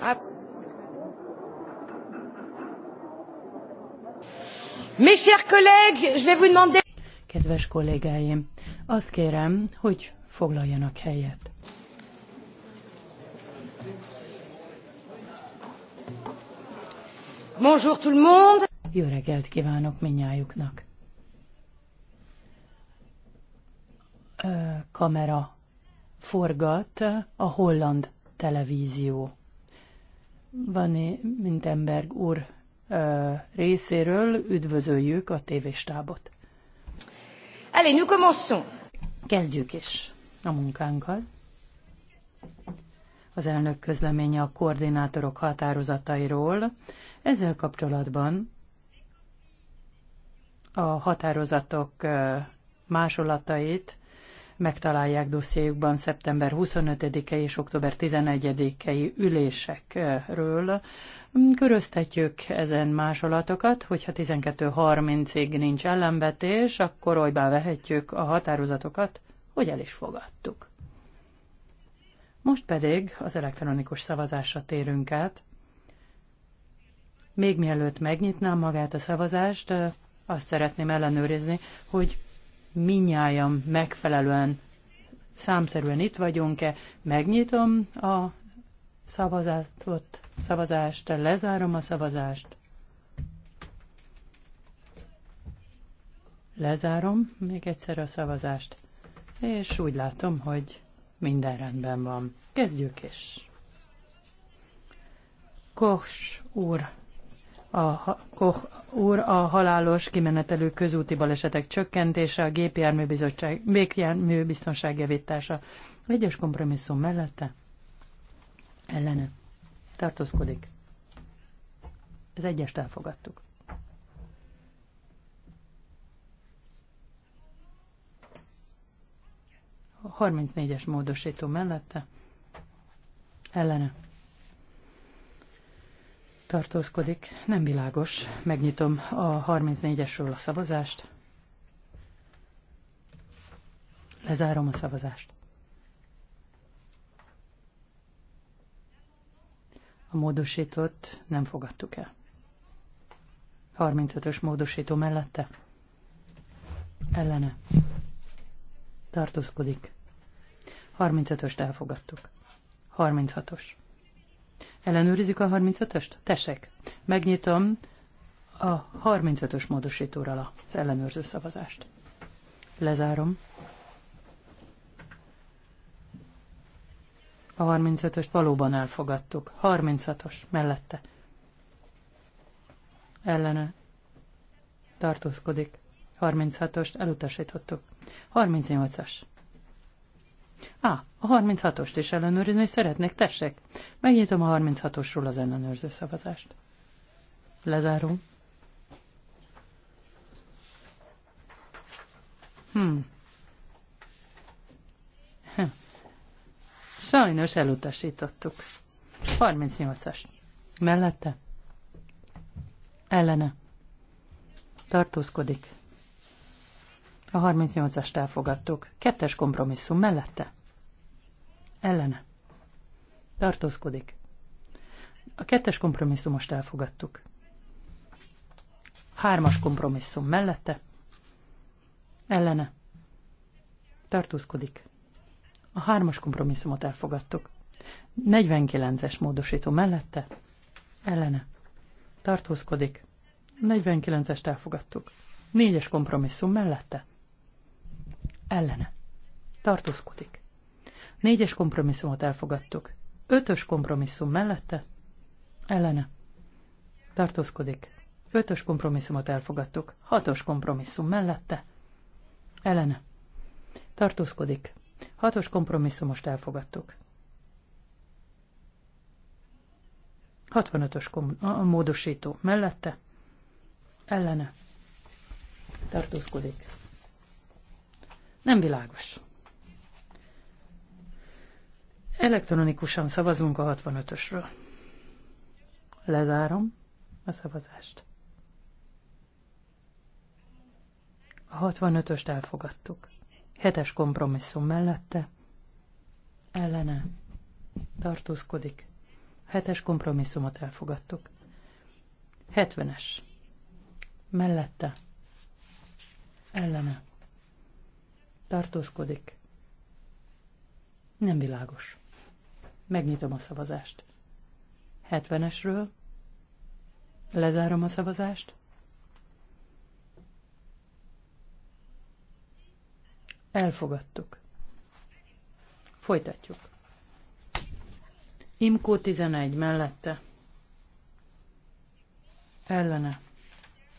Hát- Mes chers collègues, je vais vous demander... Kedves kollégáim, azt kérem, hogy foglaljanak helyet. Bonjour tout le monde. Jó reggelt kívánok minnyájuknak. kamera forgat a holland televízió. Vani Mintenberg úr ö, részéről üdvözöljük a tévéstábot. Allez, nous commençons! Kezdjük is a munkánkkal. Az elnök közleménye a koordinátorok határozatairól. Ezzel kapcsolatban a határozatok másolatait megtalálják dossziékban szeptember 25-e és október 11-i ülésekről. Köröztetjük ezen másolatokat, hogyha 12.30-ig nincs ellenvetés, akkor olybá vehetjük a határozatokat, hogy el is fogadtuk. Most pedig az elektronikus szavazásra térünk át. Még mielőtt megnyitnám magát a szavazást, azt szeretném ellenőrizni, hogy minnyáján megfelelően számszerűen itt vagyunk-e. Megnyitom a szavazatot, szavazást, lezárom a szavazást. Lezárom még egyszer a szavazást, és úgy látom, hogy minden rendben van. Kezdjük is. Kos úr a Koch úr a halálos kimenetelő közúti balesetek csökkentése, a gépjárműbizottság, gépjárműbiztonság javítása. Egyes kompromisszum mellette ellene tartózkodik. Ez egyest elfogadtuk. A 34-es módosító mellette ellene tartózkodik. Nem világos. Megnyitom a 34-esről a szavazást. Lezárom a szavazást. A módosítót nem fogadtuk el. 35-ös módosító mellette. Ellene. Tartózkodik. 35-öst elfogadtuk. 36-os. Ellenőrizik a 35-öst? Tessék. Megnyitom a 35-ös módosítóra az ellenőrző szavazást. Lezárom. A 35-öst valóban elfogadtuk. 36-os mellette. Ellene tartózkodik. 36-ost elutasítottuk. 38-as Á, a 36-ost is ellenőrizni szeretnék, tessék. Megnyitom a 36-osról az ellenőrző szavazást. Lezárom. Hmm. Hm. Sajnos elutasítottuk. 38-as. Mellette? Ellene. Tartózkodik. A 38-ast elfogadtuk. Kettes kompromisszum mellette. Ellene. Tartózkodik. A kettes kompromisszumost elfogadtuk. Hármas kompromisszum mellette. Ellene. Tartózkodik. A hármas kompromisszumot elfogadtuk. 49-es módosító mellette. Ellene. Tartózkodik. 49-est elfogadtuk. Négyes kompromisszum mellette ellene. Tartózkodik. Négyes kompromisszumot elfogadtuk. Ötös kompromisszum mellette, ellene. Tartózkodik. Ötös kompromisszumot elfogadtuk. Hatos kompromisszum mellette, ellene. Tartózkodik. Hatos kompromisszumost elfogadtuk. 65-ös kom- a módosító mellette, ellene tartózkodik. Nem világos. Elektronikusan szavazunk a 65-ösről. Lezárom a szavazást. A 65-öst elfogadtuk. Hetes kompromisszum mellette. Ellene. Tartózkodik. Hetes kompromisszumot elfogadtuk. 70-es. Mellette. Ellene. Tartózkodik. Nem világos. Megnyitom a szavazást. 70-esről. Lezárom a szavazást. Elfogadtuk. Folytatjuk. Imkó 11 mellette. Ellene.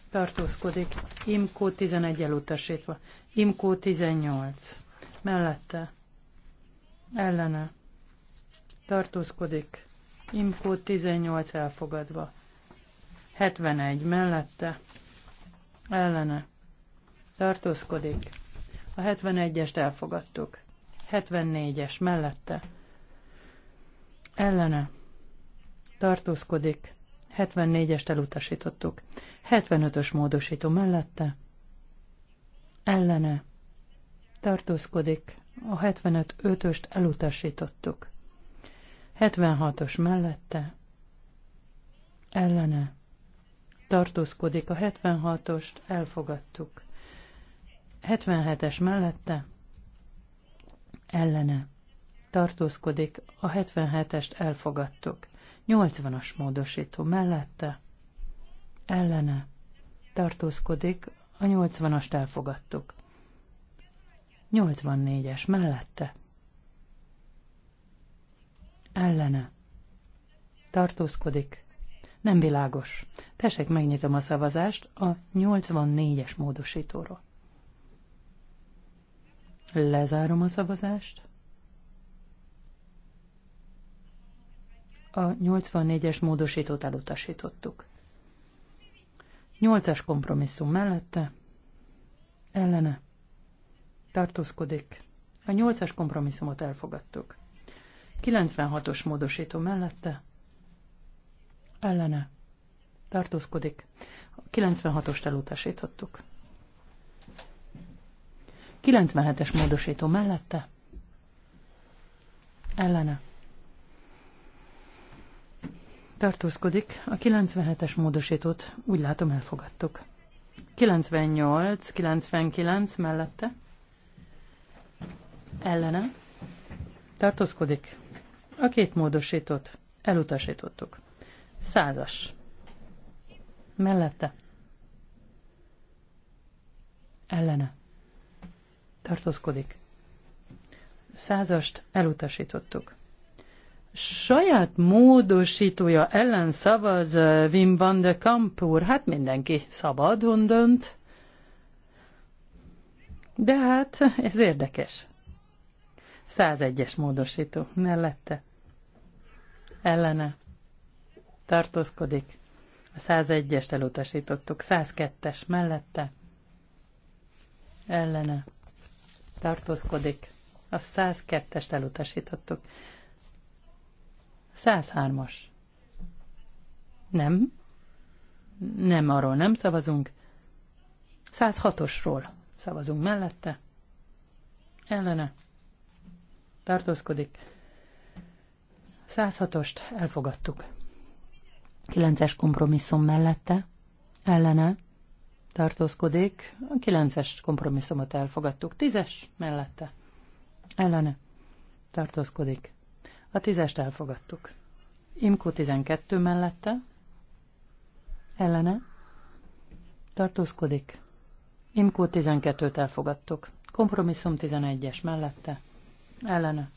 Tartózkodik. Imkó 11 elutasítva. Imkó 18. Mellette. Ellene. Tartózkodik. Imkó 18 elfogadva. 71. Mellette. Ellene. Tartózkodik. A 71-est elfogadtuk. 74-es. Mellette. Ellene. Tartózkodik. 74-est elutasítottuk. 75-ös módosító mellette ellene tartózkodik, a 75-öst 5 elutasítottuk. 76-os mellette ellene tartózkodik, a 76-ost elfogadtuk. 77-es mellette ellene tartózkodik, a 77-est elfogadtuk. 80-as módosító mellette ellene tartózkodik, a nyolcvanast elfogadtuk. 84-es mellette. Ellene. Tartózkodik. Nem világos. Tessék, megnyitom a szavazást a 84-es módosítóról. Lezárom a szavazást. A 84-es módosítót elutasítottuk. Nyolcas kompromisszum mellette, ellene, tartózkodik. A nyolcas kompromisszumot elfogadtuk. 96-os módosító mellette, ellene, tartózkodik. A 96-ost elutasítottuk. 97-es módosító mellette, ellene, Tartózkodik. A 97-es módosítót úgy látom elfogadtuk. 98, 99 mellette. Ellene. Tartózkodik. A két módosítót elutasítottuk. Százas. Mellette. Ellene. Tartózkodik. Százast elutasítottuk saját módosítója ellen szavaz eh, Wim van de Kamp úr. Hát mindenki szabadon dönt. De hát ez érdekes. 101-es módosító mellette. Ellene. Tartózkodik. A 101-est elutasítottuk. 102-es mellette. Ellene. Tartózkodik. A 102-est elutasítottuk. 103-as. Nem. Nem, arról nem szavazunk. 106-osról szavazunk mellette. Ellene. Tartózkodik. 106-ost elfogadtuk. 9-es kompromisszum mellette. Ellene. Tartózkodik. A 9-es kompromisszumot elfogadtuk. 10-es mellette. Ellene. Tartózkodik. A tízest elfogadtuk. Imkó 12 mellette. Ellene. Tartózkodik. Imkó 12-t elfogadtuk. Kompromisszum 11-es mellette. Ellene.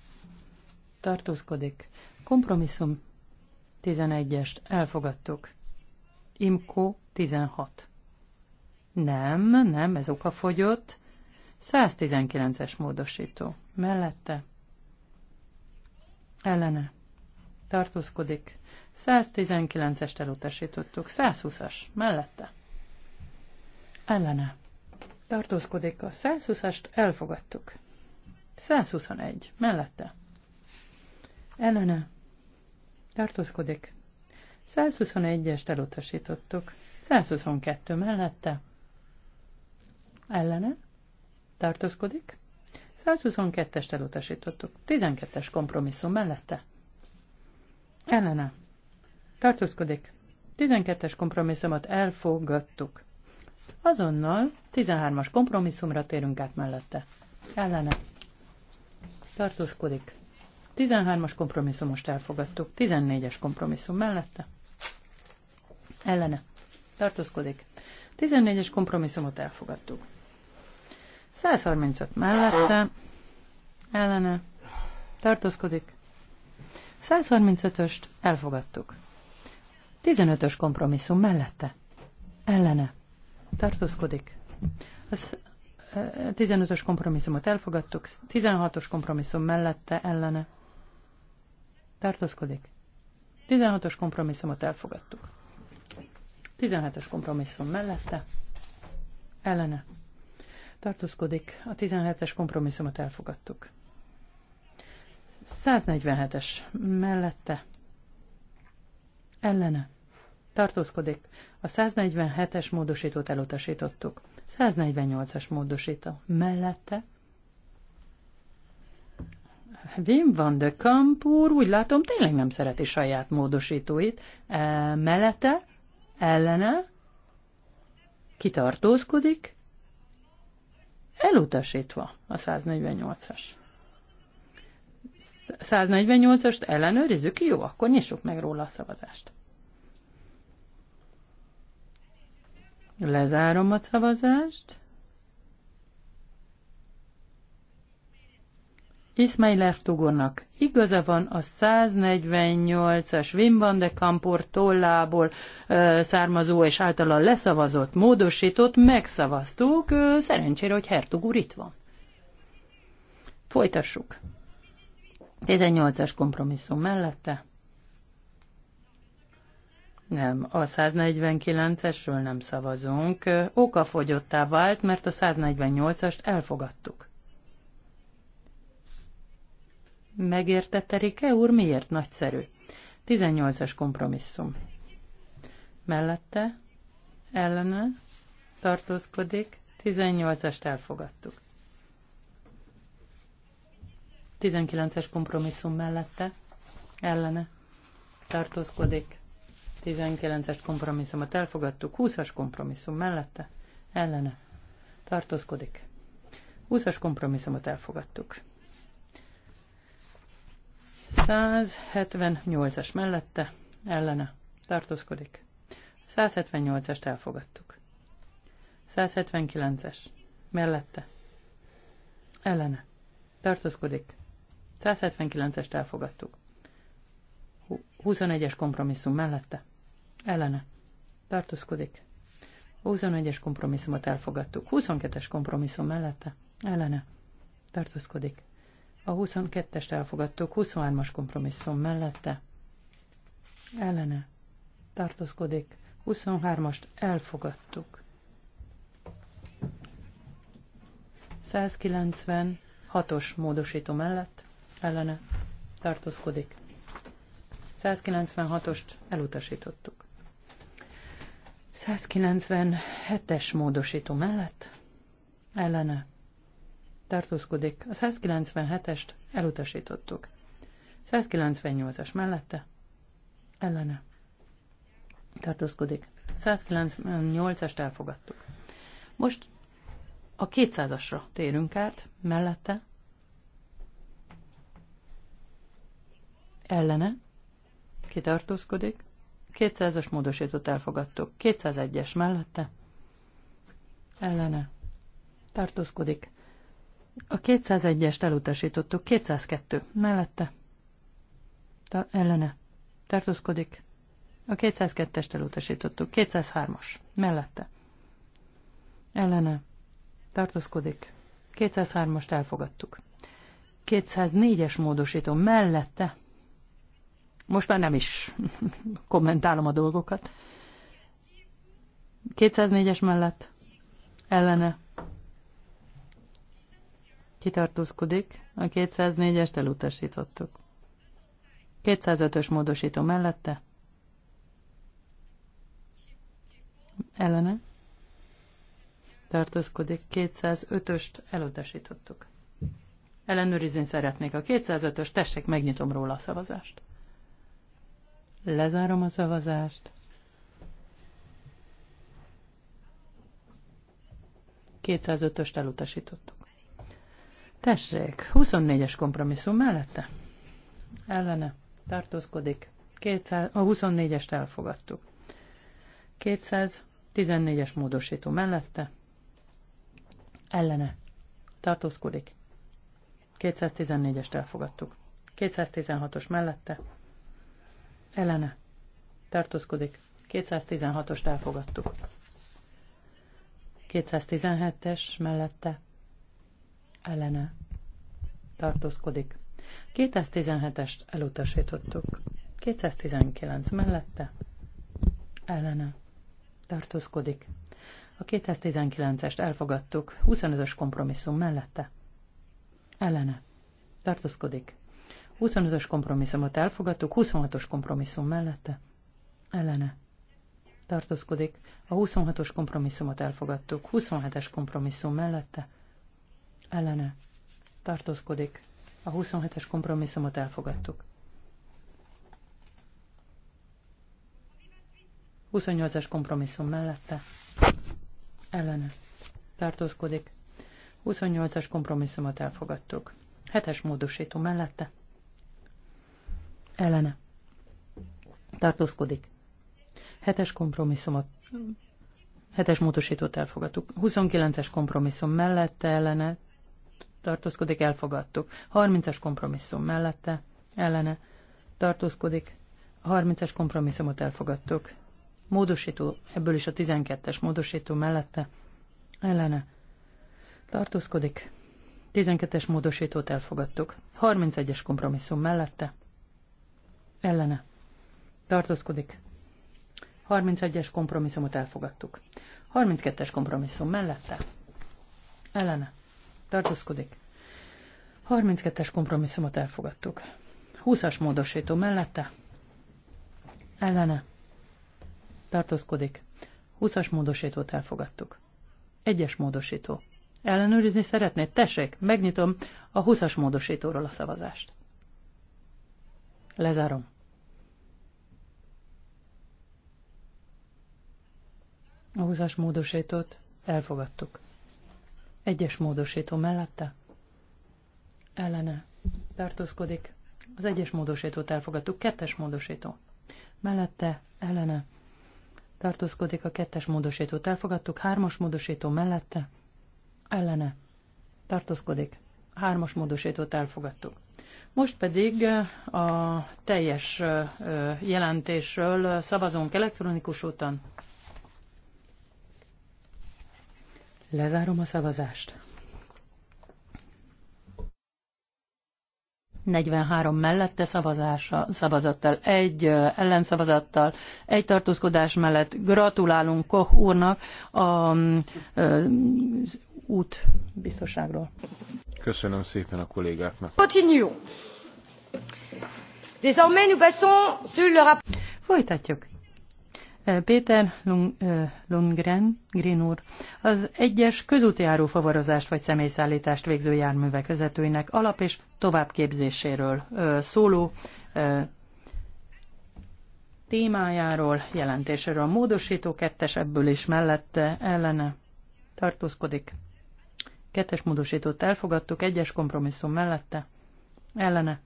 Tartózkodik. Kompromisszum 11-est elfogadtuk. Imkó 16. Nem, nem, ez okafogyott. 119-es módosító. Mellette ellene tartózkodik. 119-est elutasítottuk, 120-as mellette ellene tartózkodik. A 120-ast elfogadtuk. 121 mellette ellene tartózkodik. 121-est elutasítottuk, 122 mellette ellene tartózkodik. 122-est elutasítottuk. 12-es kompromisszum mellette. Ellene. Tartózkodik. 12-es kompromisszumot elfogadtuk. Azonnal 13-as kompromisszumra térünk át mellette. Ellene. Tartózkodik. 13-as kompromisszumost elfogadtuk. 14-es kompromisszum mellette. Ellene. Tartózkodik. 14-es kompromisszumot elfogadtuk. 135 mellette, ellene, tartózkodik. 135-öst elfogadtuk. 15-ös kompromisszum mellette, ellene, tartózkodik. Az 15-ös kompromisszumot elfogadtuk, 16-os kompromisszum mellette, ellene, tartózkodik. 16-os kompromisszumot elfogadtuk. 17-es kompromisszum mellette, ellene, tartózkodik. A 17-es kompromisszumot elfogadtuk. 147-es mellette ellene tartózkodik. A 147-es módosítót elutasítottuk. 148-as módosító mellette Wim van de Kamp úr, úgy látom, tényleg nem szereti saját módosítóit. E, mellette, ellene, kitartózkodik, elutasítva a 148-as. 148-ast ellenőrizzük, jó, akkor nyissuk meg róla a szavazást. Lezárom a szavazást. Ismail Ertugornak igaza van a 148-as Wim van de Kampor tollából ö, származó és általa leszavazott, módosított, megszavaztuk, ö, szerencsére, hogy Hertug úr itt van. Folytassuk. 18-as kompromisszum mellette. Nem, a 149-esről nem szavazunk. Okafogyottá vált, mert a 148-ast elfogadtuk. Megértette Rike úr, miért nagyszerű? 18-as kompromisszum. Mellette, ellene, tartózkodik, 18-est elfogadtuk. 19-es kompromisszum mellette, ellene, tartózkodik, 19-es kompromisszumot elfogadtuk, 20-as kompromisszum mellette, ellene, tartózkodik. 20-as kompromisszumot elfogadtuk. 178-as mellette, ellene, tartózkodik. 178-est elfogadtuk. 179-es, mellette, ellene, tartózkodik. 179-est elfogadtuk. 21-es kompromisszum mellette, ellene, tartózkodik. 21-es kompromisszumot elfogadtuk. 22-es kompromisszum mellette, ellene, tartózkodik. A 22-est elfogadtuk, 23-as kompromisszum mellette. Ellene. Tartózkodik. 23-ast elfogadtuk. 196-os módosító mellett ellene tartózkodik. 196-ost elutasítottuk. 197-es módosító mellett ellene tartózkodik. A 197-est elutasítottuk. 198-as mellette ellene tartózkodik. 198-est elfogadtuk. Most a 200-asra térünk át, mellette ellene kitartózkodik. 200-as módosított elfogadtuk. 201-es mellette ellene tartózkodik. A 201-est elutasítottuk, 202 mellette. Ta, ellene. Tartózkodik. A 202-est elutasítottuk, 203-as mellette. Ellene. Tartózkodik. 203-ast elfogadtuk. 204-es módosító mellette. Most már nem is kommentálom a dolgokat. 204-es mellett ellene kitartózkodik, a 204-est elutasítottuk. 205-ös módosító mellette, ellene tartózkodik, 205-öst elutasítottuk. Ellenőrizni szeretnék a 205-ös, tessék, megnyitom róla a szavazást. Lezárom a szavazást. 205 205-öst elutasítottuk. Tessék, 24-es kompromisszum mellette? Ellene. Tartózkodik. 200, a 24-est elfogadtuk. 214-es módosító mellette? Ellene. Tartózkodik. 214-est elfogadtuk. 216-os mellette? Ellene. Tartózkodik. 216-ost elfogadtuk. 217-es mellette ellene tartózkodik. 217-est elutasítottuk. 219 mellette ellene tartózkodik. A 219-est elfogadtuk, 25-ös kompromisszum mellette ellene tartózkodik. 25-ös kompromisszumot elfogadtuk, 26-os kompromisszum mellette ellene tartózkodik. A 26-os kompromisszumot elfogadtuk, 27-es kompromisszum mellette ellene tartózkodik. A 27-es kompromisszumot elfogadtuk. 28-es kompromisszum mellette ellene tartózkodik. 28-as kompromisszumot elfogadtuk. 7-es módosító mellette ellene tartózkodik. 7-es kompromisszumot hetes módosítót elfogadtuk. 29-es kompromisszum mellette ellene tartózkodik, elfogadtuk. 30-as kompromisszum mellette, ellene tartózkodik, a 30-as kompromisszumot elfogadtuk. Módosító, ebből is a 12-es módosító mellette, ellene tartózkodik, 12-es módosítót elfogadtuk. 31-es kompromisszum mellette, ellene tartózkodik, 31-es kompromisszumot elfogadtuk. 32-es kompromisszum mellette, ellene tartózkodik. 32-es kompromisszumot elfogadtuk. 20-as módosító mellette, ellene, tartózkodik. 20-as módosítót elfogadtuk. Egyes módosító. Ellenőrizni szeretnéd? Tessék, megnyitom a 20-as módosítóról a szavazást. Lezárom. A 20-as módosítót elfogadtuk. Egyes módosító mellette ellene tartózkodik. Az egyes módosítót elfogadtuk, kettes módosító. Mellette ellene tartózkodik, a kettes módosítót elfogadtuk, hármas módosító mellette ellene tartózkodik. Hármas módosítót elfogadtuk. Most pedig eh, a teljes eh, eh, jelentésről szavazunk elektronikus úton. Lezárom a szavazást. 43 mellette szavazása, szavazattal, egy ellenszavazattal, egy tartózkodás mellett. Gratulálunk Koch úrnak az út biztonságról. Köszönöm szépen a kollégáknak. Continuons. Désormais nous passons sur le rapport. Folytatjuk. Péter Lundgren, Green úr, az egyes közúti árufavarozást vagy személyszállítást végző járművek vezetőinek alap- és továbbképzéséről szóló témájáról, jelentéséről. A módosító kettes ebből is mellette ellene tartózkodik. Kettes módosítót elfogadtuk, egyes kompromisszum mellette ellene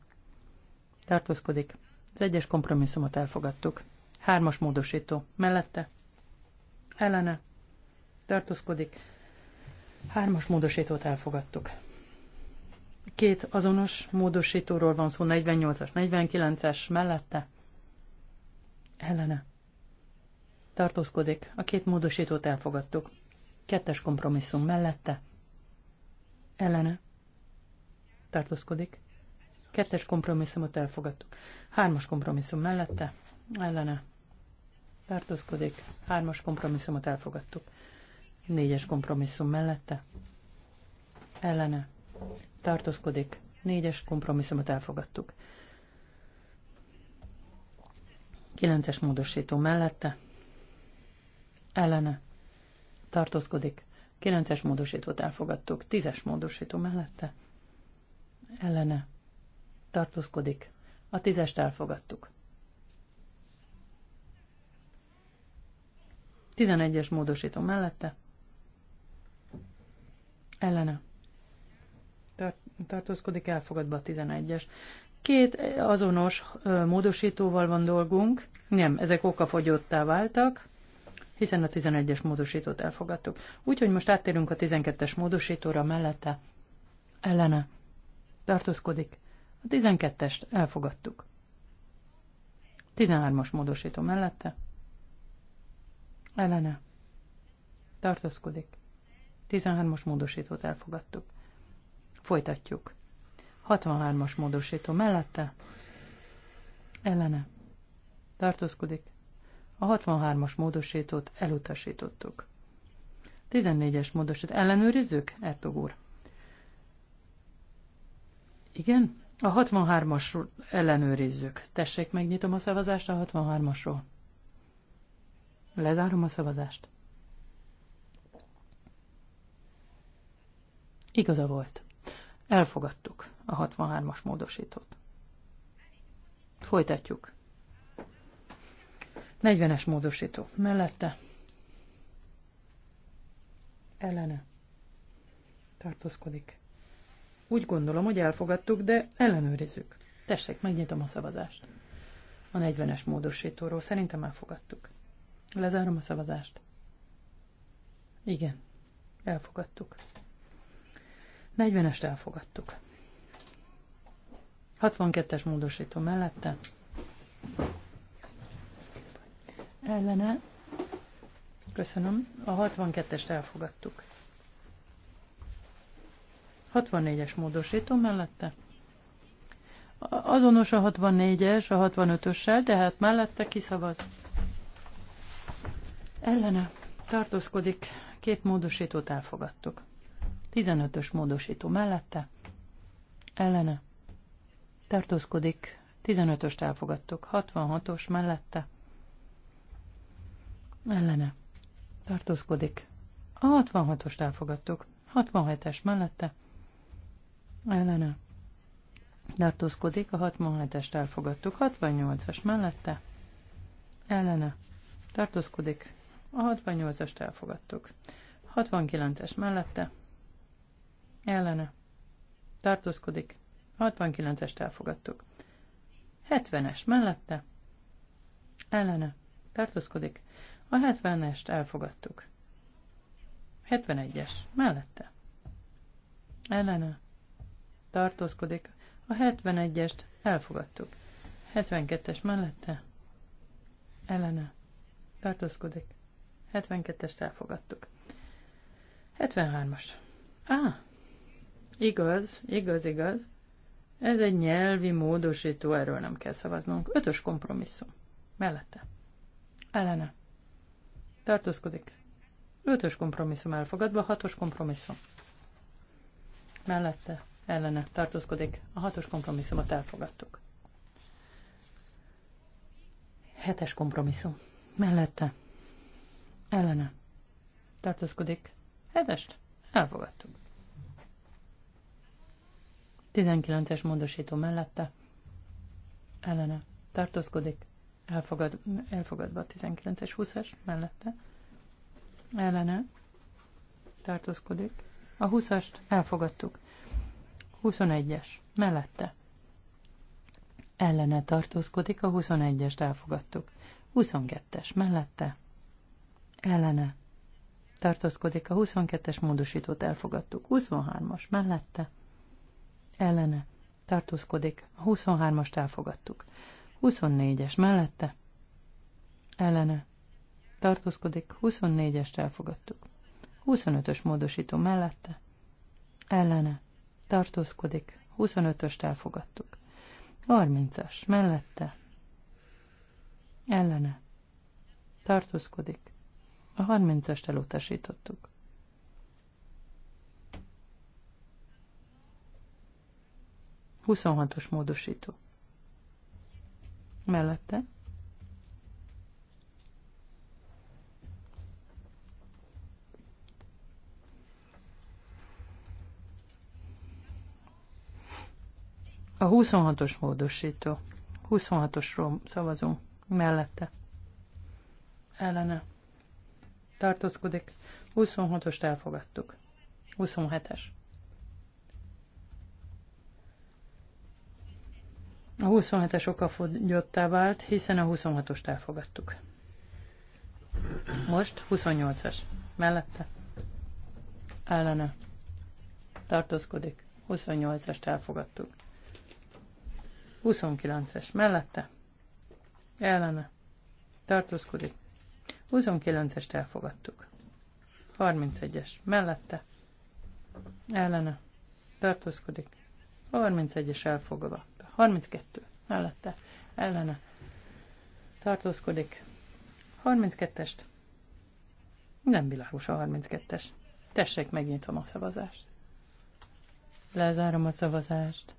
tartózkodik. Az egyes kompromisszumot elfogadtuk. Hármas módosító. Mellette. Ellene. Tartózkodik. Hármas módosítót elfogadtuk. Két azonos módosítóról van szó, 48-as, 49-es, mellette. Ellene. Tartózkodik. A két módosítót elfogadtuk. Kettes kompromisszum mellette. Ellene. Tartózkodik. Kettes kompromisszumot elfogadtuk. Hármas kompromisszum mellette. Ellene tartózkodik, hármas kompromisszumot elfogadtuk. Négyes kompromisszum mellette, ellene, tartózkodik, négyes kompromisszumot elfogadtuk. Kilences módosító mellette, ellene, tartózkodik, kilences módosítót elfogadtuk, tízes módosító mellette, ellene, tartózkodik, a tízest elfogadtuk. 11-es módosító mellette. Ellene. Tart, tartózkodik elfogadva a 11-es. Két azonos módosítóval van dolgunk. Nem, ezek okafogyottá váltak, hiszen a 11-es módosítót elfogadtuk. Úgyhogy most áttérünk a 12-es módosítóra mellette. Ellene. Tartózkodik. A 12-est elfogadtuk. 13-as módosító mellette Elene. tartózkodik. 13-as módosítót elfogadtuk. Folytatjuk. 63-as módosító mellette Elene. tartózkodik. A 63-as módosítót elutasítottuk. 14-es módosítót Ellenőrizzük, Ertog úr? Igen? A 63-as ellenőrizzük. Tessék, megnyitom a szavazást a 63-asról. Lezárom a szavazást. Igaza volt. Elfogadtuk a 63-as módosítót. Folytatjuk. 40-es módosító. Mellette. Ellene. Tartózkodik. Úgy gondolom, hogy elfogadtuk, de ellenőrizzük. Tessék, megnyitom a szavazást. A 40-es módosítóról szerintem elfogadtuk. Lezárom a szavazást. Igen, elfogadtuk. 40-est elfogadtuk. 62-es módosító mellette. Ellene. Köszönöm. A 62-est elfogadtuk. 64-es módosító mellette. Azonos a 64-es, a 65-össel, tehát mellette kiszavaz ellene tartózkodik, két módosítót elfogadtuk. 15-ös módosító mellette, ellene tartózkodik, 15-öst elfogadtuk, 66-os mellette, ellene tartózkodik. A 66-ost elfogadtuk, 67-es mellette, ellene tartózkodik, a 67-est elfogadtuk, 68-as mellette, ellene tartózkodik, a 68-ast elfogadtuk. 69-es mellette. Ellene. Tartózkodik. 69-est elfogadtuk. 70-es mellette. Ellene. Tartózkodik. A 70-est elfogadtuk. 71-es mellette. Ellene. Tartózkodik. A 71-est elfogadtuk. 72-es mellette. Ellene. Tartózkodik. 72-est elfogadtuk. 73-as. Á, ah, igaz, igaz, igaz. Ez egy nyelvi módosító, erről nem kell szavaznunk. Ötös kompromisszum. Mellette. Ellene. Tartózkodik. Ötös kompromisszum elfogadva, hatos kompromisszum. Mellette. Ellene. Tartózkodik. A hatos kompromisszumot elfogadtuk. Hetes kompromisszum. Mellette Ellene. Tartózkodik. Hedest. Elfogadtuk. 19-es módosító mellette. Ellene. Tartózkodik. Elfogad, elfogadva a 19-es 20-es mellette. Ellene. Tartózkodik. A 20-ast elfogadtuk. 21-es mellette. Ellene tartózkodik, a 21-est elfogadtuk. 22-es mellette ellene tartózkodik. A 22-es módosítót elfogadtuk. 23-as mellette ellene tartózkodik. A 23-ast elfogadtuk. 24-es mellette ellene tartózkodik. 24-est elfogadtuk. 25-ös módosító mellette ellene tartózkodik. 25-öst elfogadtuk. 30-as mellette ellene tartózkodik. A 30-est elutasítottuk. Huszonhatos módosító. Mellette. A 26-os módosító. 26-osról szavazunk. Mellette. Ellene tartózkodik. 26-ost elfogadtuk. 27-es. A 27-es okafogyottá vált, hiszen a 26-ost elfogadtuk. Most 28-es. Mellette. Ellene. Tartózkodik. 28-est elfogadtuk. 29-es. Mellette. Ellene. Tartózkodik. 29-est elfogadtuk. 31-es mellette, ellene, tartózkodik. 31-es elfogadva. 32 mellette, ellene, tartózkodik. 32-est. Nem világos a 32-es. Tessék, megnyitom a szavazást. Lezárom a szavazást.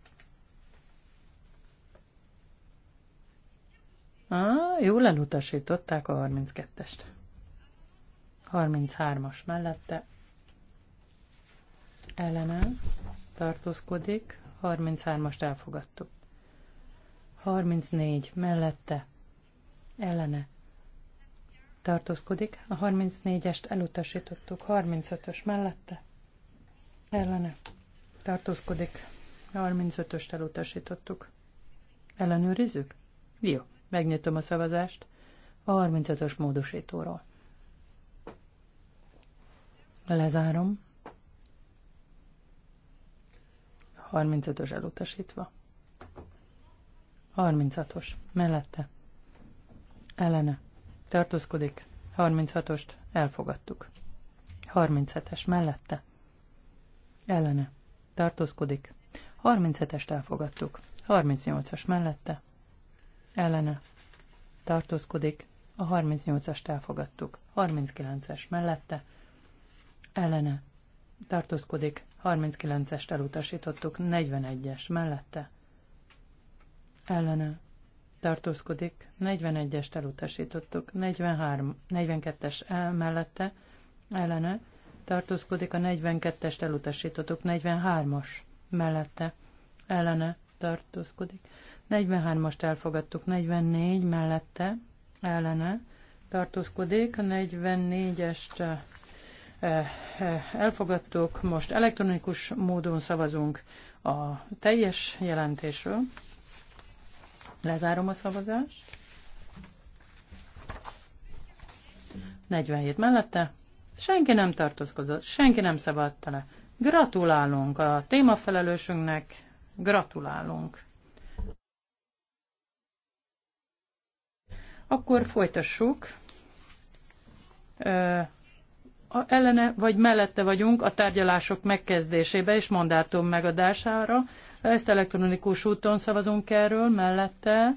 Á, jól elutasították a 32-est. 33-as mellette ellene tartózkodik, 33-ast elfogadtuk. 34 mellette ellene tartózkodik, a 34-est elutasítottuk, 35-ös mellette ellene tartózkodik, a 35-öst elutasítottuk. Ellenőrizzük? Jó. Megnyitom a szavazást a 35-ös módosítóról. Lezárom. 35-ös elutasítva. 36-os. Mellette. Ellene. Tartózkodik. 36-ost elfogadtuk. 37-es. Mellette. Ellene. Tartózkodik. 37-est elfogadtuk. 38-as mellette ellene tartózkodik, a 38-ast elfogadtuk, 39-es mellette, ellene tartózkodik, 39-est elutasítottuk, 41-es mellette, ellene tartózkodik, 41-est elutasítottuk, 43, 42-es el mellette, ellene tartózkodik, a 42-est elutasítottuk, 43-as mellette, ellene tartózkodik, 43-ast elfogadtuk, 44 mellette ellene tartózkodik, a 44-est eh, eh, elfogadtuk, most elektronikus módon szavazunk a teljes jelentésről. Lezárom a szavazást. 47 mellette. Senki nem tartózkodott, senki nem szabadta le. Gratulálunk a témafelelősünknek, gratulálunk. Akkor folytassuk. A ellene vagy mellette vagyunk a tárgyalások megkezdésébe és mandátum megadására. Ezt elektronikus úton szavazunk erről, mellette,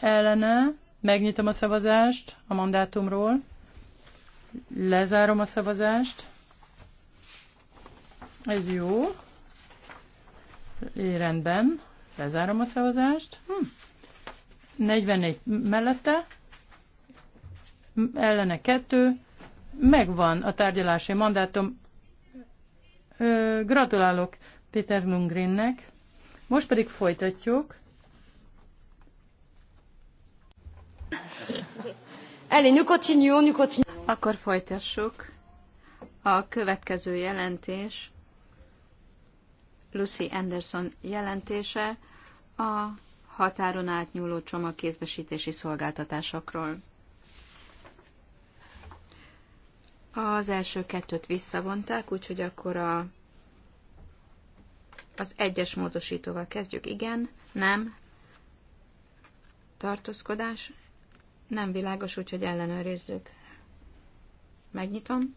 ellene. Megnyitom a szavazást a mandátumról. Lezárom a szavazást. Ez jó. rendben. Lezárom a szavazást. Hm. 41 mellette, ellene 2, megvan a tárgyalási mandátum. Ö, gratulálok Peter Lundgrennek. Most pedig folytatjuk. Allez, nous continuons, nous continuons. Akkor folytassuk. A következő jelentés, Lucy Anderson jelentése, a határon átnyúló csomagkézbesítési szolgáltatásokról. Az első kettőt visszavonták, úgyhogy akkor a, az egyes módosítóval kezdjük. Igen, nem, tartózkodás, nem világos, úgyhogy ellenőrizzük. Megnyitom.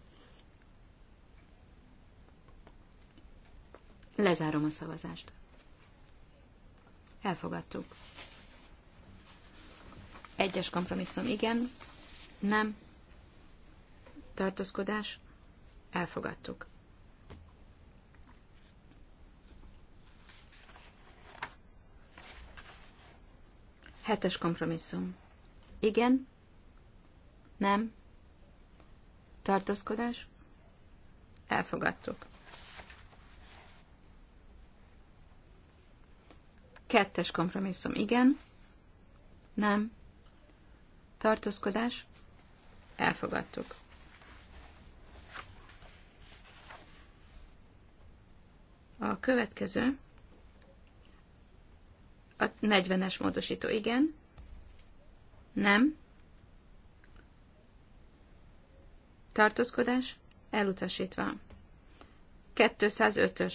Lezárom a szavazást. Elfogadtuk. Egyes kompromisszum igen, nem, tartózkodás, elfogadtuk. Hetes kompromisszum. Igen, nem, tartózkodás, elfogadtuk. Kettes kompromisszum igen, nem, tartózkodás, elfogadtuk. A következő, a 40-es módosító, igen, nem, tartózkodás, elutasítva. 205-ös,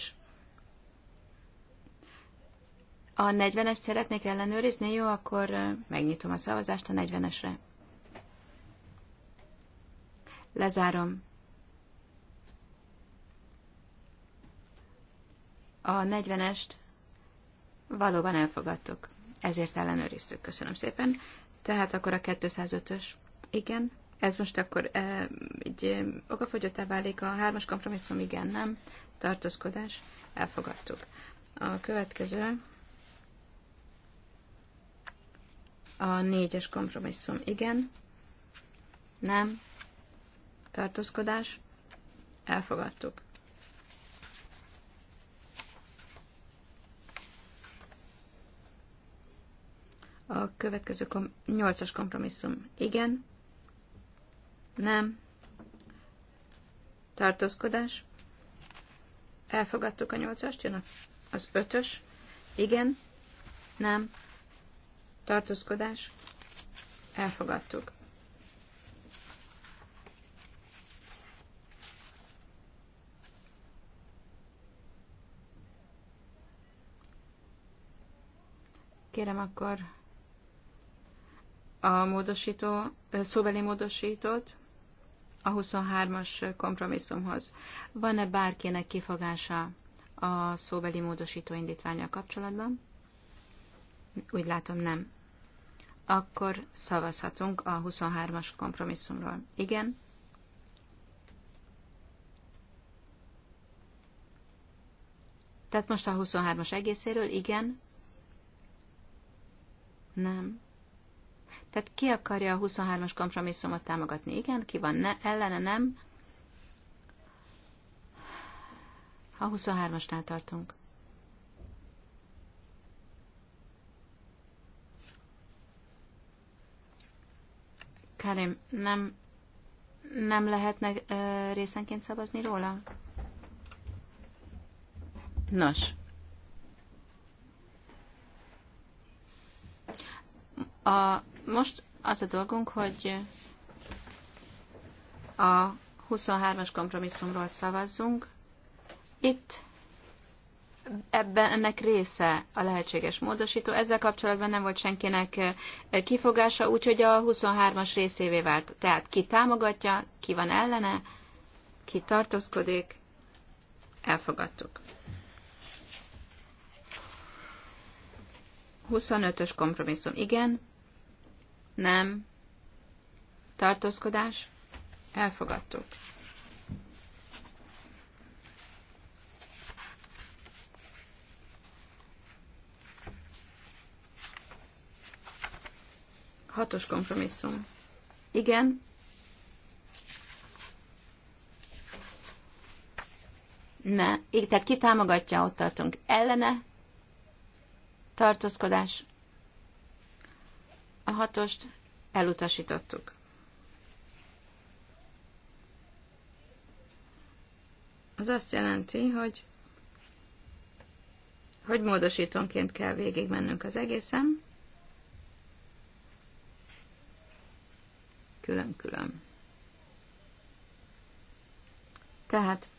a 40-est szeretnék ellenőrizni, jó, akkor megnyitom a szavazást a 40-esre. Lezárom. A 40-est valóban elfogadtuk. Ezért ellenőriztük. Köszönöm szépen. Tehát akkor a 205-ös. Igen. Ez most akkor e, így e, okafogyottá válik a hármas kompromisszum, igen, nem. Tartózkodás. Elfogadtuk. A következő A négyes kompromisszum igen, nem, tartózkodás, elfogadtuk. A következő kom- nyolcas kompromisszum. Igen. Nem. Tartózkodás. Elfogadtuk a nyolcast, jön az ötös Igen. Nem tartózkodás, elfogadtuk. Kérem akkor a módosító, szóbeli módosítót a 23-as kompromisszumhoz. Van-e bárkinek kifogása a szóbeli módosító indítványa kapcsolatban? Úgy látom nem akkor szavazhatunk a 23-as kompromisszumról. Igen? Tehát most a 23-as egészéről, igen? Nem. Tehát ki akarja a 23-as kompromisszumot támogatni? Igen, ki van ne, ellene, nem? A 23-asnál tartunk. Karim, nem, nem lehetne ö, részenként szavazni róla? Nos. A, most az a dolgunk, hogy a 23-as kompromisszumról szavazzunk. Itt ebben ennek része a lehetséges módosító. Ezzel kapcsolatban nem volt senkinek eh, kifogása, úgyhogy a 23-as részévé vált. Tehát ki támogatja, ki van ellene, ki tartózkodik, elfogadtuk. 25-ös kompromisszum. Igen, nem, tartózkodás, elfogadtuk. Hatos kompromisszum. Igen. Ne. Tehát ki támogatja, ott tartunk. Ellene tartózkodás. A hatost elutasítottuk. Az azt jelenti, hogy hogy módosítónként kell végigmennünk az egészen. külön-külön. Tehát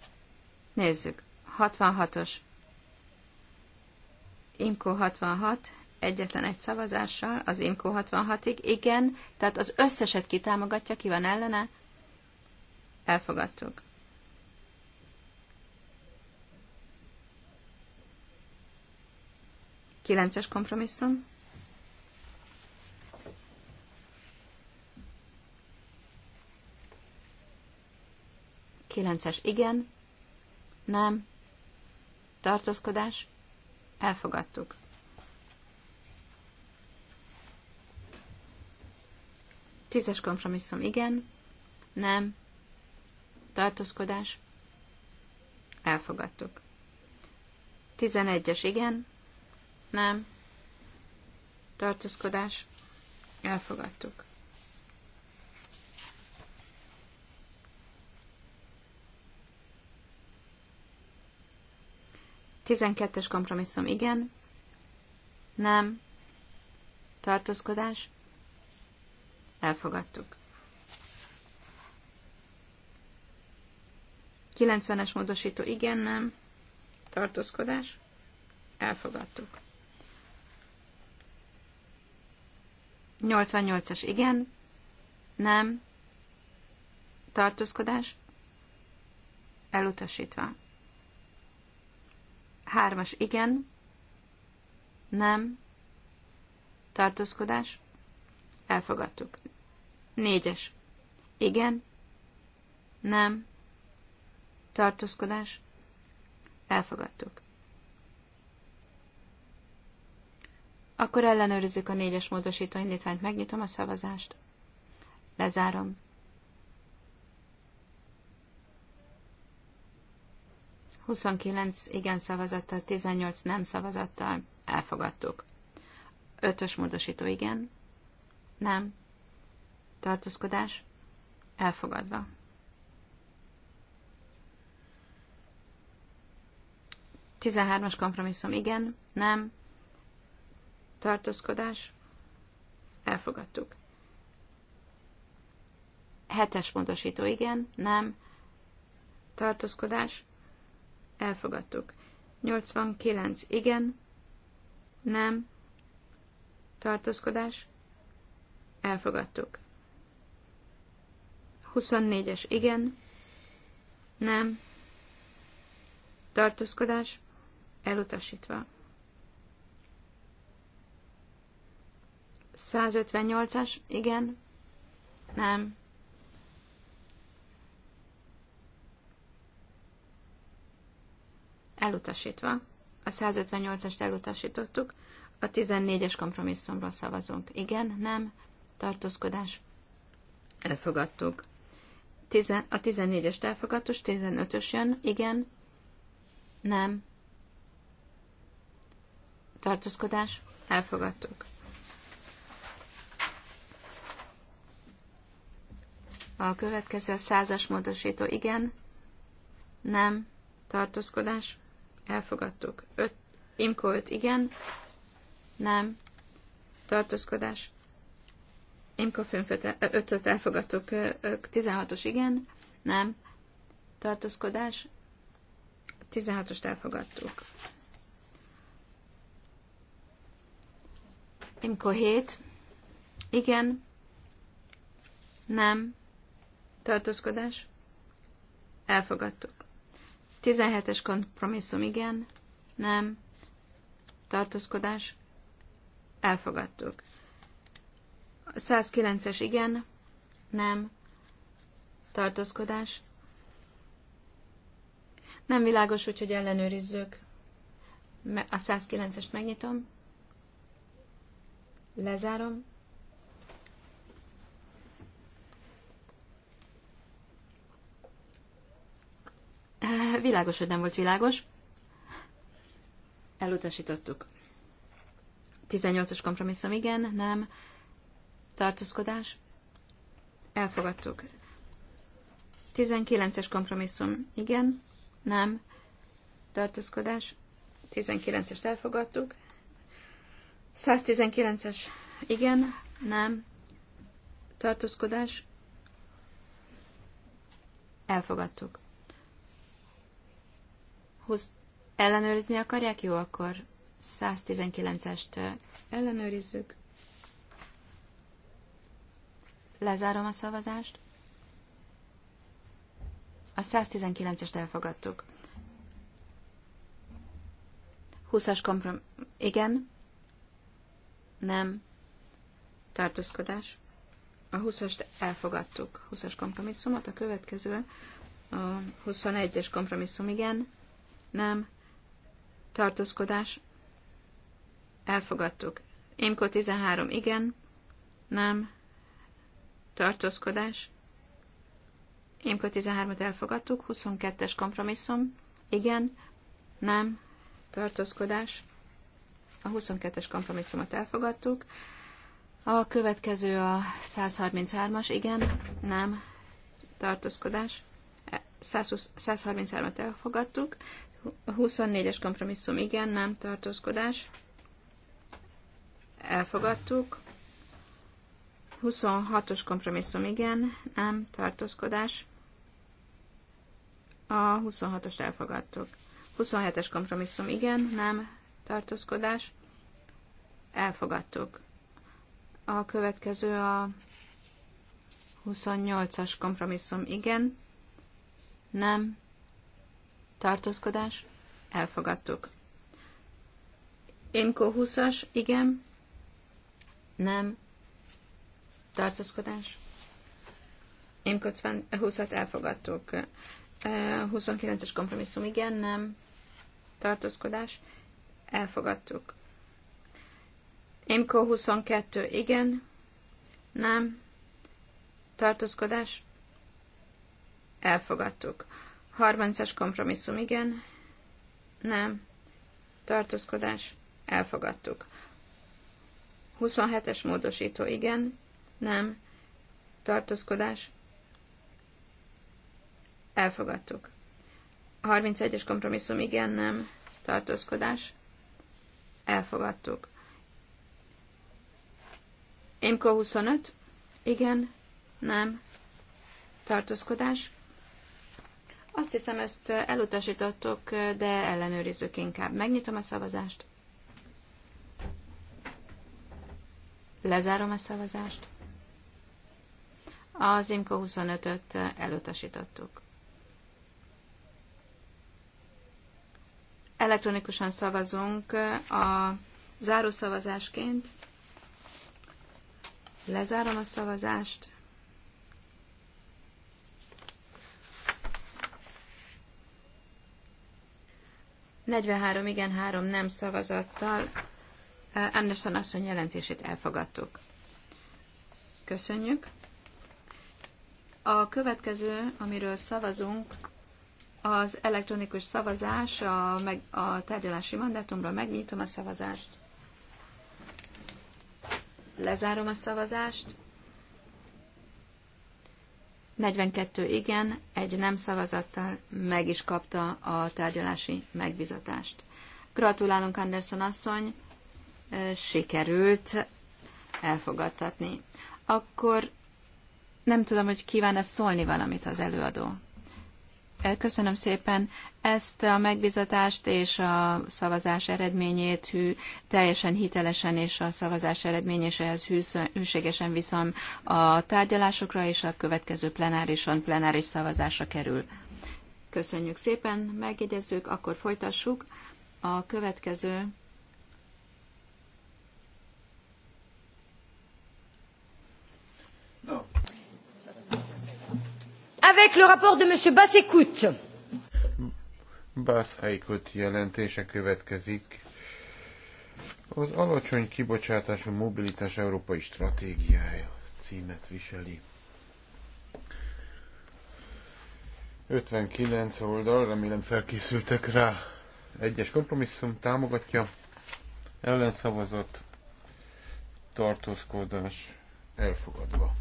nézzük. 66-os. Imko 66, egyetlen egy szavazással, az Imko 66-ig. Igen, tehát az összeset kitámogatja, ki van ellene. Elfogadtuk. Kilences kompromisszum. kilences es igen, nem, tartózkodás, elfogadtuk. Tízes kompromisszum igen, nem, tartózkodás, elfogadtuk. Tizenegyes igen, nem, tartózkodás, elfogadtuk. 12-es kompromisszum igen, nem, tartózkodás, elfogadtuk. 90-es módosító igen, nem, tartózkodás, elfogadtuk. 88-as igen, nem, tartózkodás, elutasítva. Hármas igen, nem, tartózkodás, elfogadtuk. Négyes, igen, nem, tartózkodás, elfogadtuk. Akkor ellenőrizzük a négyes módosító indítványt, megnyitom a szavazást. Lezárom. 29 igen szavazattal, 18 nem szavazattal elfogadtuk. Ötös módosító igen, nem, tartózkodás elfogadva. Tizenhármas kompromisszum igen, nem, tartózkodás elfogadtuk. Hetes módosító igen, nem, tartózkodás elfogadtuk. 89 igen, nem, tartózkodás, elfogadtuk. 24-es igen, nem, tartózkodás, elutasítva. 158-as, igen, nem, elutasítva, a 158 est elutasítottuk, a 14-es kompromisszumról szavazunk. Igen, nem, tartózkodás, elfogadtuk. A 14-est elfogadtuk, 15-ös jön, igen, nem, tartózkodás, elfogadtuk. A következő a százas módosító, igen, nem, tartózkodás, elfogadtuk. Öt, Imko 5 igen, nem, tartózkodás. Imko 5-öt elfogadtuk, 16-os igen, nem, tartózkodás. 16-ost elfogadtuk. Imko 7, igen, nem, tartózkodás. Elfogadtuk. 17-es kompromisszum igen, nem, tartózkodás, elfogadtuk. 109-es igen, nem, tartózkodás. Nem világos, úgyhogy ellenőrizzük. A 109-est megnyitom, lezárom, Világos, hogy nem volt világos. Elutasítottuk. 18-as kompromisszum igen, nem. Tartózkodás. Elfogadtuk. 19-es kompromisszum igen, nem. Tartózkodás. 19-est elfogadtuk. 119-es igen, nem. Tartózkodás. Elfogadtuk. Hoz ellenőrizni akarják? Jó, akkor 119-est ellenőrizzük. Lezárom a szavazást. A 119-est elfogadtuk. 20-as komprom... Igen. Nem. Tartózkodás. A 20-ast elfogadtuk. 20-as kompromisszumot. A következő a 21-es kompromisszum. Igen. Nem. Tartózkodás. Elfogadtuk. Imko 13. Igen. Nem. Tartózkodás. Imko 13-at elfogadtuk. 22-es kompromisszum. Igen. Nem. Tartózkodás. A 22-es kompromisszumot elfogadtuk. A következő a 133-as. Igen. Nem. Tartózkodás. 133-at e, elfogadtuk. 24-es kompromisszum igen, nem tartózkodás. Elfogadtuk. 26-os kompromisszum igen, nem tartózkodás. A 26-ost elfogadtuk. 27-es kompromisszum igen, nem tartózkodás. Elfogadtuk. A következő a 28-as kompromisszum igen, nem tartózkodás, elfogadtuk. Imko 20-as, igen, nem, tartózkodás. Imko 20-at elfogadtuk. 29-es e, kompromisszum, igen, nem, tartózkodás, elfogadtuk. Imko 22, igen, nem, tartózkodás, elfogadtuk. 30-as kompromisszum igen, nem, tartózkodás, elfogadtuk. 27-es módosító igen, nem, tartózkodás, elfogadtuk. 31-es kompromisszum igen, nem, tartózkodás, elfogadtuk. Imko 25, igen, nem, tartózkodás, azt hiszem, ezt elutasítottuk, de ellenőrizzük inkább. Megnyitom a szavazást. Lezárom a szavazást. Az IMCO 25-öt elutasítottuk. Elektronikusan szavazunk a zárószavazásként. Lezárom a szavazást. 43 igen, 3 nem szavazattal Anderson asszony jelentését elfogadtuk. Köszönjük. A következő, amiről szavazunk, az elektronikus szavazás, a, meg, a tárgyalási mandátumról megnyitom a szavazást. Lezárom a szavazást. 42 igen, egy nem szavazattal meg is kapta a tárgyalási megbizatást. Gratulálunk, Anderson asszony, sikerült elfogadtatni. Akkor nem tudom, hogy kíván-e szólni valamit az előadó. Köszönöm szépen ezt a megbizatást és a szavazás eredményét hű, teljesen hitelesen és a szavazás eredményéhez hűségesen viszem a tárgyalásokra és a következő plenárison plenáris szavazásra kerül. Köszönjük szépen, megjegyezzük, akkor folytassuk. A következő No avec le rapport de M. Bassécoute. Bassécoute jelentése következik. Az alacsony kibocsátású mobilitás európai stratégiája címet viseli. 59 oldal, remélem felkészültek rá. Egyes kompromisszum támogatja, ellenszavazat, tartózkodás elfogadva.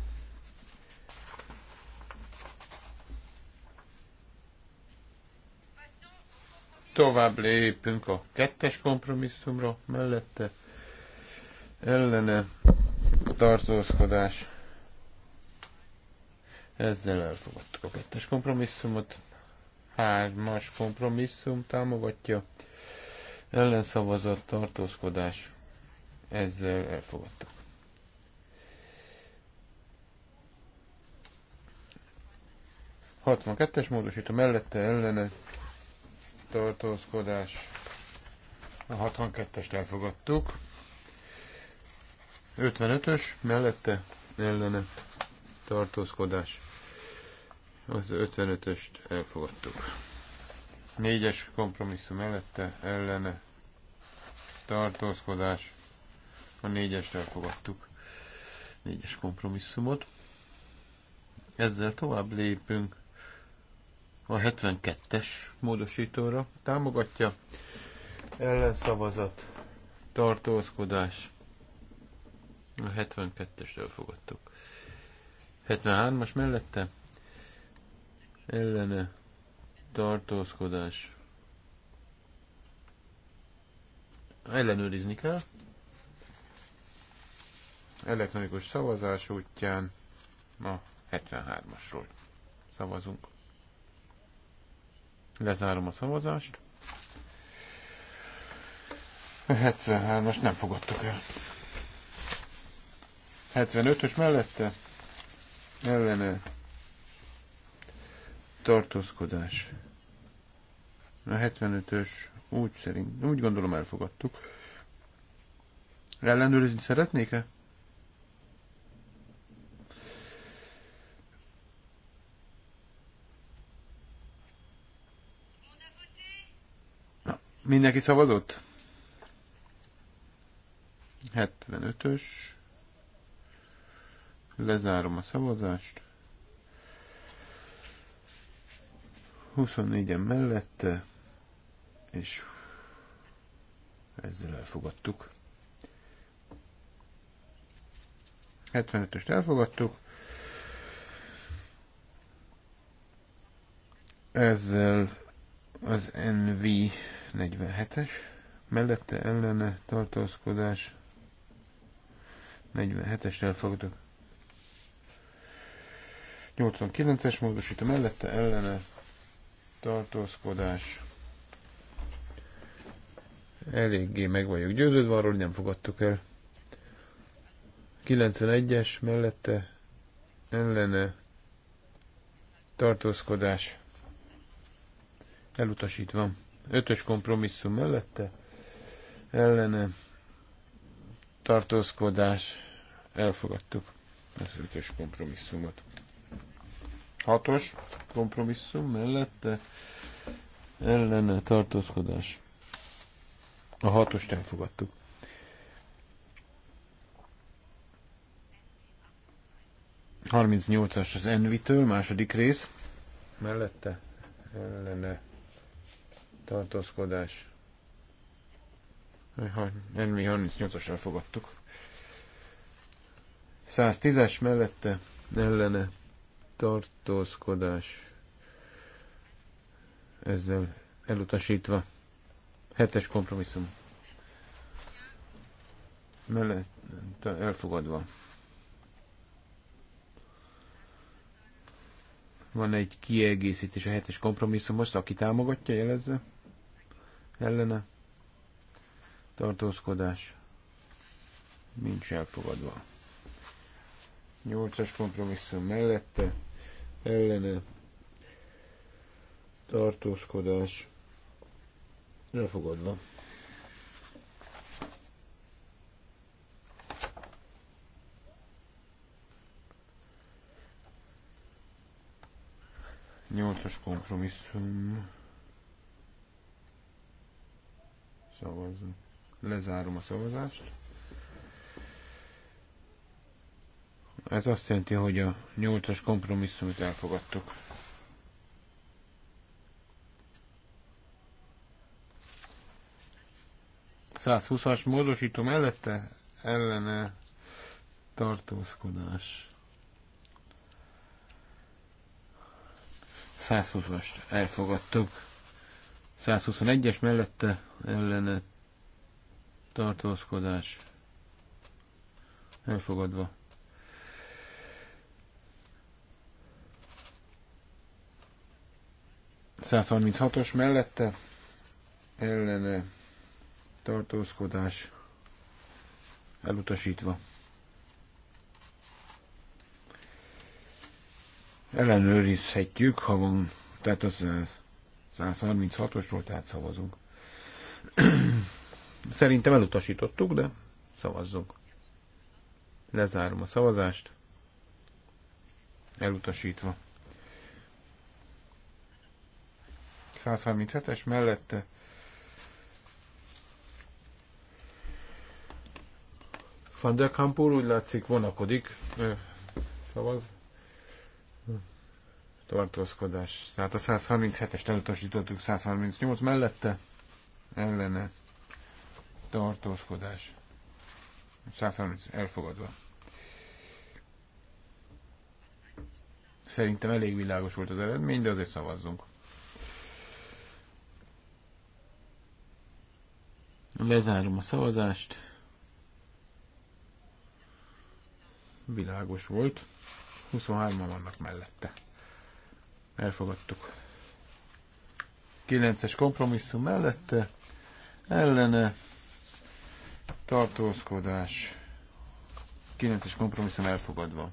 Tovább lépünk a kettes kompromisszumra mellette. Ellene tartózkodás. Ezzel elfogadtuk a kettes kompromisszumot. Hármas kompromisszum támogatja. Ellenszavazat tartózkodás. Ezzel elfogadtuk. Hatvankettes módosító mellette ellene tartózkodás. A 62-est elfogadtuk. 55-ös mellette ellene tartózkodás. Az 55-öst elfogadtuk. 4-es kompromisszum mellette ellene tartózkodás. A 4-est elfogadtuk. 4-es kompromisszumot. Ezzel tovább lépünk a 72-es módosítóra támogatja. Ellenszavazat, tartózkodás. A 72 es elfogadtuk. 73-as mellette ellene tartózkodás. Ellenőrizni kell. Elektronikus szavazás útján a 73-asról szavazunk. Lezárom a szavazást. 73-as nem fogadtak el. 75-ös mellette ellene tartózkodás. A 75-ös úgy szerint, úgy gondolom elfogadtuk. Ellenőrizni szeretnék-e? Mindenki szavazott? 75-ös. Lezárom a szavazást. 24-en mellette, és ezzel elfogadtuk. 75-öst elfogadtuk. Ezzel az NV 47-es, mellette ellene tartózkodás 47 es elfogadó. 89-es a mellette ellene tartózkodás eléggé meg vagyok győződve arról, hogy nem fogadtuk el. 91-es mellette ellene tartózkodás elutasítva. Ötös kompromisszum mellette ellene tartózkodás elfogadtuk az ötös kompromisszumot. Hatos kompromisszum mellette ellene tartózkodás. A hatost elfogadtuk. Harmincnyolcas az Envitől, második rész. Mellette ellene tartózkodás. Envi 38 asra fogadtuk. 110-es mellette ellene tartózkodás ezzel elutasítva. Hetes kompromisszum. Mellett elfogadva. Van egy kiegészítés a hetes most aki támogatja, jelezze ellene tartózkodás nincs elfogadva. Nyolcas kompromisszum mellette ellene tartózkodás elfogadva. Nyolcas kompromisszum Szavazzunk. Lezárom a szavazást. Ez azt jelenti, hogy a nyolcas kompromisszumot elfogadtuk. A 120-as módosító mellette ellene tartózkodás. 120-ast elfogadtuk. 121-es mellette ellene tartózkodás elfogadva. os mellette ellene tartózkodás elutasítva. Ellenőrizhetjük, ha van, tehát az 136-osról tehát szavazunk. Szerintem elutasítottuk, de szavazzunk. Lezárom a szavazást. Elutasítva. 137-es mellette Van der Kampur úgy látszik vonakodik, szavaz. Hm. Tartózkodás. Tehát a 137-est elutasítottuk 138 mellette ellene tartózkodás 130 elfogadva. Szerintem elég világos volt az eredmény, de azért szavazzunk. Lezárom a szavazást. Világos volt. 23-an vannak mellette. Elfogadtuk. 9-es kompromisszum mellette ellene tartózkodás 9-es kompromisszum elfogadva.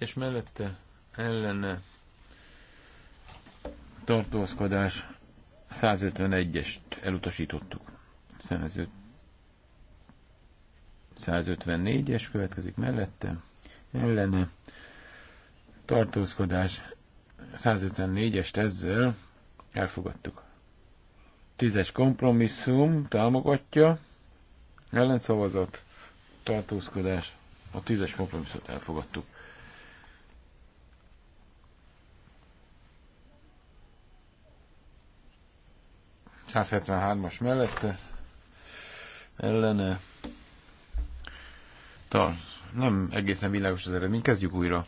es mellette ellene tartózkodás 151-est elutasítottuk. 154-es következik mellette ellene tartózkodás 154-est ezzel elfogadtuk. Tízes kompromisszum támogatja, ellenszavazat, tartózkodás, a tízes kompromisszumot elfogadtuk. as mellette ellene tal. Nem egészen világos az eredmény. Kezdjük újra.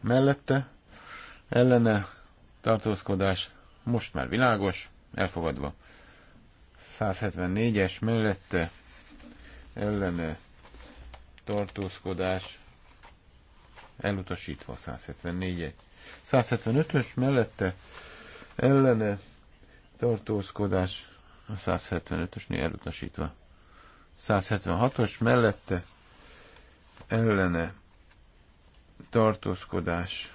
Mellette, ellene, tartózkodás, most már világos, elfogadva. 174-es mellette, ellene, tartózkodás, elutasítva 174 e 175-ös mellette, ellene, tartózkodás, a 175-ösnél elutasítva. 176-os mellette ellene tartózkodás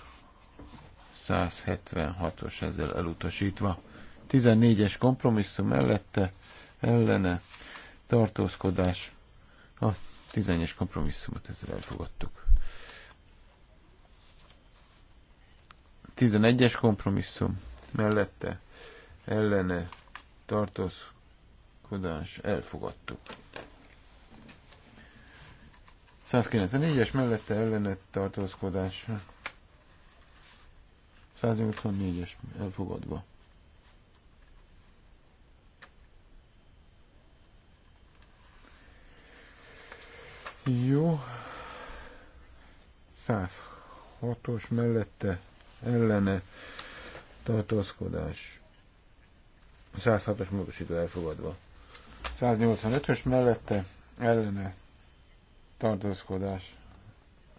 176-os ezzel elutasítva. 14-es kompromisszum mellette ellene tartózkodás a 11-es kompromisszumot ezzel elfogadtuk. 11-es kompromisszum mellette ellene tartózkodás elfogadtuk. 194-es mellette ellenet tartózkodás. 184-es elfogadva. Jó. 106-os mellette ellene tartózkodás. 106-os módosító elfogadva. 185-ös mellette ellene tartózkodás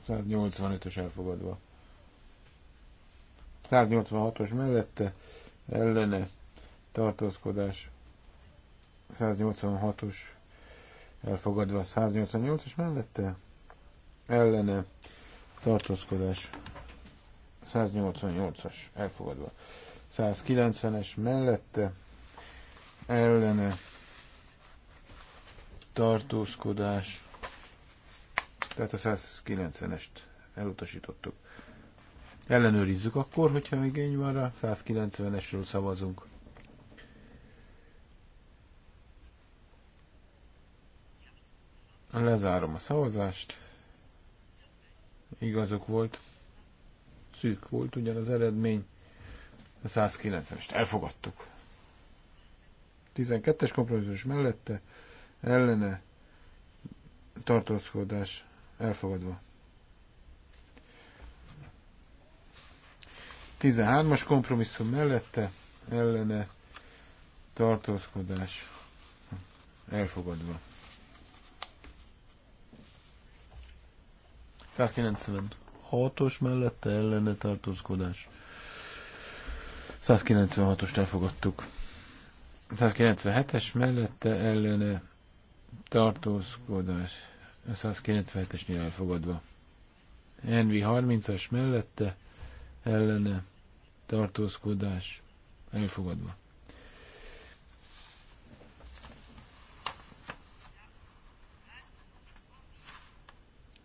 185-ös elfogadva. 186-os mellette ellene tartózkodás 186-os elfogadva 188-os mellette ellene tartózkodás 188-as elfogadva 190-es mellette ellene tartózkodás tehát a 190-est elutasítottuk. Ellenőrizzük akkor, hogyha igény van rá. 190-esről szavazunk. Lezárom a szavazást. Igazok volt. Szűk volt ugyan az eredmény. A 190-est elfogadtuk. 12-es kompromisszus mellette ellene tartózkodás elfogadva. 13-as kompromisszum mellette ellene tartózkodás elfogadva. 196-os mellette ellene tartózkodás. 196-ost elfogadtuk. 197-es mellette ellene tartózkodás a 197-esnél elfogadva. Envi 30-as mellette ellene tartózkodás elfogadva.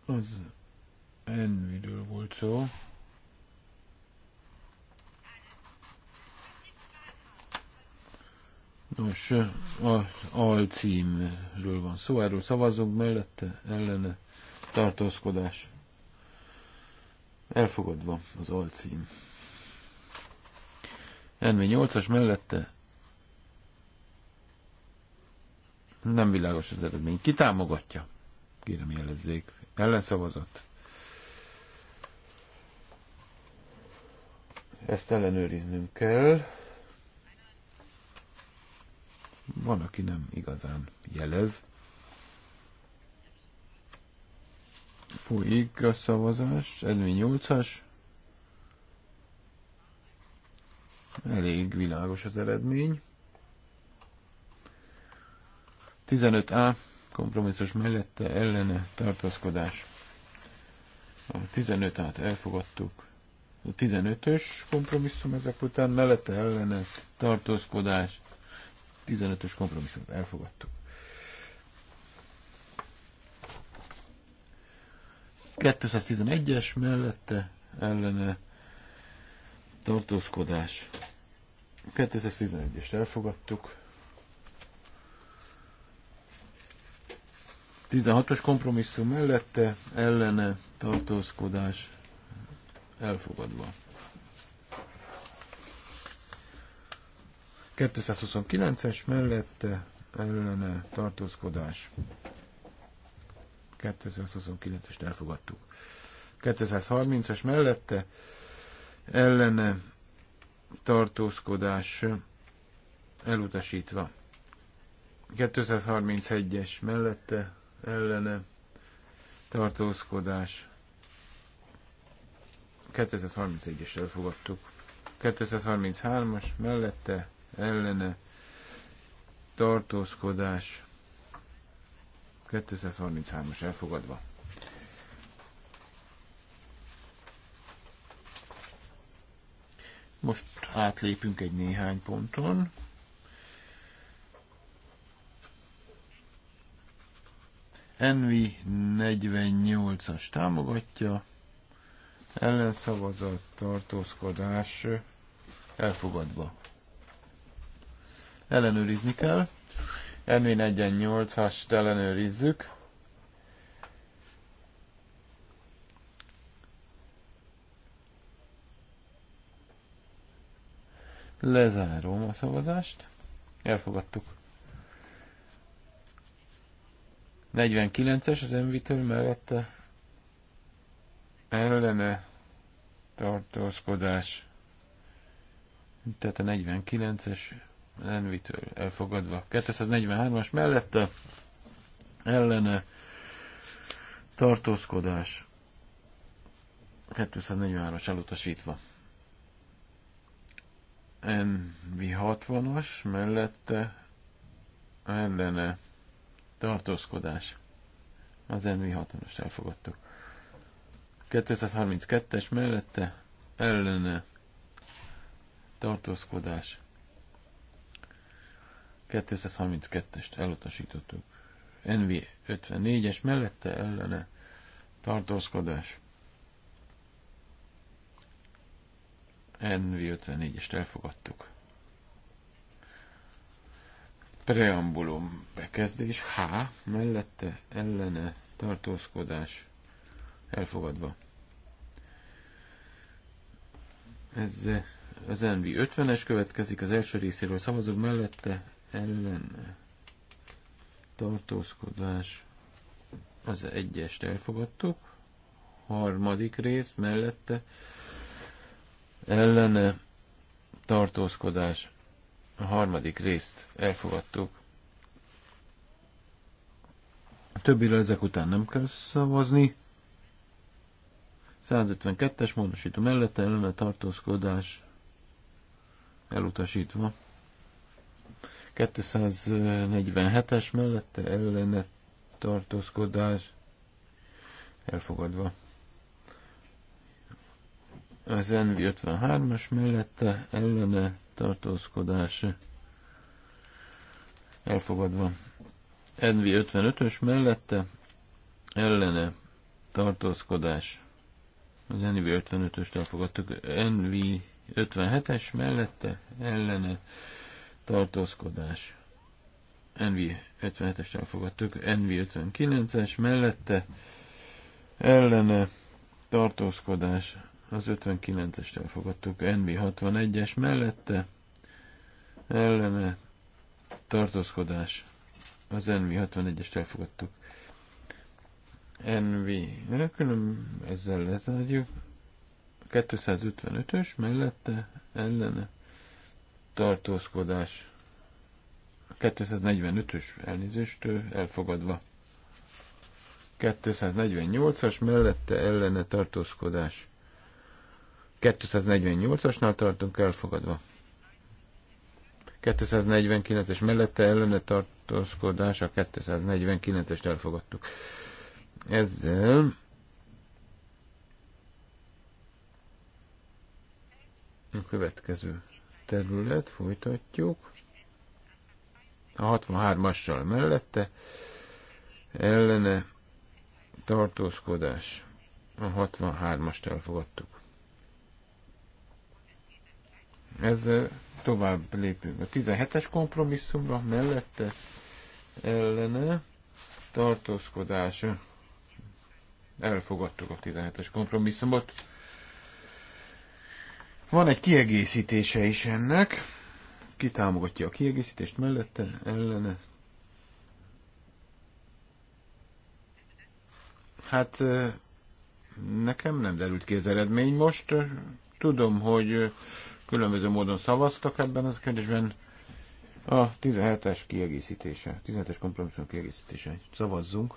Az enviről volt szó. Nos, a alcímről van szó, erről szavazunk mellette, ellene tartózkodás. Elfogadva az alcím. Ennél 8 as mellette nem világos az eredmény. Ki támogatja? Kérem jelezzék. Ellenszavazat. Ezt ellenőriznünk kell van, aki nem igazán jelez. Folyik a szavazás, edmény 8-as. Elég világos az eredmény. 15A kompromisszus mellette ellene tartózkodás. A 15-át elfogadtuk. A 15-ös kompromisszum ezek után mellette ellene tartózkodás 15-ös kompromisszumot elfogadtuk. 211-es mellette ellene tartózkodás. 211-est elfogadtuk. 16-os kompromisszum mellette ellene tartózkodás elfogadva. 229-es mellette ellene tartózkodás. 229-est elfogadtuk. 230-es mellette ellene tartózkodás elutasítva. 231-es mellette ellene tartózkodás 231-es elfogadtuk. 233-as mellette ellene tartózkodás 233-as elfogadva. Most átlépünk egy néhány ponton. Envi 48-as támogatja, ellenszavazat, tartózkodás elfogadva ellenőrizni kell. Envin 1-8-ast ellenőrizzük. Lezárom a szavazást. Elfogadtuk. 49-es az Envitől mellette ellene tartózkodás. Tehát a 49-es Envitől elfogadva. 243-as mellette ellene tartózkodás 243-as elutasítva. NV60-as mellette ellene tartózkodás. Az NV60-as elfogadtuk. 232-es mellette ellene tartózkodás 232-est elutasítottuk. NV 54-es mellette ellene tartózkodás. NV 54-est elfogadtuk. Preambulum bekezdés H mellette ellene tartózkodás elfogadva. Ez az NV 50-es következik, az első részéről szavazunk mellette, ellen tartózkodás az egyest elfogadtuk, harmadik rész mellette ellene tartózkodás a harmadik részt elfogadtuk. A többire ezek után nem kell szavazni. 152-es módosító mellette ellene tartózkodás elutasítva. 247-es mellette ellene tartózkodás elfogadva. Az NV 53-as mellette ellene tartózkodás elfogadva. NV 55-ös mellette ellene tartózkodás. Az NV 55-öst elfogadtuk. NV 57-es mellette ellene tartózkodás. NV 57-est elfogadtuk, NV 59-es mellette ellene tartózkodás, az 59-est elfogadtuk, NV 61-es mellette ellene tartózkodás, az NV 61-est elfogadtuk. NV, eh, külön ezzel lezárjuk, 255-ös mellette ellene tartózkodás 245-ös elnézést elfogadva. 248-as mellette ellene tartózkodás 248-asnál tartunk elfogadva. 249-es mellette ellene tartózkodás a 249-est elfogadtuk. Ezzel a következő terület, folytatjuk. A 63-assal mellette ellene tartózkodás. A 63-ast elfogadtuk. Ezzel tovább lépünk a 17-es kompromisszumra, mellette ellene tartózkodás. Elfogadtuk a 17-es kompromisszumot. Van egy kiegészítése is ennek. Ki támogatja a kiegészítést mellette, ellene? Hát nekem nem derült ki az eredmény most. Tudom, hogy különböző módon szavaztak ebben az kérdésben. A 17-es kiegészítése, 17-es kompromisszum kiegészítése. Szavazzunk.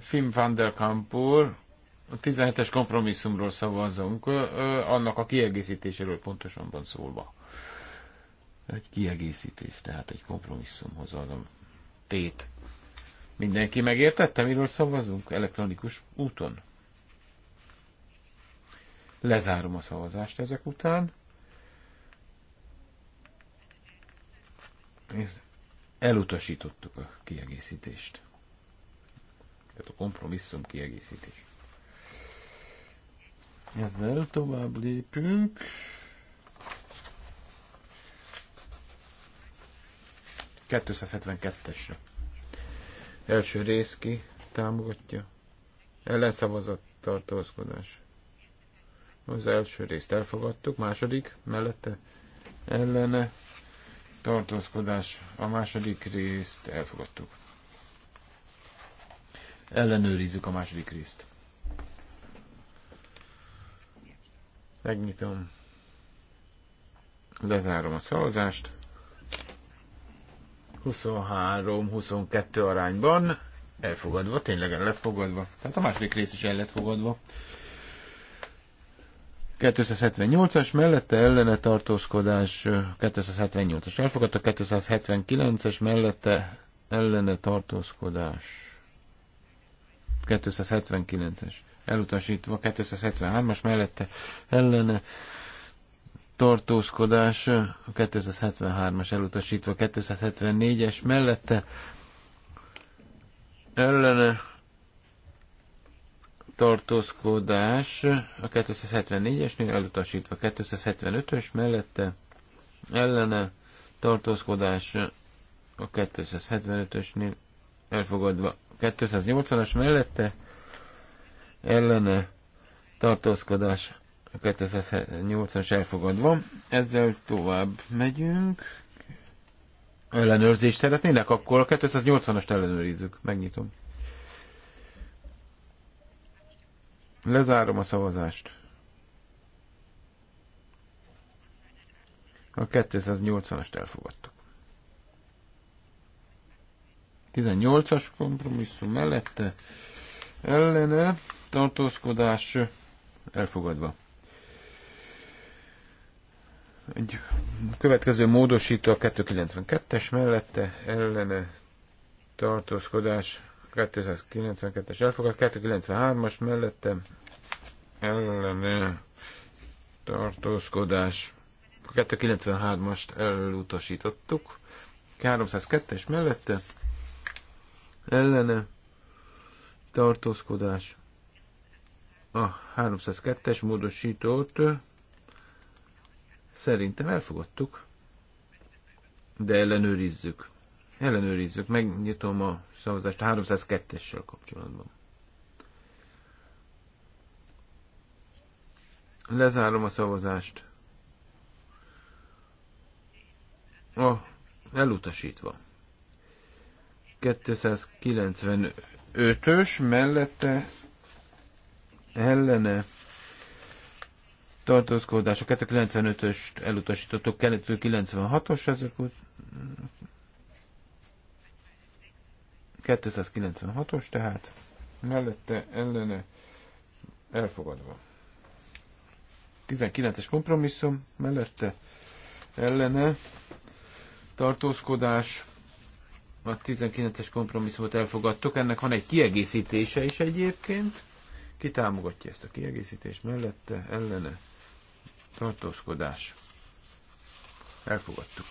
Fim van der Kampur, a 17-es kompromisszumról szavazunk, annak a kiegészítéséről pontosan van szólva. Egy kiegészítés, tehát egy kompromisszumhoz az a tét. Mindenki megértette, miről szavazunk elektronikus úton? Lezárom a szavazást ezek után. Elutasítottuk a kiegészítést. Tehát a kompromisszum kiegészítés. Ezzel tovább lépünk. ...272-esre. Első rész ki támogatja. Ellenszavazat tartózkodás. Az első részt elfogadtuk, második mellette ellene tartózkodás. A második részt elfogadtuk. Ellenőrizzük a második részt. Megnyitom. Lezárom a szavazást. 23-22 arányban elfogadva, tényleg el lett fogadva. Tehát a második rész is el lett fogadva. 278-as mellette ellene tartózkodás 278-as elfogadta, 279-es mellette ellene tartózkodás 279-es elutasítva 273-as mellette ellene tartózkodás, a 273-as elutasítva 274-es mellette ellene tartózkodás a 274-esnél elutasítva 275-ös mellette ellene tartózkodás a 275-ösnél elfogadva 280-as mellette ellene tartózkodás 2008-as elfogadva. Ezzel tovább megyünk. Ellenőrzést szeretnének? Akkor a 280-ast ellenőrizzük. Megnyitom. Lezárom a szavazást. A 280-ast elfogadtuk. 18-as kompromisszum mellette ellene tartózkodás elfogadva. Egy következő módosító a 292-es mellette ellene tartózkodás 292-es elfogad, 293-as mellette ellene tartózkodás 293-ast elutasítottuk, 302-es mellette ellene tartózkodás a 302-es módosítót szerintem elfogadtuk, de ellenőrizzük. Ellenőrizzük, megnyitom a szavazást 302-essel kapcsolatban. Lezárom a szavazást. A, elutasítva. 295-ös mellette ellene tartózkodás, a 295-öst elutasítottuk, 296-os ezek úgy. 296-os tehát, mellette ellene elfogadva. 19-es kompromisszum, mellette ellene tartózkodás, a 19-es kompromisszumot elfogadtuk, ennek van egy kiegészítése is egyébként, ki támogatja ezt a kiegészítést mellette, ellene, tartózkodás. Elfogadtuk.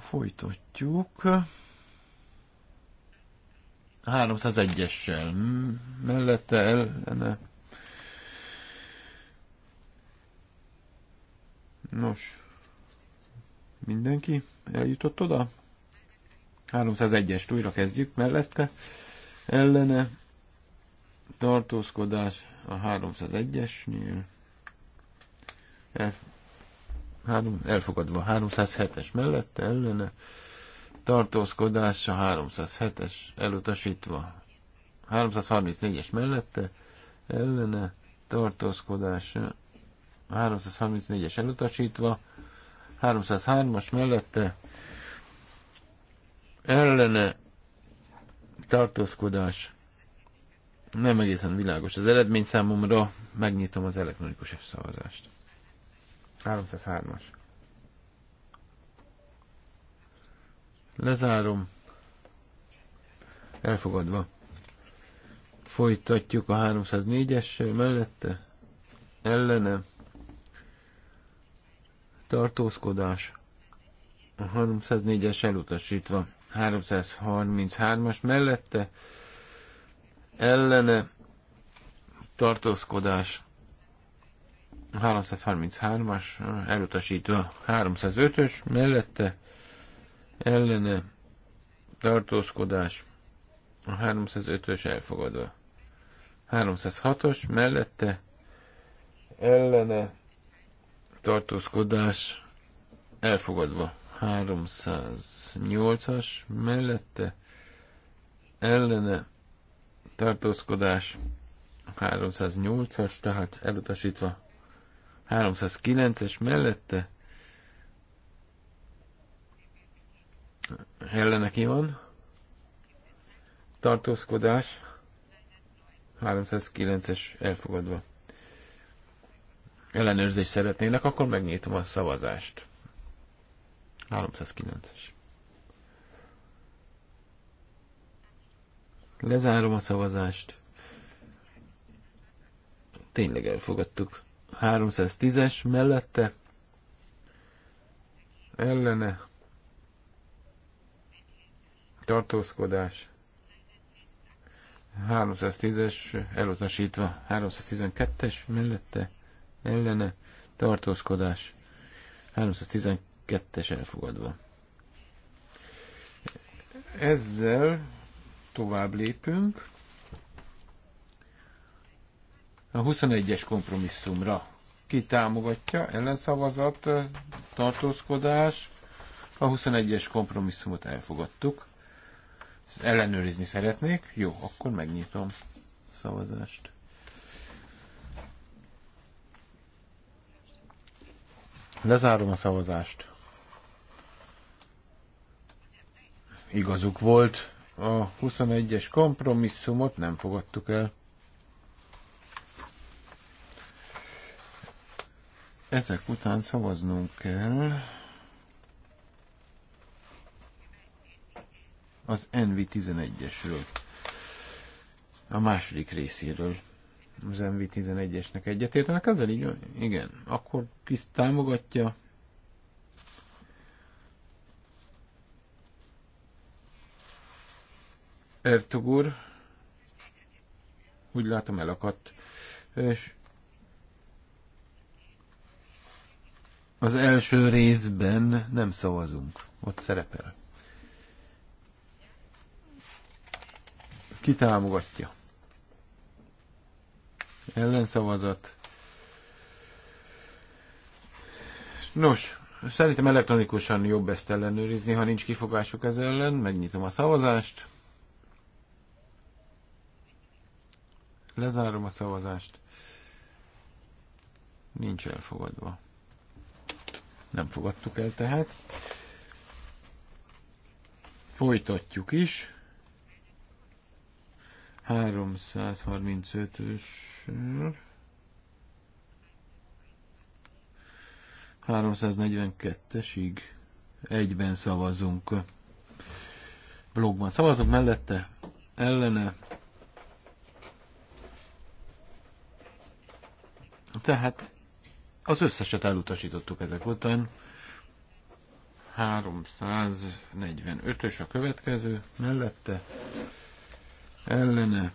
Folytatjuk. 301-essel mellette ellene. Nos, mindenki eljutott oda? 301-est újra kezdjük mellette. Ellene tartózkodás a 301-esnél. El, három, elfogadva 307-es mellette ellene tartózkodás a 307-es elutasítva. 334-es mellette ellene tartózkodás a 334-es elutasítva. 303-as mellette ellene tartózkodás nem egészen világos. Az eredmény számomra megnyitom az elektronikus szavazást. 303-as. Lezárom. Elfogadva. Folytatjuk a 304-es mellette. Ellene tartózkodás. A 304-es elutasítva. 333-as mellette ellene tartózkodás. 333-as elutasítva. 305-ös mellette ellene tartózkodás. A 305-ös elfogadva. 306-os mellette ellene tartózkodás elfogadva. 308-as mellette ellene tartózkodás 308-as, tehát elutasítva 309-es mellette ellene ki van tartózkodás 309-es elfogadva ellenőrzést szeretnének, akkor megnyitom a szavazást. 309-es. Lezárom a szavazást. Tényleg elfogadtuk. 310-es mellette. Ellene. Tartózkodás. 310-es elutasítva. 312-es mellette ellene tartózkodás 312-es elfogadva. Ezzel tovább lépünk a 21-es kompromisszumra. Ki támogatja ellenszavazat, tartózkodás. A 21-es kompromisszumot elfogadtuk. Ezt ellenőrizni szeretnék? Jó, akkor megnyitom a szavazást. Lezárom a szavazást. Igazuk volt, a 21-es kompromisszumot nem fogadtuk el. Ezek után szavaznunk kell az NV11-esről, a második részéről az MV11-esnek egyetértenek ezzel, így igen, akkor Krisz támogatja. Ertugur, úgy látom elakadt, és az első részben nem szavazunk, ott szerepel. Ki támogatja? ellenszavazat. Nos, szerintem elektronikusan jobb ezt ellenőrizni, ha nincs kifogásuk ez ellen. Megnyitom a szavazást. Lezárom a szavazást. Nincs elfogadva. Nem fogadtuk el tehát. Folytatjuk is. 335-ösről. 342-esig egyben szavazunk. Blogban szavazok mellette, ellene. Tehát az összeset elutasítottuk ezek után. 345-ös a következő, mellette ellene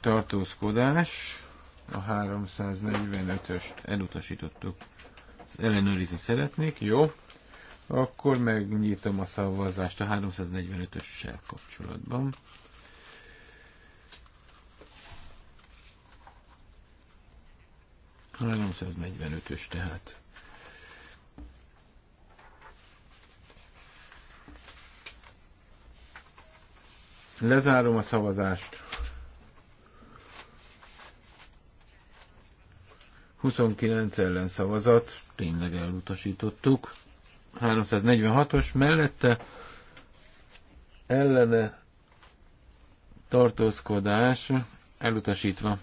tartózkodás, a 345-öst elutasítottuk. Ezt ellenőrizni szeretnék, jó? Akkor megnyitom a szavazást a 345-össel kapcsolatban. ös tehát. Lezárom a szavazást. 29 ellen szavazat, tényleg elutasítottuk. 346-os mellette ellene tartózkodás elutasítva.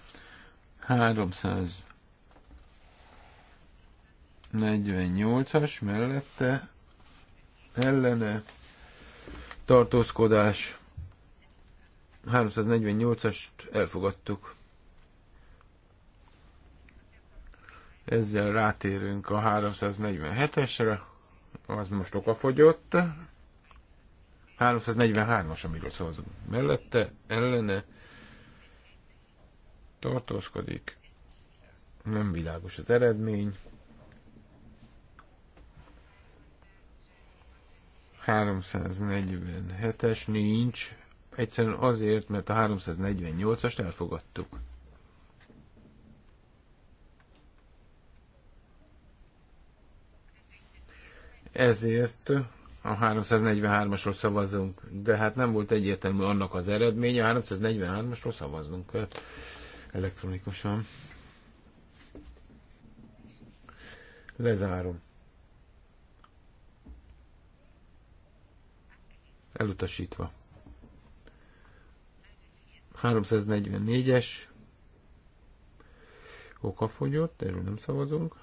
348-as mellette ellene tartózkodás 348-ast elfogadtuk. Ezzel rátérünk a 347-esre, az most okafogyott. 343-as, amiről szavazunk. Mellette, ellene tartózkodik. Nem világos az eredmény. 347-es nincs Egyszerűen azért, mert a 348-ast elfogadtuk. Ezért a 343-asról szavazunk, de hát nem volt egyértelmű annak az eredménye, a 343-asról szavaznunk elektronikusan. Lezárom. Elutasítva. 344-es okafogyott, erről nem szavazunk,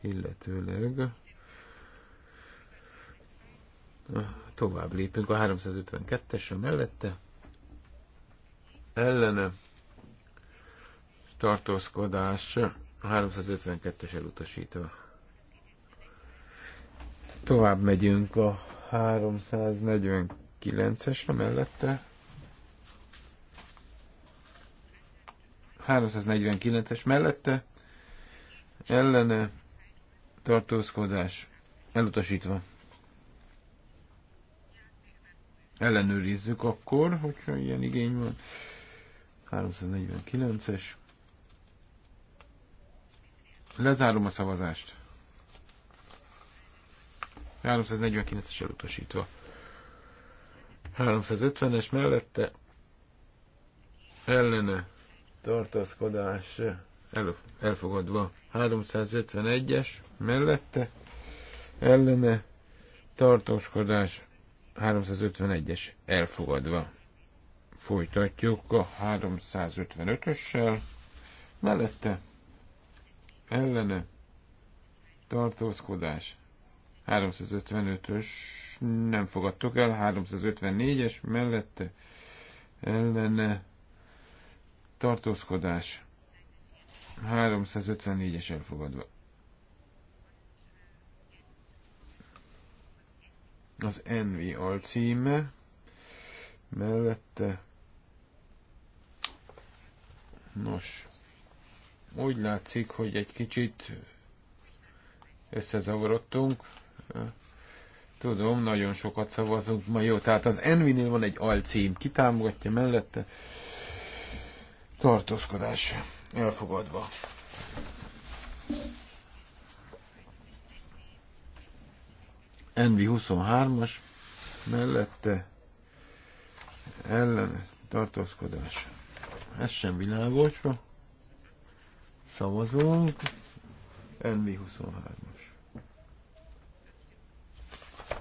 illetőleg ah, tovább lépünk a 352-esre mellette, ellene tartózkodás 352-es elutasítva. Tovább megyünk a 349-esre mellette 349-es mellette ellene tartózkodás elutasítva. Ellenőrizzük akkor, hogyha ilyen igény van. 349-es. Lezárom a szavazást. 349-es elutasítva. 350-es mellette ellene tartaszkodás el, elfogadva. 351-es mellette ellene tartózkodás 351-es elfogadva. Folytatjuk a 355-össel. Mellette ellene tartózkodás 355-ös nem fogadtok el, 354-es mellette ellene tartózkodás 354-es elfogadva. Az NV alcíme mellette nos úgy látszik, hogy egy kicsit összezavarodtunk. Tudom, nagyon sokat szavazunk ma. Jó, tehát az Envinél van egy alcím. kitámogatja mellette? tartózkodás elfogadva. Envi 23 as mellette ellen tartózkodás. Ez sem világosra. Szavazunk. Envi 23 as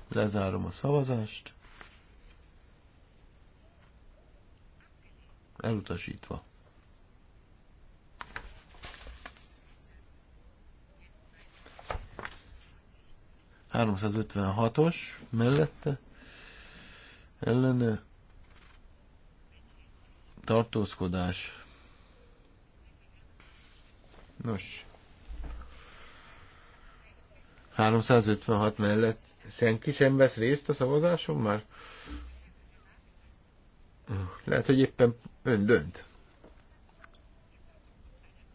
Lezárom a szavazást. Elutasítva. 356-os mellette ellene tartózkodás. Nos. 356 mellett senki sem vesz részt a szavazáson már? Lehet, hogy éppen ön dönt.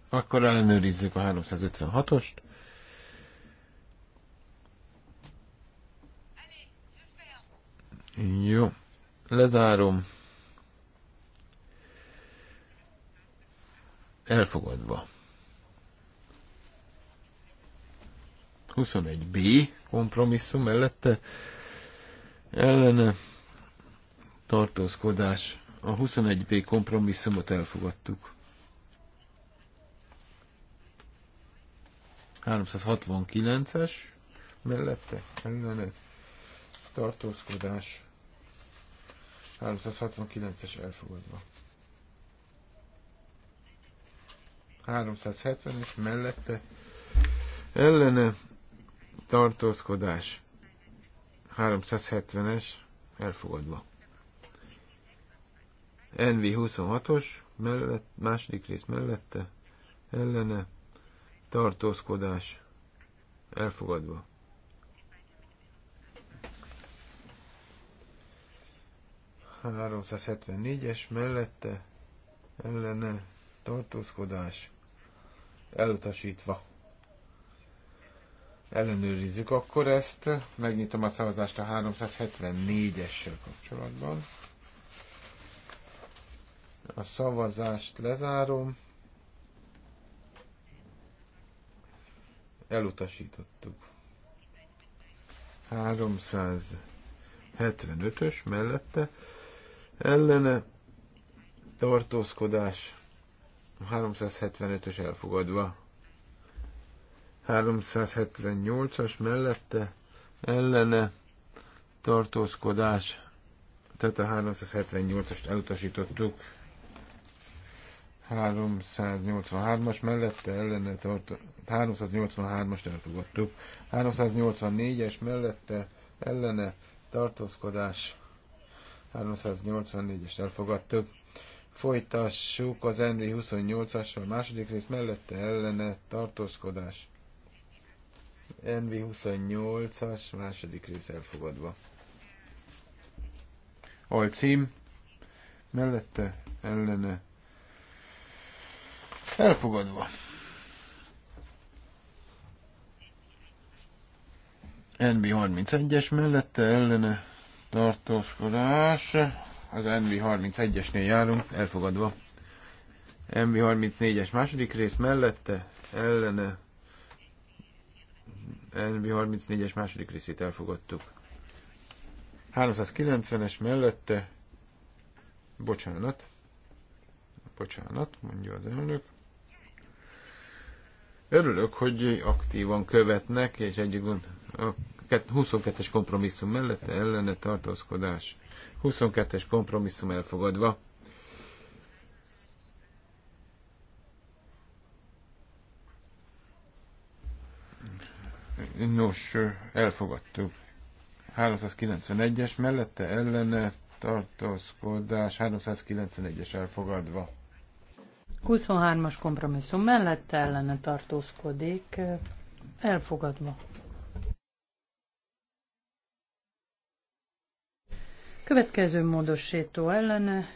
Akkor ellenőrizzük a 356-ost. Jó, lezárom. Elfogadva. 21b kompromisszum mellette ellene tartózkodás. A 21b kompromisszumot elfogadtuk. 369-es mellette ellene tartózkodás 369-es elfogadva. 370 és mellette ellene tartózkodás 370-es elfogadva. NV 26-os mellett, második rész mellette ellene tartózkodás elfogadva. 374-es mellette ellene tartózkodás elutasítva. Ellenőrizzük akkor ezt. Megnyitom a szavazást a 374-essel kapcsolatban. A szavazást lezárom. Elutasítottuk. 375-ös mellette ellene tartózkodás 375-ös elfogadva. 378-as mellette ellene tartózkodás, tehát a 378-ast elutasítottuk. 383-as mellette ellene tartó, 383-ast elfogadtuk. 384-es mellette ellene tartózkodás 384-est elfogadtuk. Folytassuk az NV 28 asról második rész mellette ellene tartózkodás. NV 28-as, második rész elfogadva. Alcím, mellette ellene elfogadva. NB31-es mellette ellene tartózkodás. Az NV31-esnél járunk, elfogadva. NV34-es második rész mellette, ellene. NV34-es második részét elfogadtuk. 390-es mellette, bocsánat, bocsánat, mondja az elnök. Örülök, hogy aktívan követnek, és egyik 22-es kompromisszum mellett ellene tartózkodás. 22-es kompromisszum elfogadva. Nos, elfogadtuk. 391-es mellette ellene tartózkodás 391-es elfogadva. 23-as kompromisszum mellette ellene tartózkodik elfogadva. Következő módosító ellene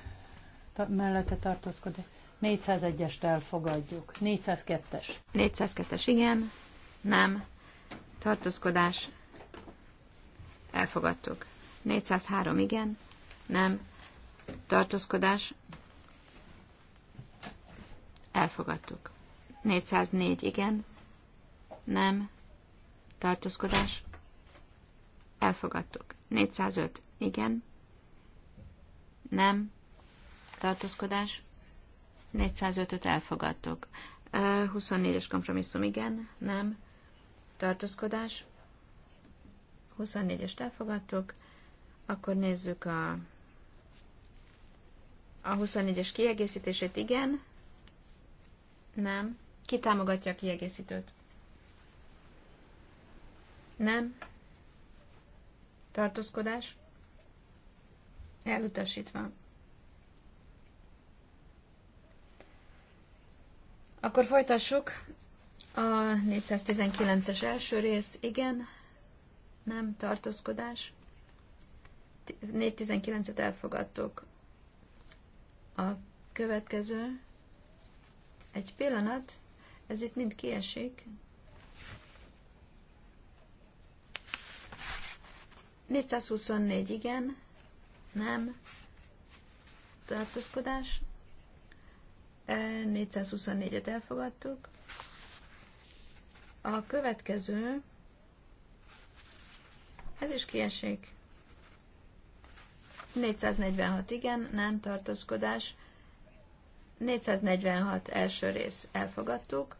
mellette tartózkodik. 401-est elfogadjuk. 402-es. 402-es igen, nem, tartózkodás, elfogadtuk. 403 igen, nem, tartózkodás, elfogadtuk. 404 igen, nem, tartózkodás, elfogadtuk. 405 igen, nem. Tartózkodás. 405-öt elfogadtok. 24-es kompromisszum, igen. Nem. Tartózkodás. 24-est elfogadtok. Akkor nézzük a, a 24-es kiegészítését, igen. Nem. Ki támogatja a kiegészítőt? Nem. Tartózkodás. Elutasítva. Akkor folytassuk a 419-es első rész. Igen, nem, tartózkodás. 419-et elfogadtuk. A következő. Egy pillanat, ez itt mind kiesik. 424, igen nem, tartózkodás, 424-et e, elfogadtuk. A következő, ez is kiesik. 446 igen, nem tartózkodás. 446 első rész elfogadtuk.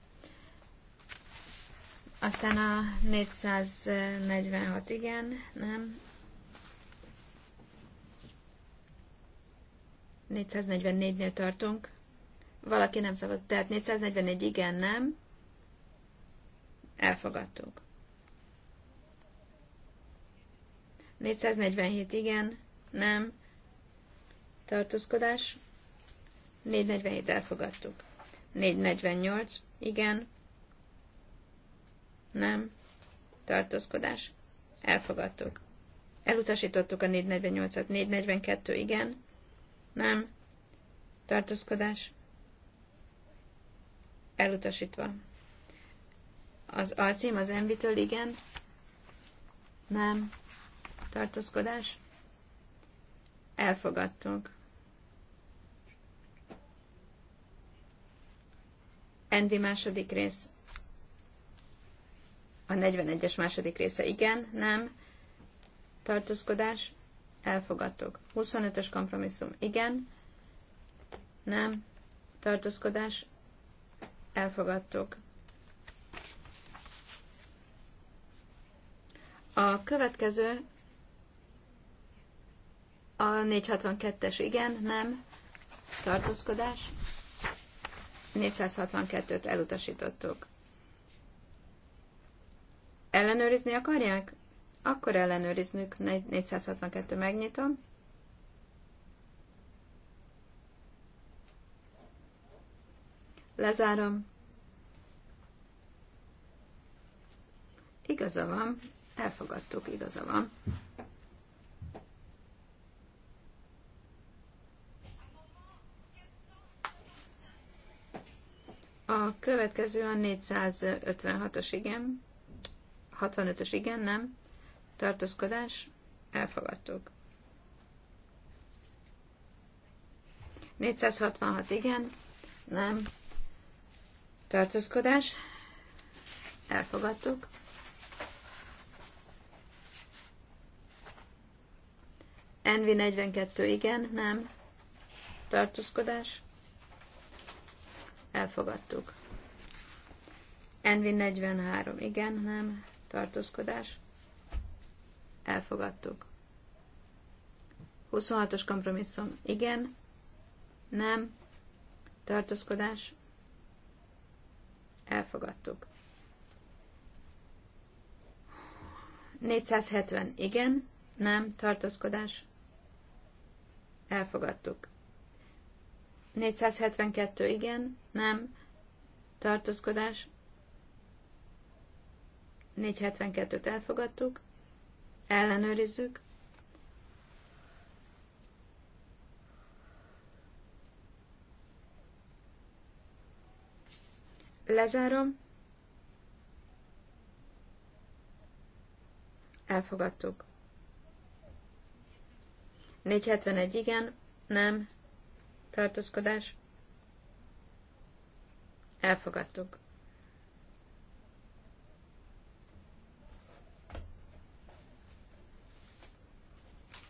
Aztán a 446 igen, nem 444-nél tartunk. Valaki nem szavaz. Tehát 444 igen, nem. Elfogadtuk. 447 igen, nem. Tartózkodás. 447 elfogadtuk. 448 igen, nem. Tartózkodás. Elfogadtuk. Elutasítottuk a 448-at. 442 igen, nem. Tartózkodás. Elutasítva. Az alcím az envitől igen. Nem. Tartózkodás. Elfogadtunk. Envi második rész. A 41-es második része igen, nem. Tartózkodás elfogadtuk. 25-ös kompromisszum, igen, nem, tartózkodás, elfogadtuk. A következő a 462-es, igen, nem, tartózkodás, 462-t elutasítottuk. Ellenőrizni akarják? Akkor ellenőriznük, 462 megnyitom. Lezárom. Igaza van, elfogadtuk, igaza van. A következő a 456-os igen, 65-ös igen, nem tartózkodás, elfogadtuk. 466 igen, nem, tartózkodás, elfogadtuk. Envi 42 igen, nem, tartózkodás, elfogadtuk. Envi 43 igen, nem, tartózkodás, elfogadtuk. 26-os kompromisszum. Igen, nem, tartózkodás, elfogadtuk. 470. Igen, nem, tartózkodás, elfogadtuk. 472. Igen, nem, tartózkodás, 472-t elfogadtuk ellenőrizzük. Lezárom. Elfogadtuk. 471 igen, nem, tartózkodás. Elfogadtuk.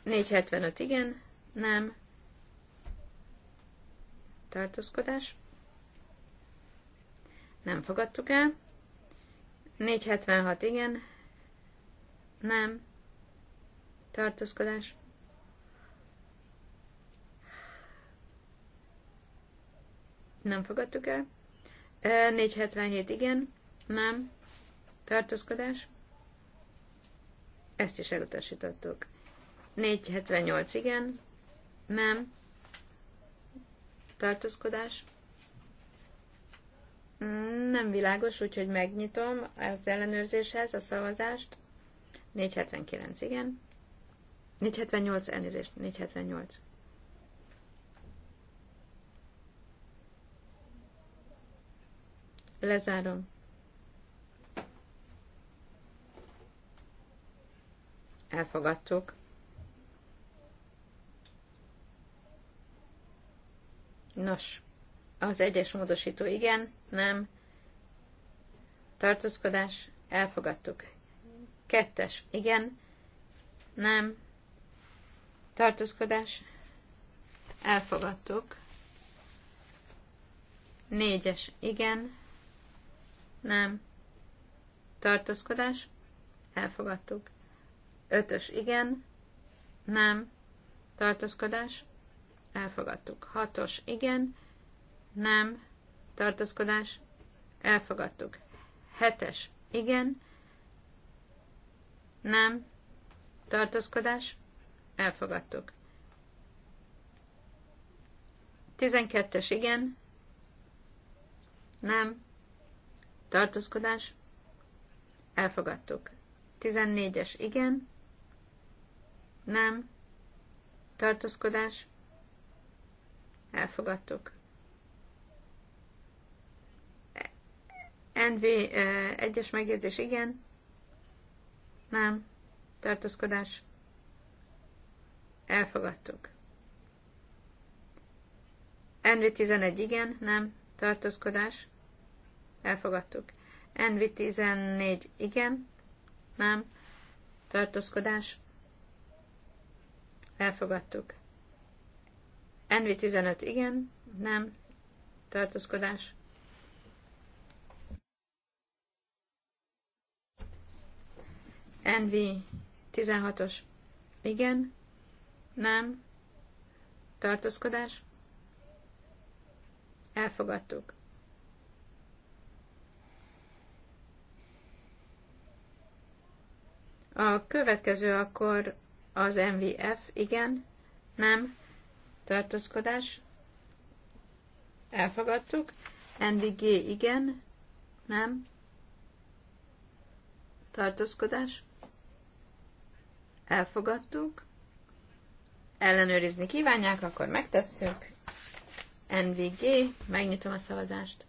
475 igen, nem. Tartózkodás. Nem fogadtuk el. 476 igen, nem. Tartózkodás. Nem fogadtuk el. 477 igen, nem. Tartózkodás. Ezt is elutasítottuk. 478 igen, nem, tartózkodás. Nem világos, úgyhogy megnyitom az ellenőrzéshez a szavazást. 479, igen. 478, elnézést, 478. Lezárom. Elfogadtuk. Nos, az egyes módosító igen, nem, tartózkodás, elfogadtuk. Kettes, igen, nem, tartózkodás, elfogadtuk. Négyes, igen, nem, tartózkodás, elfogadtuk. Ötös, igen, nem, tartózkodás, elfogadtuk. Hatos, igen, nem, tartózkodás, elfogadtuk. Hetes, igen, nem, tartózkodás, elfogadtuk. Tizenkettes, igen, nem, tartózkodás, elfogadtuk. Tizennégyes, igen, nem, tartózkodás, elfogadtuk. NV egyes megjegyzés igen, nem, tartózkodás, elfogadtuk. NV11 igen, nem, tartózkodás, elfogadtuk. NV14 igen, nem, tartózkodás, elfogadtuk. NV15 igen, nem, tartózkodás. NV 16-os igen, nem, tartózkodás. Elfogadtuk. A következő akkor az MVF, igen, nem, tartózkodás, elfogadtuk. NDG igen, nem, tartózkodás, elfogadtuk. Ellenőrizni kívánják, akkor megtesszük. NVG, megnyitom a szavazást.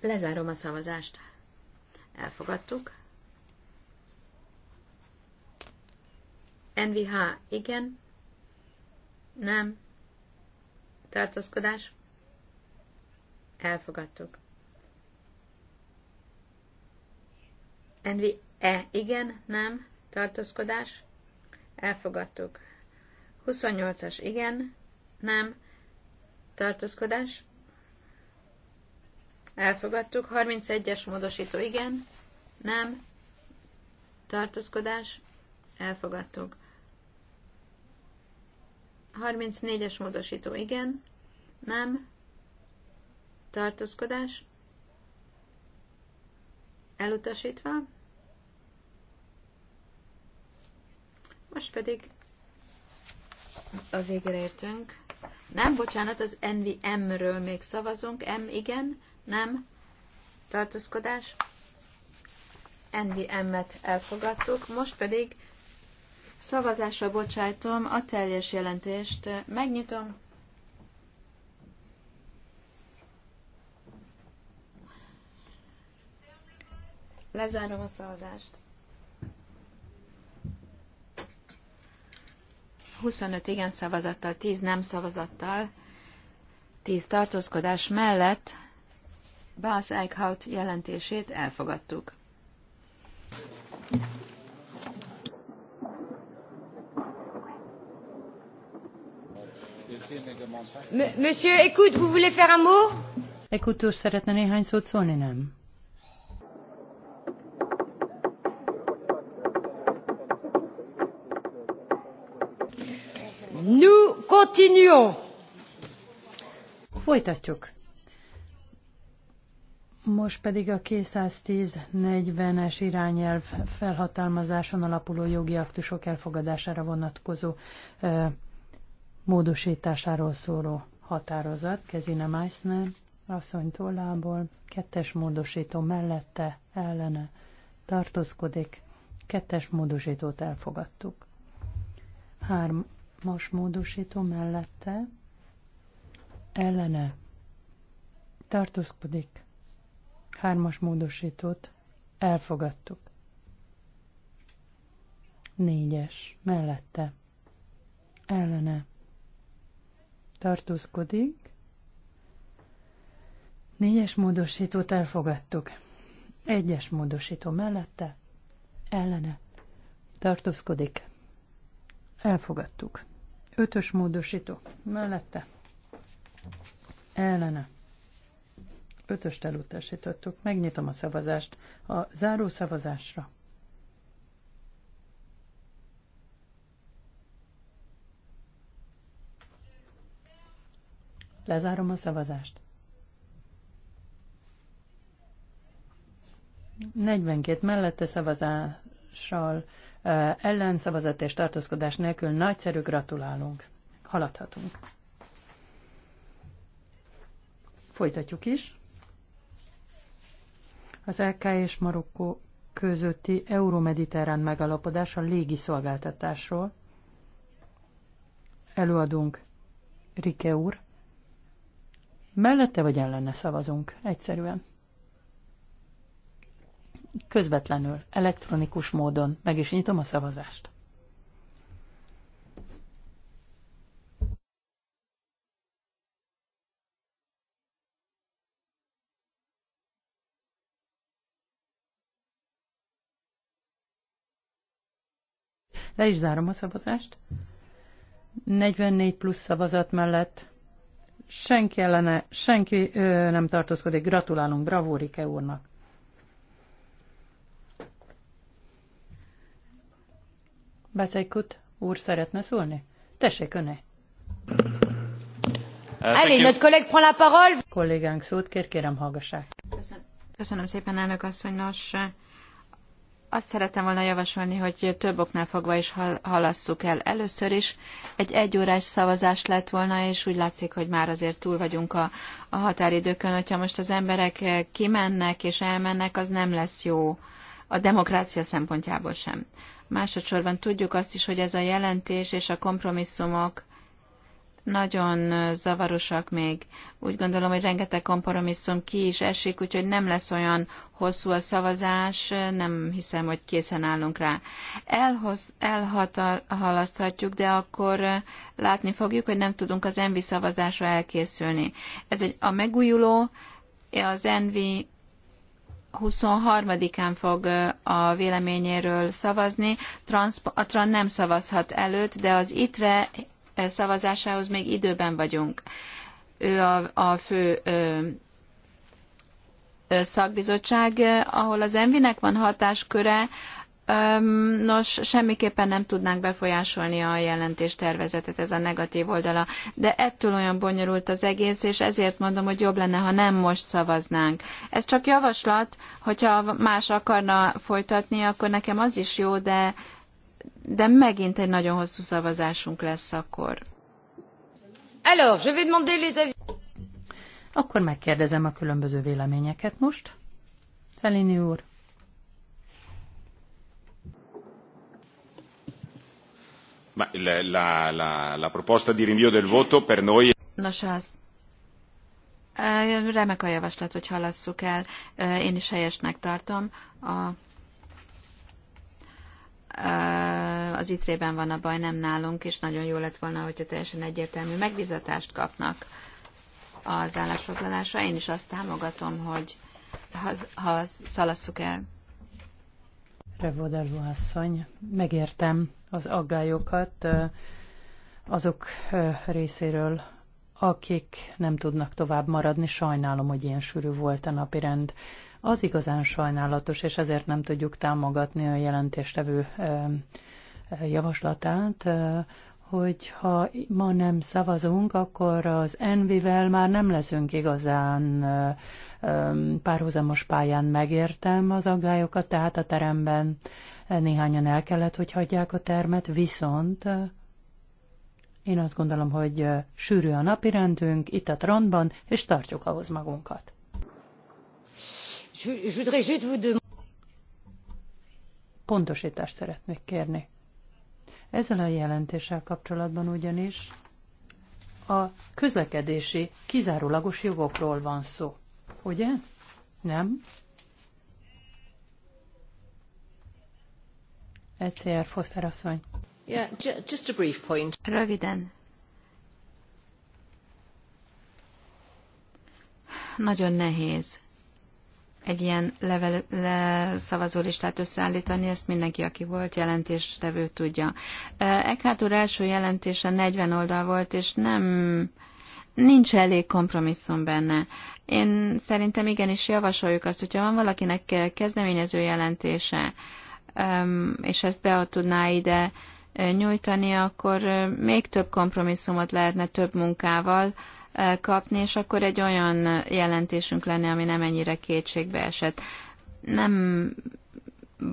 Lezárom a szavazást. Elfogadtuk. NVH, igen. Nem. Tartózkodás. Elfogadtuk. NVE, igen, nem. Tartózkodás. Elfogadtuk. 28-as, igen, nem. Tartózkodás. Elfogadtuk. 31-es módosító, igen, nem. Tartózkodás. Elfogadtuk. 34-es módosító, igen. Nem. Tartózkodás. Elutasítva. Most pedig a végére értünk. Nem, bocsánat, az NVM-ről még szavazunk. M, igen, nem, tartózkodás. NVM-et elfogadtuk. Most pedig Szavazásra bocsájtom a teljes jelentést. Megnyitom. Lezárom a szavazást. 25 igen szavazattal, 10 nem szavazattal, 10 tartózkodás mellett Bas Eichhout jelentését elfogadtuk. Monsieur, écoute, vous voulez faire un mot? Écoute úr, szeretne néhány szót szólni, nem? Nous continuons. Folytatjuk. Most pedig a 210-40-es irányelv felhatalmazáson alapuló jogi aktusok elfogadására vonatkozó ö, módosításáról szóló határozat Kezina Meissner asszony tollából, kettes módosító mellette, ellene tartózkodik, kettes módosítót elfogadtuk. Hármas módosító mellette, ellene tartózkodik, hármas módosítót elfogadtuk. Négyes mellette, ellene tartózkodik. Négyes módosítót elfogadtuk. Egyes módosító mellette, ellene, tartózkodik. Elfogadtuk. Ötös módosító mellette, ellene. Ötöst elutasítottuk. Megnyitom a szavazást a záró szavazásra. Lezárom a szavazást. 42 mellette szavazással ellen szavazat és tartózkodás nélkül nagyszerű gratulálunk. Haladhatunk. Folytatjuk is. Az LK és Marokkó közötti euromediterrán megalapodás a légi szolgáltatásról. Előadunk Rike úr. Mellette vagy ellene szavazunk, egyszerűen. Közvetlenül, elektronikus módon meg is nyitom a szavazást. Le is zárom a szavazást. 44 plusz szavazat mellett senki ellene, senki ö, nem tartózkodik. Gratulálunk bravo, Rike úrnak. Beszélkut úr szeretne szólni? Tessék öné. Uh, Elég, notre collègue prend la parole. Kollégánk szót kér, kérem hallgassák. Köszönöm. Köszönöm szépen, elnök asszony. Nos, azt szeretem volna javasolni, hogy több oknál fogva is halasszuk el. Először is egy egyórás szavazás lett volna, és úgy látszik, hogy már azért túl vagyunk a, a határidőkön. Hogyha most az emberek kimennek és elmennek, az nem lesz jó a demokrácia szempontjából sem. Másodszorban tudjuk azt is, hogy ez a jelentés és a kompromisszumok nagyon zavarosak még. Úgy gondolom, hogy rengeteg kompromisszum ki is esik, úgyhogy nem lesz olyan hosszú a szavazás, nem hiszem, hogy készen állunk rá. Elhoz, elhalaszthatjuk, de akkor látni fogjuk, hogy nem tudunk az envi szavazásra elkészülni. Ez egy, a megújuló, az envi 23-án fog a véleményéről szavazni. Transz, a TRAN nem szavazhat előtt, de az ITRE szavazásához még időben vagyunk. Ő a, a fő ö, ö, szakbizottság, ahol az envinek van hatásköre, Nos, semmiképpen nem tudnánk befolyásolni a jelentéstervezetet, ez a negatív oldala, de ettől olyan bonyolult az egész, és ezért mondom, hogy jobb lenne, ha nem most szavaznánk. Ez csak javaslat, hogyha más akarna folytatni, akkor nekem az is jó, de de megint egy nagyon hosszú szavazásunk lesz akkor. Alors, je vais demander les avis. Akkor megkérdezem a különböző véleményeket most. Szelini úr. Ma la, la, la proposta di rinvio del voto per noi... Nos, az remek a javaslat, hogy halasszuk el. Én is helyesnek tartom. A az itrében van a baj, nem nálunk, és nagyon jó lett volna, hogyha teljesen egyértelmű megbizatást kapnak az állásfoglalásra. Én is azt támogatom, hogy ha, ha szalasszuk el. Revodelvó asszony, megértem az aggályokat azok részéről, akik nem tudnak tovább maradni. Sajnálom, hogy ilyen sűrű volt a napirend. rend az igazán sajnálatos, és ezért nem tudjuk támogatni a jelentéstevő javaslatát, hogy ha ma nem szavazunk, akkor az Envivel már nem leszünk igazán párhuzamos pályán megértem az aggályokat, tehát a teremben néhányan el kellett, hogy hagyják a termet, viszont én azt gondolom, hogy sűrű a napirendünk itt a Trondban, és tartjuk ahhoz magunkat. Pontosítást szeretnék kérni. Ezzel a jelentéssel kapcsolatban ugyanis a közlekedési kizárólagos jogokról van szó. Ugye? Nem? Egyszer, Foster asszony. Yeah, just a brief point. Röviden. Nagyon nehéz egy ilyen leszavazó le, szavazólistát összeállítani, ezt mindenki, aki volt jelentéstevő tudja. Eckhart úr első jelentése 40 oldal volt, és nem nincs elég kompromisszum benne. Én szerintem igenis javasoljuk azt, hogyha van valakinek kezdeményező jelentése, és ezt be tudná ide nyújtani, akkor még több kompromisszumot lehetne több munkával, kapni, és akkor egy olyan jelentésünk lenne, ami nem ennyire kétségbe esett. Nem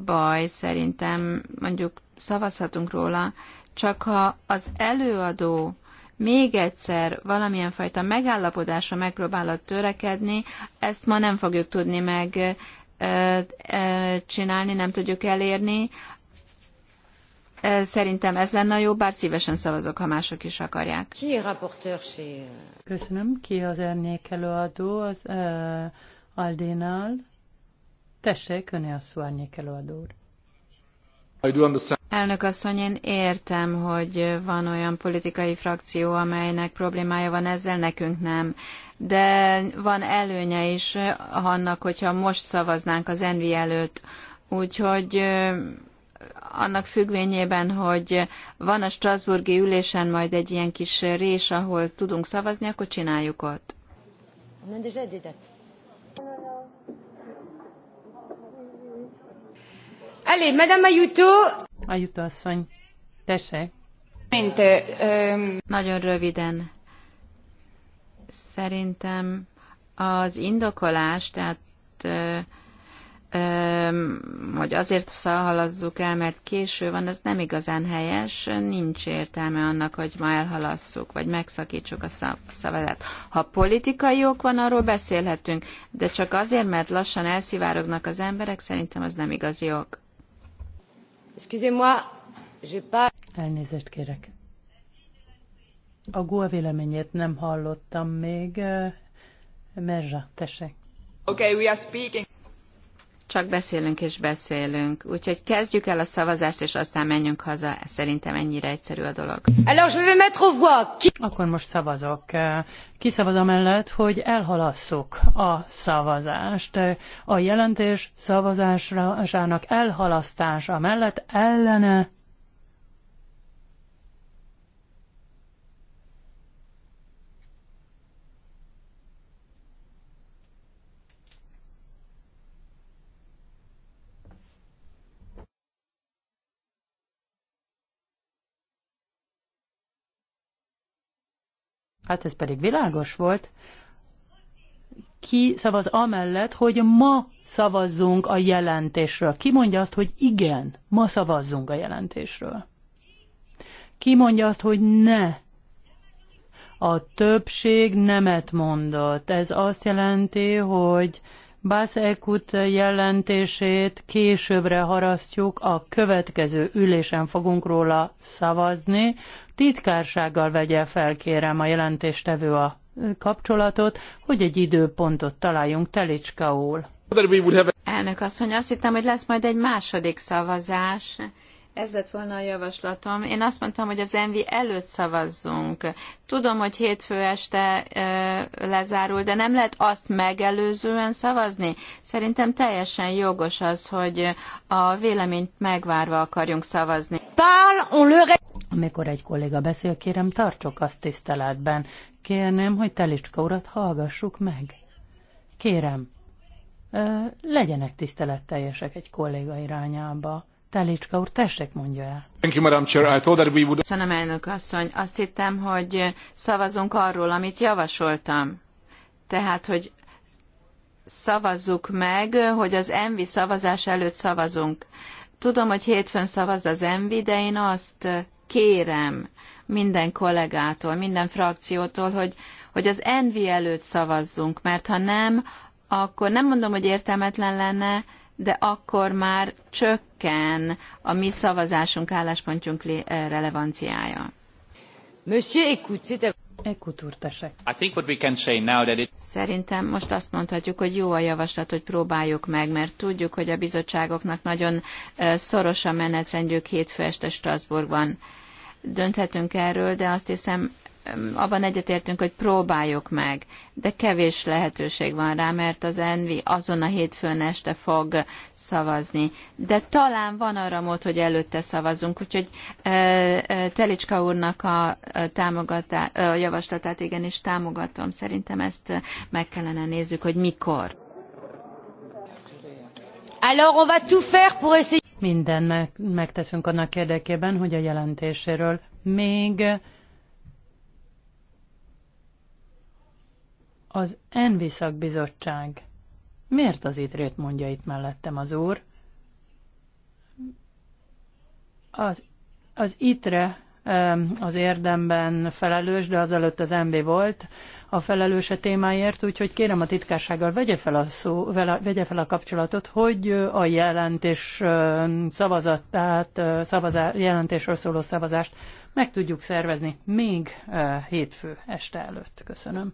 baj, szerintem mondjuk szavazhatunk róla, csak ha az előadó még egyszer valamilyen fajta megállapodásra megpróbálod törekedni, ezt ma nem fogjuk tudni meg csinálni, nem tudjuk elérni. Eh, szerintem ez lenne jobb, bár szívesen szavazok, ha mások is akarják. Euh? Köszönöm. Ki az ernyék előadó az uh, Aldénál? Tessék, öné a szó árnyék előadó Elnök asszony, én értem, hogy van olyan politikai frakció, amelynek problémája van ezzel, nekünk nem. De van előnye is eh, annak, hogyha most szavaznánk az Envi előtt. Úgyhogy annak függvényében, hogy van a Strasburgi ülésen majd egy ilyen kis rés, ahol tudunk szavazni, akkor csináljuk ott. Elé, Madame Ayuto! Ayuto asszony, tessék. Mint, Nagyon röviden. Szerintem az indokolás, tehát uh, hogy azért szalazzuk el, mert késő van, az nem igazán helyes, nincs értelme annak, hogy ma elhalasszuk, vagy megszakítsuk a szavazat. Ha politikai ok van, arról beszélhetünk, de csak azért, mert lassan elszivárognak az emberek, szerintem az nem igazi ok. Elnézést kérek. A GUA véleményét nem hallottam még. Merzsa, tessék. Okay, we are speaking csak beszélünk és beszélünk. Úgyhogy kezdjük el a szavazást, és aztán menjünk haza. Szerintem ennyire egyszerű a dolog. Akkor most szavazok. Kiszavaz mellett, hogy elhalasszuk a szavazást. A jelentés szavazásának elhalasztása mellett ellene hát ez pedig világos volt, ki szavaz amellett, hogy ma szavazzunk a jelentésről. Ki mondja azt, hogy igen, ma szavazzunk a jelentésről. Ki mondja azt, hogy ne. A többség nemet mondott. Ez azt jelenti, hogy Bász Ekut jelentését későbbre harasztjuk, a következő ülésen fogunk róla szavazni. Titkársággal vegye fel, kérem, a jelentéstevő a kapcsolatot, hogy egy időpontot találjunk Telicska úr. Elnök asszony, azt hittem, hogy lesz majd egy második szavazás. Ez lett volna a javaslatom. Én azt mondtam, hogy az envi előtt szavazzunk. Tudom, hogy hétfő este ö, lezárul, de nem lehet azt megelőzően szavazni. Szerintem teljesen jogos az, hogy a véleményt megvárva akarjunk szavazni. Amikor egy kolléga beszél, kérem, tartsok azt tiszteletben. Kérném, hogy Telicska urat hallgassuk meg. Kérem, ö, legyenek tiszteletteljesek egy kolléga irányába Telicska úr, tessék, mondja el. Köszönöm, elnök asszony. Azt hittem, hogy szavazunk arról, amit javasoltam. Tehát, hogy szavazzuk meg, hogy az envi szavazás előtt szavazunk. Tudom, hogy hétfőn szavaz az envi, de én azt kérem minden kollégától, minden frakciótól, hogy, hogy az envi előtt szavazzunk, mert ha nem, akkor nem mondom, hogy értelmetlen lenne, de akkor már csökken a mi szavazásunk, álláspontjunk eh, relevanciája. Monsieur, écoute, Szerintem most azt mondhatjuk, hogy jó a javaslat, hogy próbáljuk meg, mert tudjuk, hogy a bizottságoknak nagyon eh, szoros a menetrendjük hétfő este Strasbourgban. Dönthetünk erről, de azt hiszem abban egyetértünk, hogy próbáljuk meg, de kevés lehetőség van rá, mert az Envi azon a hétfőn este fog szavazni. De talán van arra mód, hogy előtte szavazunk, úgyhogy Telicska úrnak a, támogatá, a javaslatát igenis támogatom. Szerintem ezt meg kellene nézzük, hogy mikor. Alors on va tout faire pour essayer... Minden megteszünk annak érdekében, hogy a jelentéséről még Az Envi szakbizottság. Miért az idrét mondja itt mellettem az úr? Az, az itre az érdemben felelős, de azelőtt az MB volt a felelőse témáért, úgyhogy kérem a titkársággal vegye fel a, szó, vegye fel a kapcsolatot, hogy a jelentés szavazatát, szavazá, jelentésről szóló szavazást meg tudjuk szervezni még hétfő este előtt. Köszönöm.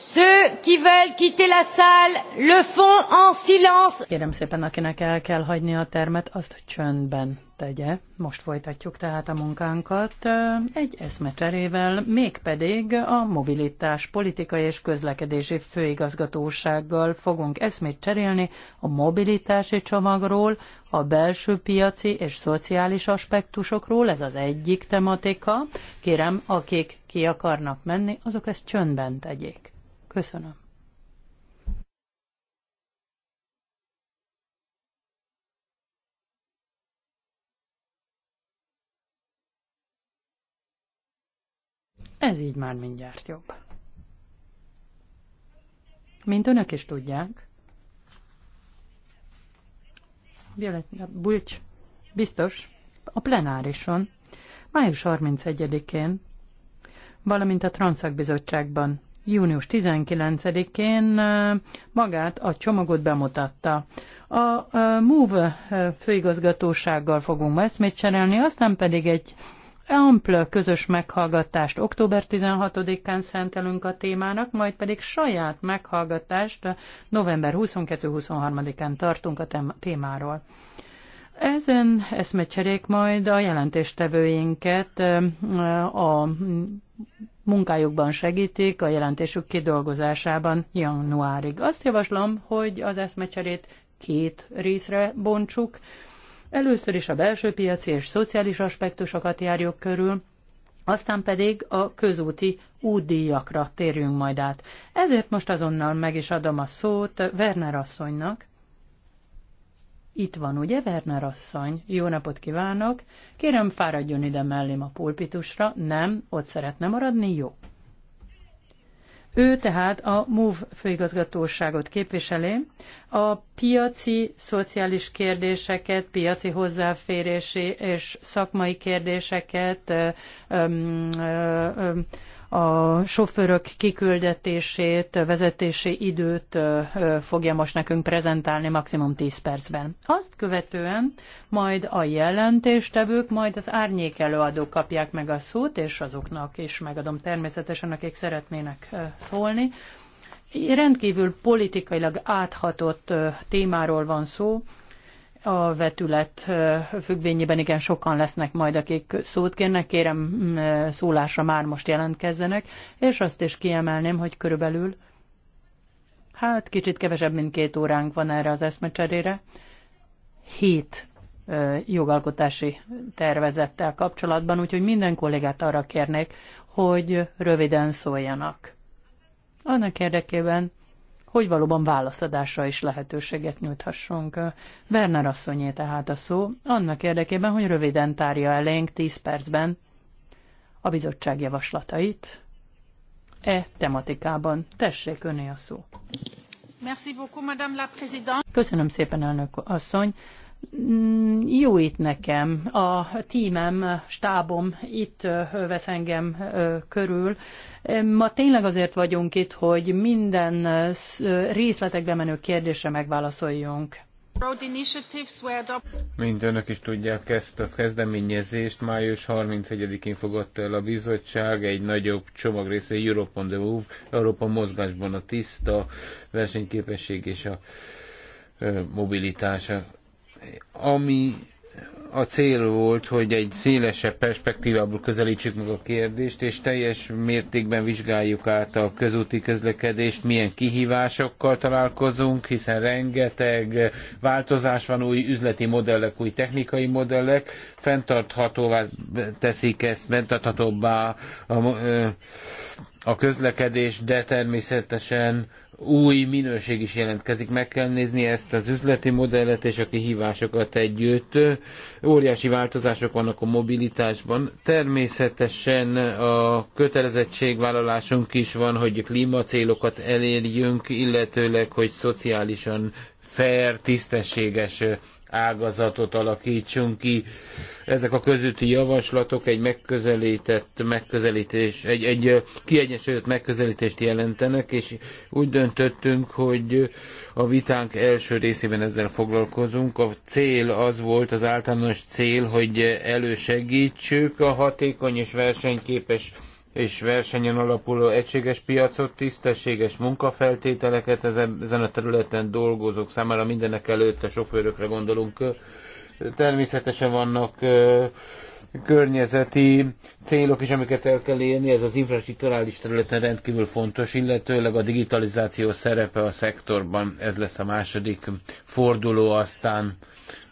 Ceux qui veulent quitter la salle le font en silence. Kérem szépen, akinek el kell hagyni a termet, azt csöndben tegye. Most folytatjuk tehát a munkánkat egy eszmecserével, mégpedig a mobilitás politikai és közlekedési főigazgatósággal fogunk eszmét cserélni a mobilitási csomagról, a belső piaci és szociális aspektusokról, ez az egyik tematika. Kérem, akik ki akarnak menni, azok ezt csöndben tegyék. Köszönöm. Ez így már mindjárt jobb. Mint önök is tudják, Violetta Bulcs biztos a plenárison május 31-én, valamint a Transzakbizottságban június 19-én magát a csomagot bemutatta. A MOVE főigazgatósággal fogunk ma eszmét cserélni, aztán pedig egy ample közös meghallgatást október 16-án szentelünk a témának, majd pedig saját meghallgatást november 22-23-án tartunk a témáról. Ezen eszmecserék majd a jelentéstevőinket a munkájukban segítik a jelentésük kidolgozásában januárig. Azt javaslom, hogy az eszmecserét két részre bontsuk. Először is a belső piaci és szociális aspektusokat járjuk körül, aztán pedig a közúti útdíjakra térjünk majd át. Ezért most azonnal meg is adom a szót Werner asszonynak, itt van, ugye, Werner asszony? Jó napot kívánok! Kérem, fáradjon ide mellém a pulpitusra. Nem, ott szeretne maradni, jó. Ő tehát a MOVE főigazgatóságot képviseli, a piaci szociális kérdéseket, piaci hozzáférési és szakmai kérdéseket, ö, ö, ö, a sofőrök kiküldetését, vezetési időt fogja most nekünk prezentálni maximum 10 percben. Azt követően majd a jelentéstevők, majd az árnyék előadók kapják meg a szót, és azoknak is megadom természetesen, akik szeretnének szólni. Rendkívül politikailag áthatott témáról van szó, a vetület függvényében igen sokan lesznek majd, akik szót kérnek, kérem mm, szólásra már most jelentkezzenek, és azt is kiemelném, hogy körülbelül, hát kicsit kevesebb, mint két óránk van erre az eszmecserére, hét jogalkotási tervezettel kapcsolatban, úgyhogy minden kollégát arra kérnék, hogy röviden szóljanak. Annak érdekében, hogy valóban válaszadásra is lehetőséget nyújthassunk. Werner asszonyé tehát a szó, annak érdekében, hogy röviden tárja elénk 10 percben a bizottság javaslatait e tematikában. Tessék, öné a szó. Merci beaucoup, Madame la Présidente. Köszönöm szépen, elnök asszony. Mm, jó itt nekem. A tímem, stábom itt vesz engem körül. Ma tényleg azért vagyunk itt, hogy minden részletekbe menő kérdésre megválaszoljunk. Mint önök is tudják, ezt a kezdeményezést május 31-én fogadta el a bizottság egy nagyobb csomag része Europe on the Move, Európa mozgásban a tiszta versenyképesség és a mobilitása ami a cél volt, hogy egy szélesebb perspektívából közelítsük meg a kérdést, és teljes mértékben vizsgáljuk át a közúti közlekedést, milyen kihívásokkal találkozunk, hiszen rengeteg változás van, új üzleti modellek, új technikai modellek, fenntarthatóvá teszik ezt, fenntarthatóbbá a, a közlekedés, de természetesen új minőség is jelentkezik. Meg kell nézni ezt az üzleti modellet és a kihívásokat együtt. Óriási változások vannak a mobilitásban. Természetesen a kötelezettségvállalásunk is van, hogy klímacélokat elérjünk, illetőleg, hogy szociálisan fair, tisztességes ágazatot alakítsunk ki. Ezek a közötti javaslatok egy megközelített megközelítés, egy, egy kiegyensúlyozott megközelítést jelentenek, és úgy döntöttünk, hogy a vitánk első részében ezzel foglalkozunk. A cél az volt, az általános cél, hogy elősegítsük a hatékony és versenyképes és versenyen alapuló egységes piacot, tisztességes munkafeltételeket ezen a területen dolgozók számára mindenek előtt a sofőrökre gondolunk. Természetesen vannak környezeti célok is, amiket el kell érni, ez az infrastruktúrális területen rendkívül fontos, illetőleg a digitalizáció szerepe a szektorban, ez lesz a második forduló aztán,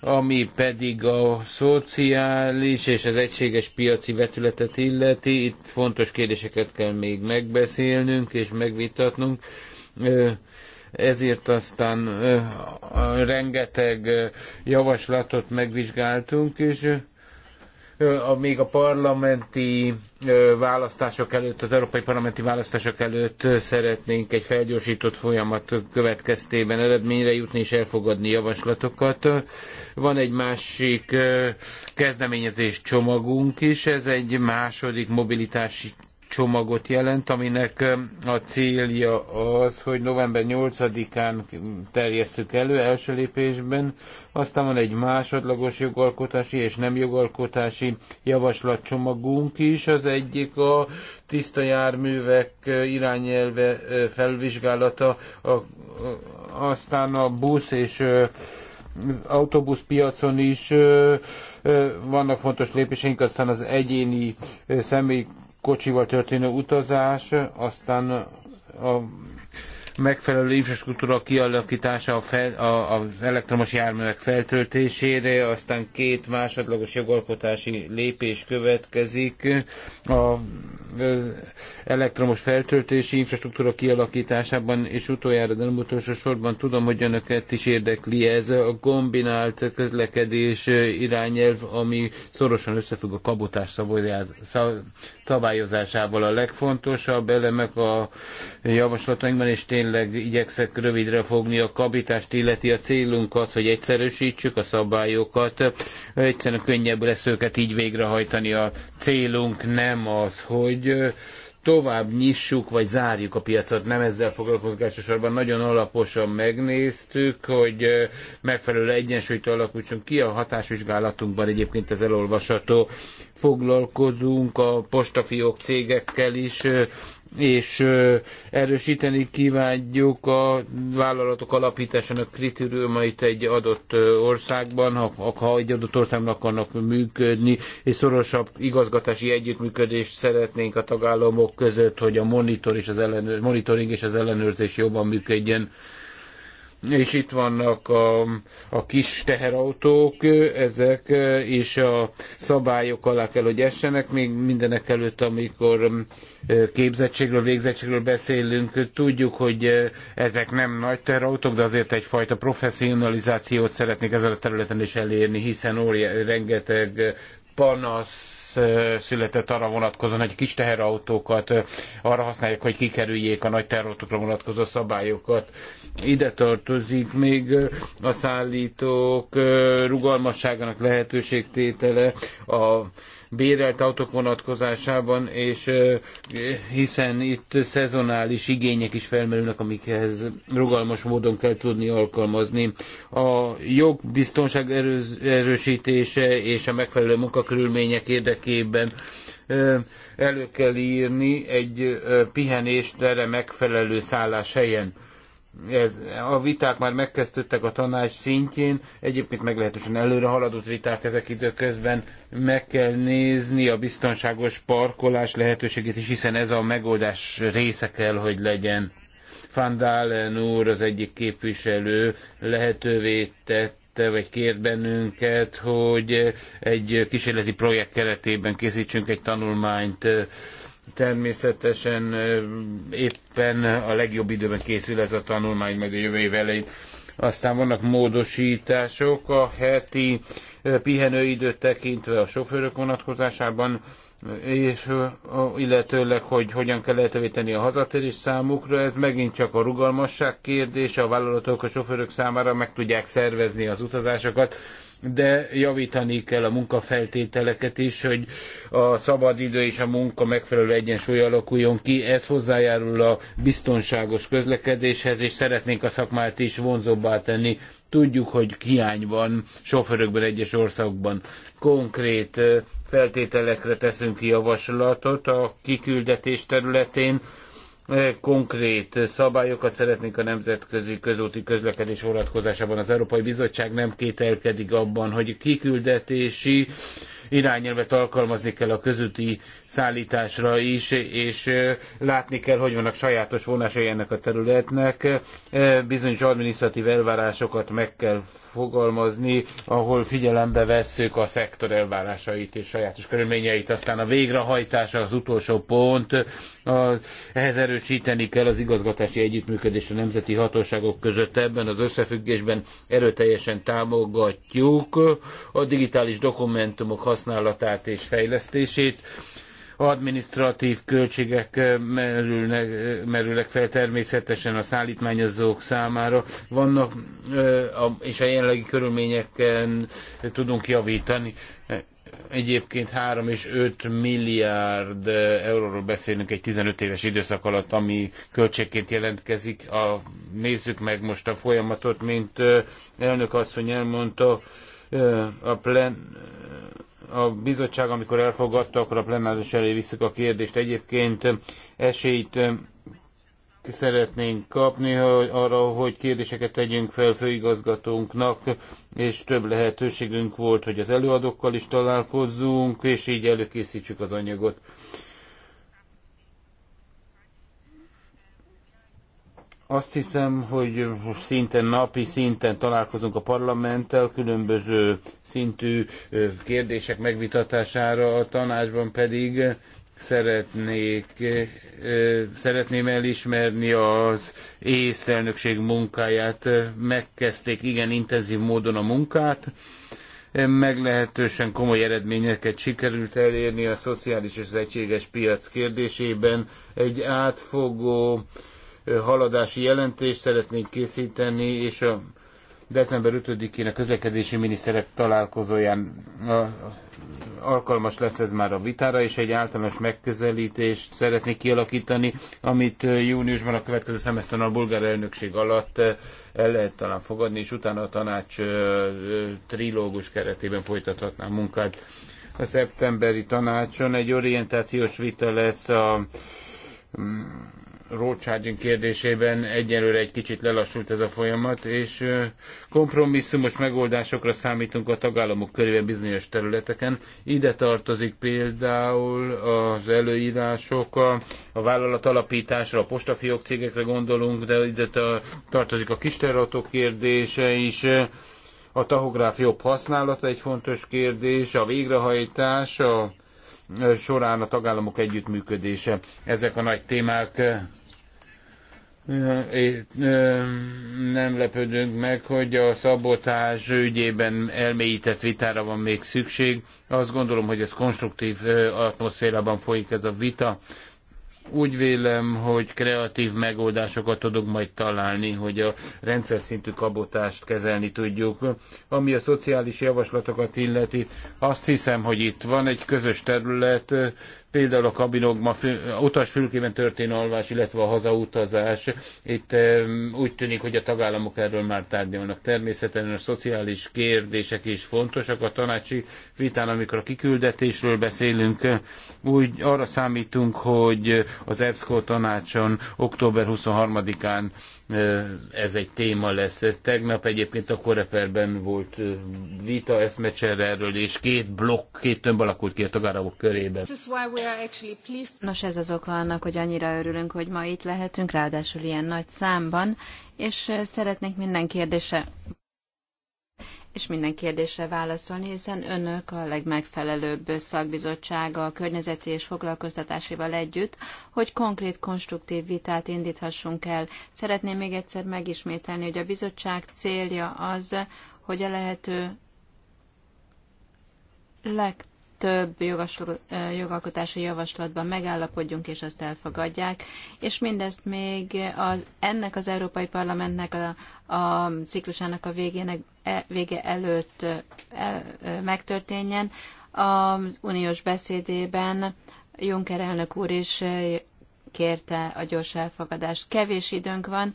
ami pedig a szociális és az egységes piaci vetületet illeti, itt fontos kérdéseket kell még megbeszélnünk és megvitatnunk ezért aztán rengeteg javaslatot megvizsgáltunk, és a, még a parlamenti választások előtt, az európai parlamenti választások előtt szeretnénk egy felgyorsított folyamat következtében eredményre jutni és elfogadni javaslatokat. Van egy másik kezdeményezés csomagunk is, ez egy második mobilitási csomagot jelent, aminek a célja az, hogy november 8-án terjesszük elő első lépésben, aztán van egy másodlagos jogalkotási és nem jogalkotási javaslatcsomagunk is, az egyik a tiszta járművek eh, irányelve eh, felvizsgálata, a, aztán a busz és eh, autóbusz piacon is vannak fontos lépéseink, aztán az egyéni személy kocsival történő utazás, aztán a megfelelő infrastruktúra kialakítása a fel, a, az elektromos járművek feltöltésére, aztán két másodlagos jogalkotási lépés következik az elektromos feltöltési infrastruktúra kialakításában, és utoljára, de nem utolsó sorban tudom, hogy önöket is érdekli ez a kombinált közlekedés irányelv, ami szorosan összefügg a kabotás szabályozásával. A legfontosabb elemek a javaslatainkban, és tényleg tényleg igyekszek rövidre fogni a kabitást, illeti a célunk az, hogy egyszerűsítsük a szabályokat, egyszerűen könnyebb lesz őket így végrehajtani. A célunk nem az, hogy tovább nyissuk, vagy zárjuk a piacot, nem ezzel foglalkozunk elsősorban. Nagyon alaposan megnéztük, hogy megfelelő egyensúlyt alakítsunk ki. A hatásvizsgálatunkban egyébként ez elolvasható. Foglalkozunk a postafiók cégekkel is, és erősíteni kívánjuk a vállalatok alapításának kritériumait egy adott országban, ha, ha egy adott országban akarnak működni, és szorosabb igazgatási együttműködést szeretnénk a tagállamok között, hogy a monitor és az ellenőr, monitoring és az ellenőrzés jobban működjön és itt vannak a, a kis teherautók, ezek és a szabályok alá kell, hogy essenek, még mindenek előtt, amikor mm, képzettségről, végzettségről beszélünk, tudjuk, hogy eh, ezek nem nagy teherautók, de azért egyfajta professzionalizációt szeretnék ezen a területen is elérni, hiszen óri, rengeteg panasz eh, született arra vonatkozóan, hogy kis teherautókat eh, arra használják, hogy kikerüljék a nagy teherautókra vonatkozó szabályokat ide tartozik még a szállítók rugalmasságának lehetőségtétele a bérelt autók vonatkozásában, és hiszen itt szezonális igények is felmerülnek, amikhez rugalmas módon kell tudni alkalmazni. A jogbiztonság erősítése és a megfelelő munkakörülmények érdekében elő kell írni egy pihenést erre megfelelő szállás helyen ez, a viták már megkezdődtek a tanács szintjén, egyébként meglehetősen előre haladott viták ezek időközben, meg kell nézni a biztonságos parkolás lehetőségét is, hiszen ez a megoldás része kell, hogy legyen. Van Dalen úr, az egyik képviselő lehetővé tette, vagy kért bennünket, hogy egy kísérleti projekt keretében készítsünk egy tanulmányt Természetesen éppen a legjobb időben készül ez a tanulmány, meg a jövő év elején. Aztán vannak módosítások a heti pihenőidőt tekintve a sofőrök vonatkozásában, és illetőleg, hogy hogyan kell lehetővé tenni a hazatérés számukra, ez megint csak a rugalmasság kérdése, a vállalatok a sofőrök számára meg tudják szervezni az utazásokat, de javítani kell a munkafeltételeket is, hogy a szabadidő és a munka megfelelő egyensúly alakuljon ki. Ez hozzájárul a biztonságos közlekedéshez, és szeretnénk a szakmát is vonzóbbá tenni. Tudjuk, hogy hiány van sofőrökben egyes országban. Konkrét feltételekre teszünk ki javaslatot a kiküldetés területén konkrét szabályokat szeretnénk a nemzetközi közúti közlekedés vonatkozásában. Az Európai Bizottság nem kételkedik abban, hogy kiküldetési irányelvet alkalmazni kell a közúti szállításra is, és látni kell, hogy vannak sajátos vonásai ennek a területnek. Bizonyos adminisztratív elvárásokat meg kell fogalmazni, ahol figyelembe vesszük a szektor elvárásait és sajátos körülményeit. Aztán a végrehajtása az utolsó pont, a, ehhez erősíteni kell az igazgatási együttműködést a nemzeti hatóságok között ebben az összefüggésben erőteljesen támogatjuk a digitális dokumentumok használatát használatát és fejlesztését. adminisztratív költségek eh, merülnek, eh, merülnek fel természetesen a szállítmányozók számára. Vannak, eh, és a jelenlegi körülményeken tudunk javítani egyébként 3 és 5 milliárd euróról beszélünk egy 15 éves időszak alatt, ami költségként jelentkezik. A, nézzük meg most a folyamatot, mint elnök asszony elmondta, a plen, a bizottság, amikor elfogadta, akkor a plenáris elé visszük a kérdést. Egyébként esélyt szeretnénk kapni hogy arra, hogy kérdéseket tegyünk fel főigazgatónknak, és több lehetőségünk volt, hogy az előadókkal is találkozzunk, és így előkészítsük az anyagot. Azt hiszem, hogy szinte napi szinten találkozunk a parlamenttel, különböző szintű kérdések megvitatására, a tanácsban pedig szeretnék, szeretném elismerni az észtelnökség munkáját. Megkezdték igen intenzív módon a munkát meglehetősen komoly eredményeket sikerült elérni a szociális és az egységes piac kérdésében. Egy átfogó haladási jelentést szeretnénk készíteni, és a december 5-én a közlekedési miniszterek találkozóján alkalmas lesz ez már a vitára, és egy általános megközelítést szeretnék kialakítani, amit júniusban a következő szemeszteren a bulgár elnökség alatt el lehet talán fogadni, és utána a tanács trilógus keretében folytathatná a munkát. A szeptemberi tanácson egy orientációs vita lesz a mm, roadcharging kérdésében egyelőre egy kicsit lelassult ez a folyamat, és kompromisszumos megoldásokra számítunk a tagállamok körében bizonyos területeken. Ide tartozik például az előírások, a, a vállalat alapításra, a postafiók cégekre gondolunk, de ide tartozik a kisterautók kérdése is, a tahográf jobb használata egy fontos kérdés, a végrehajtás, a során a tagállamok együttműködése. Ezek a nagy témák nem lepődünk meg, hogy a szabotás ügyében elmélyített vitára van még szükség. Azt gondolom, hogy ez konstruktív atmoszférában folyik ez a vita. Úgy vélem, hogy kreatív megoldásokat tudunk majd találni, hogy a rendszer szintű kabotást kezelni tudjuk. Ami a szociális javaslatokat illeti, azt hiszem, hogy itt van egy közös terület, például a kabinokban, utasfülkében történő alvás, illetve a hazautazás. Itt úgy tűnik, hogy a tagállamok erről már tárgyalnak. Természetesen a szociális kérdések is fontosak. A tanácsi vitán, amikor a kiküldetésről beszélünk, úgy arra számítunk, hogy az EBSZKO tanácson október 23-án ez egy téma lesz. Tegnap egyébként a Koreperben volt vita eszmecserre erről, és két blokk, két tömb alakult ki a tagállamok körében. Nos, ez az oka annak, hogy annyira örülünk, hogy ma itt lehetünk, ráadásul ilyen nagy számban, és szeretnék minden kérdésre és minden kérdésre válaszolni, hiszen önök a legmegfelelőbb szakbizottsága a környezeti és foglalkoztatásival együtt, hogy konkrét, konstruktív vitát indíthassunk el. Szeretném még egyszer megismételni, hogy a bizottság célja az, hogy a lehető legtöbb több jogalkotási javaslatban megállapodjunk és azt elfogadják, és mindezt még az, ennek az Európai Parlamentnek a, a ciklusának a végének, e, vége előtt e, megtörténjen. Az uniós beszédében Juncker elnök úr is kérte a gyors elfogadást. Kevés időnk van,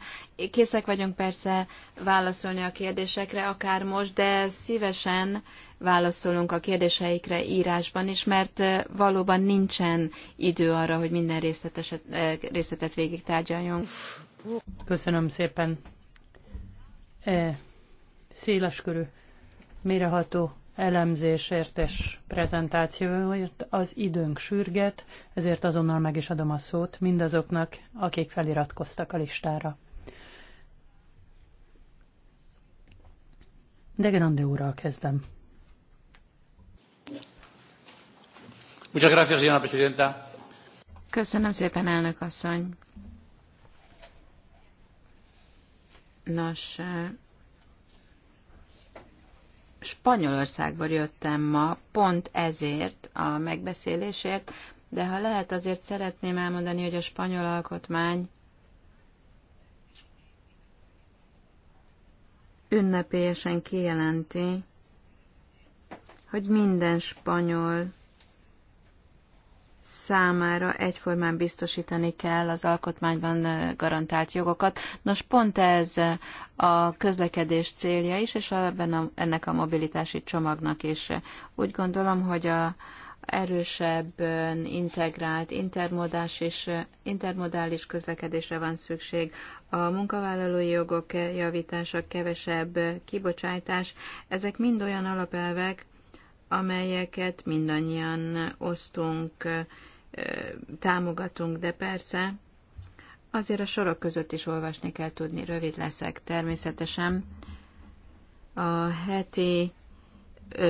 készek vagyunk persze válaszolni a kérdésekre, akár most, de szívesen válaszolunk a kérdéseikre írásban is, mert valóban nincsen idő arra, hogy minden részleteset, részletet végig tárgyaljunk. Köszönöm szépen. E, széleskörű, méreható elemzésért és prezentációért az időnk sürget, ezért azonnal meg is adom a szót mindazoknak, akik feliratkoztak a listára. De Grande úrral kezdem. Köszönöm szépen, elnök asszony. Nos, eh, Spanyolországból jöttem ma, pont ezért a megbeszélésért, de ha lehet, azért szeretném elmondani, hogy a spanyol alkotmány ünnepélyesen kijelenti, hogy minden spanyol számára egyformán biztosítani kell az alkotmányban garantált jogokat. Nos, pont ez a közlekedés célja is, és ebben a, ennek a mobilitási csomagnak is. Úgy gondolom, hogy a erősebb, integrált intermodális és intermodális közlekedésre van szükség. A munkavállalói jogok javítása, kevesebb kibocsátás, ezek mind olyan alapelvek, amelyeket mindannyian osztunk, támogatunk, de persze azért a sorok között is olvasni kell tudni, rövid leszek természetesen. A heti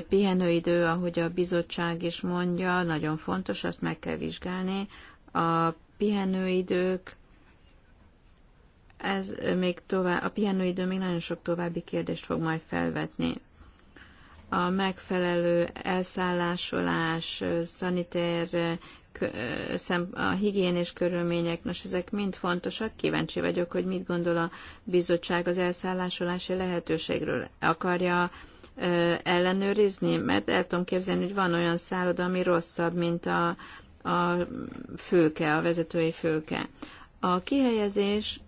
pihenőidő, ahogy a bizottság is mondja, nagyon fontos, azt meg kell vizsgálni. A pihenőidők, ez még tovább, a pihenőidő még nagyon sok további kérdést fog majd felvetni a megfelelő elszállásolás, szanitér, a higiénés körülmények, nos, ezek mind fontosak. Kíváncsi vagyok, hogy mit gondol a bizottság az elszállásolási lehetőségről. Akarja ellenőrizni? Mert el tudom képzelni, hogy van olyan szálloda, ami rosszabb, mint a, a fülke, a vezetői fülke. A kihelyezés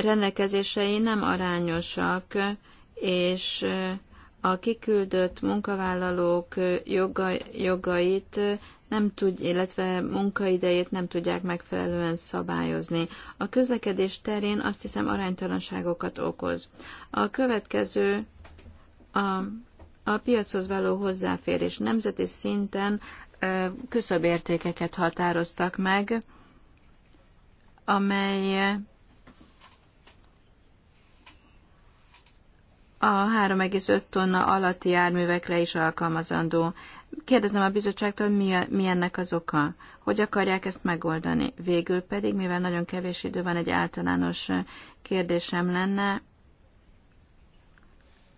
rendelkezései nem arányosak, és a kiküldött munkavállalók joga, jogait nem tud, illetve munkaidejét nem tudják megfelelően szabályozni. A közlekedés terén azt hiszem aránytalanságokat okoz. A következő a, a piachoz való hozzáférés. Nemzeti szinten küszöbértékeket határoztak meg, amely a 3,5 tonna alatti járművekre is alkalmazandó. Kérdezem a bizottságtól, mi, a, mi ennek az oka, hogy akarják ezt megoldani. Végül pedig, mivel nagyon kevés idő van, egy általános kérdésem lenne,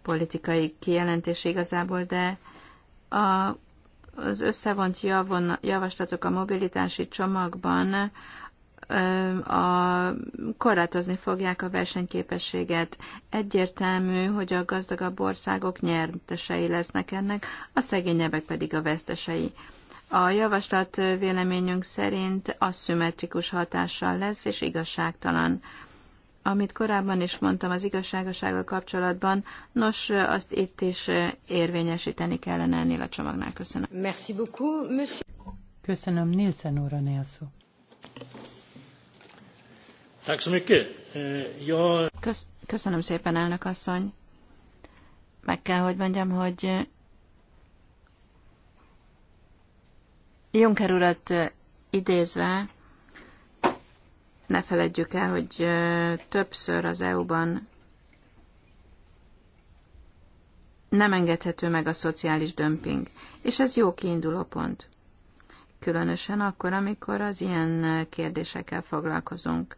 politikai kijelentés igazából, de a, az összevont javon, javaslatok a mobilitási csomagban a, korlátozni fogják a versenyképességet. Egyértelmű, hogy a gazdagabb országok nyertesei lesznek ennek, a szegényebbek pedig a vesztesei. A javaslat véleményünk szerint aszimmetrikus hatással lesz és igazságtalan. Amit korábban is mondtam az igazságosággal kapcsolatban, nos, azt itt is érvényesíteni kellene ennél a csomagnál. Köszönöm. Merci beaucoup, monsieur. Köszönöm, Nielsen úr a Eh, köszönöm szépen, elnök asszony. Meg kell, hogy mondjam, hogy eh, Juncker urat eh, idézve, ne feledjük el, hogy többször az EU-ban nem engedhető meg a szociális dömping, és ez jó kiinduló pont. Különösen akkor, amikor az ilyen kérdésekkel foglalkozunk.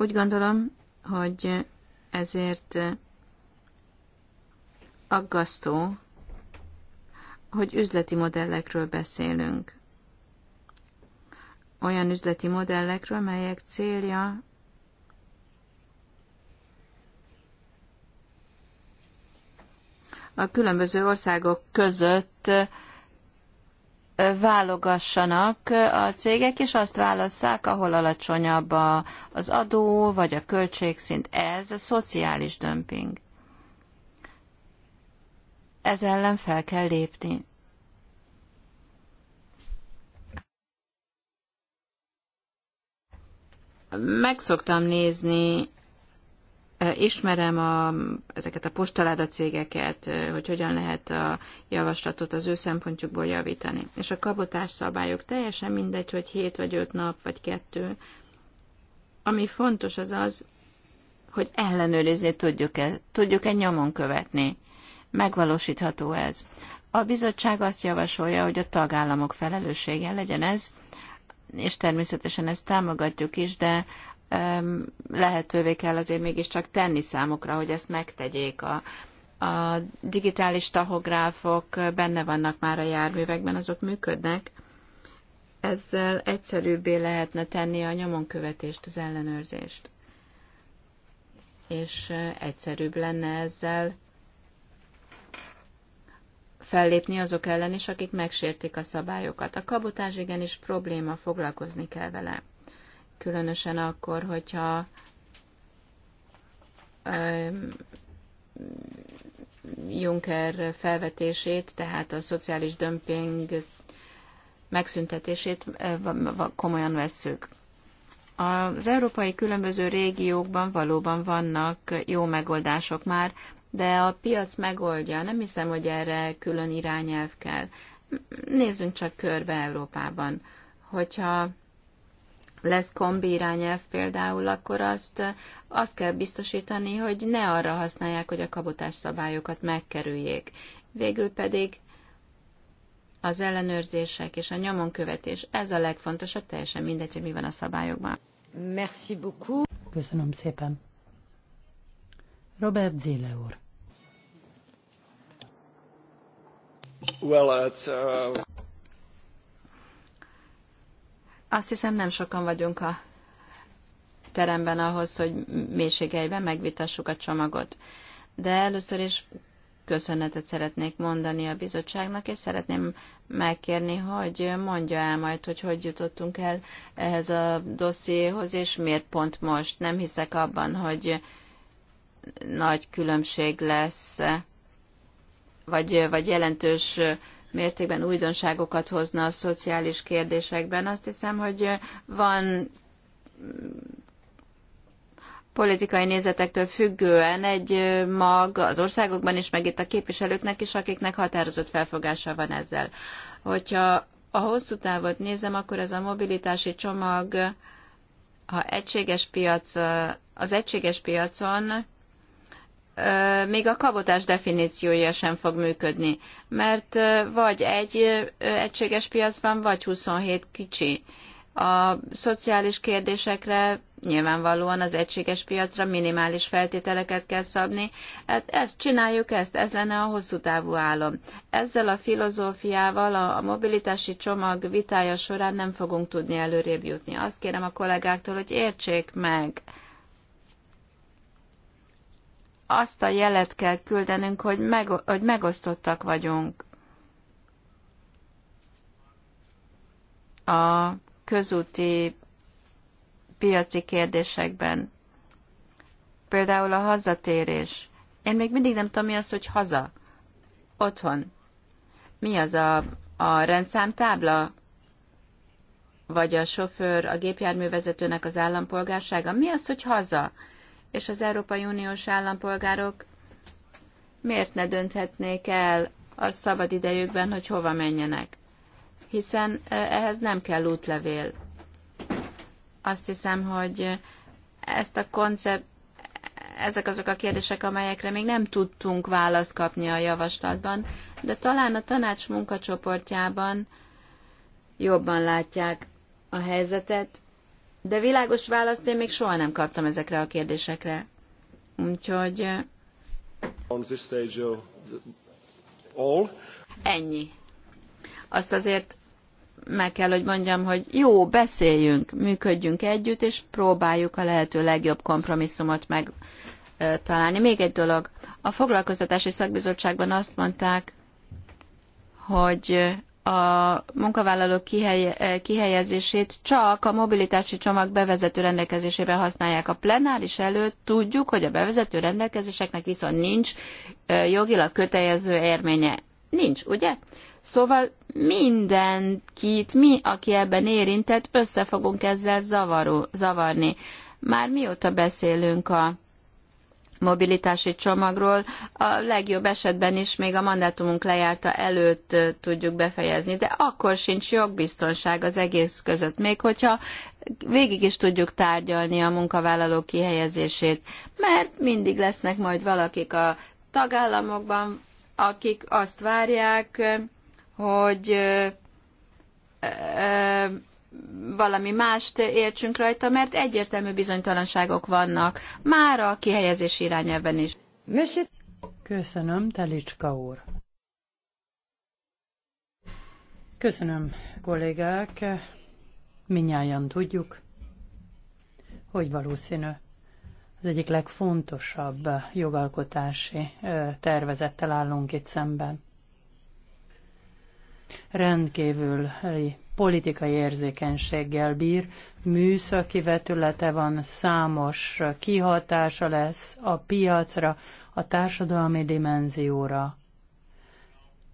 Úgy gondolom, hogy ezért aggasztó, hogy üzleti modellekről beszélünk. Olyan üzleti modellekről, melyek célja a különböző országok között válogassanak a cégek, és azt válasszák, ahol alacsonyabb a, az adó, vagy a költségszint. Ez a szociális dömping. Ez ellen fel kell lépni. Meg szoktam nézni Ismerem a, ezeket a postaláda cégeket, hogy hogyan lehet a javaslatot az ő szempontjukból javítani. És a kabotás szabályok teljesen mindegy, hogy hét vagy öt nap, vagy kettő. Ami fontos az az, hogy ellenőrizni tudjuk-e, tudjuk-e nyomon követni. Megvalósítható ez. A bizottság azt javasolja, hogy a tagállamok felelőssége legyen ez, és természetesen ezt támogatjuk is, de lehetővé kell azért mégiscsak tenni számukra, hogy ezt megtegyék a, a digitális tahográfok benne vannak már a járművekben, azok működnek. Ezzel egyszerűbbé lehetne tenni a nyomonkövetést, az ellenőrzést. És egyszerűbb lenne ezzel fellépni azok ellen is, akik megsértik a szabályokat. A kabotás igenis probléma, foglalkozni kell vele különösen akkor, hogyha Juncker felvetését, tehát a szociális dömping megszüntetését eh, komolyan vesszük. Az európai különböző régiókban valóban vannak jó megoldások már, de a piac megoldja. Nem hiszem, hogy erre külön irányelv kell. Nézzünk csak körbe Európában. Hogyha lesz kombi irányelv például, akkor azt, azt kell biztosítani, hogy ne arra használják, hogy a kabotás szabályokat megkerüljék. Végül pedig az ellenőrzések és a nyomonkövetés, ez a legfontosabb, teljesen mindegy, hogy mi van a szabályokban. Merci beaucoup. Köszönöm szépen. Robert Zéle úr. Well, it's, uh... Azt hiszem nem sokan vagyunk a teremben ahhoz, hogy mélységeiben megvitassuk a csomagot. De először is köszönetet szeretnék mondani a bizottságnak, és szeretném megkérni, hogy mondja el majd, hogy hogy jutottunk el ehhez a dossziéhoz, és miért pont most. Nem hiszek abban, hogy nagy különbség lesz, vagy, vagy jelentős mértékben újdonságokat hozna a szociális kérdésekben. Azt hiszem, hogy van politikai nézetektől függően egy mag az országokban is, meg itt a képviselőknek is, akiknek határozott felfogása van ezzel. Hogyha a hosszú távot nézem, akkor ez a mobilitási csomag, ha egységes piac, az egységes piacon még a kabotás definíciója sem fog működni, mert vagy egy egységes piac van, vagy 27 kicsi. A szociális kérdésekre nyilvánvalóan az egységes piacra minimális feltételeket kell szabni. Hát ezt csináljuk, ezt, ez lenne a hosszú távú álom. Ezzel a filozófiával a, a mobilitási csomag vitája során nem fogunk tudni előrébb jutni. Azt kérem a kollégáktól, hogy értsék meg, azt a jelet kell küldenünk, hogy, meg, hogy megosztottak vagyunk a közúti piaci kérdésekben. Például a hazatérés. Én még mindig nem tudom, mi az, hogy haza. Otthon. Mi az a, a rendszámtábla? Vagy a sofőr, a gépjárművezetőnek az állampolgársága? Mi az, hogy haza? és az Európai Uniós állampolgárok miért ne dönthetnék el a szabad idejükben, hogy hova menjenek? Hiszen ehhez nem kell útlevél. Azt hiszem, hogy ezt a koncept, ezek azok a kérdések, amelyekre még nem tudtunk választ kapni a javaslatban, de talán a tanács munkacsoportjában jobban látják a helyzetet, de világos választ én még soha nem kaptam ezekre a kérdésekre. Úgyhogy... On this stage, uh, all. Ennyi. Azt azért meg kell, hogy mondjam, hogy jó, beszéljünk, működjünk együtt, és próbáljuk a lehető legjobb kompromisszumot megtalálni. Még egy dolog. A foglalkoztatási szakbizottságban azt mondták, hogy a munkavállalók eh, kihelyezését csak a mobilitási csomag bevezető rendelkezésében használják. A plenáris előtt tudjuk, hogy a bevezető rendelkezéseknek viszont nincs eh, jogilag kötelező érménye. Nincs, ugye? Szóval mindenkit, mi, aki ebben érintett, össze fogunk ezzel zavaró, zavarni. Már mióta beszélünk a mobilitási csomagról a legjobb esetben is még a mandátumunk lejárta előtt tudjuk befejezni, de akkor sincs jogbiztonság az egész között, még hogyha végig is tudjuk tárgyalni a munkavállalók kihelyezését, mert mindig lesznek majd valakik a tagállamokban, akik azt várják, hogy valami mást értsünk rajta, mert egyértelmű bizonytalanságok vannak, már a kihelyezés irányelven is. Köszönöm, Telicska úr. Köszönöm, kollégák. Minnyáján tudjuk, hogy valószínű. Az egyik legfontosabb jogalkotási tervezettel állunk itt szemben. Rendkívüli politikai érzékenységgel bír, műszaki vetülete van, számos kihatása lesz a piacra, a társadalmi dimenzióra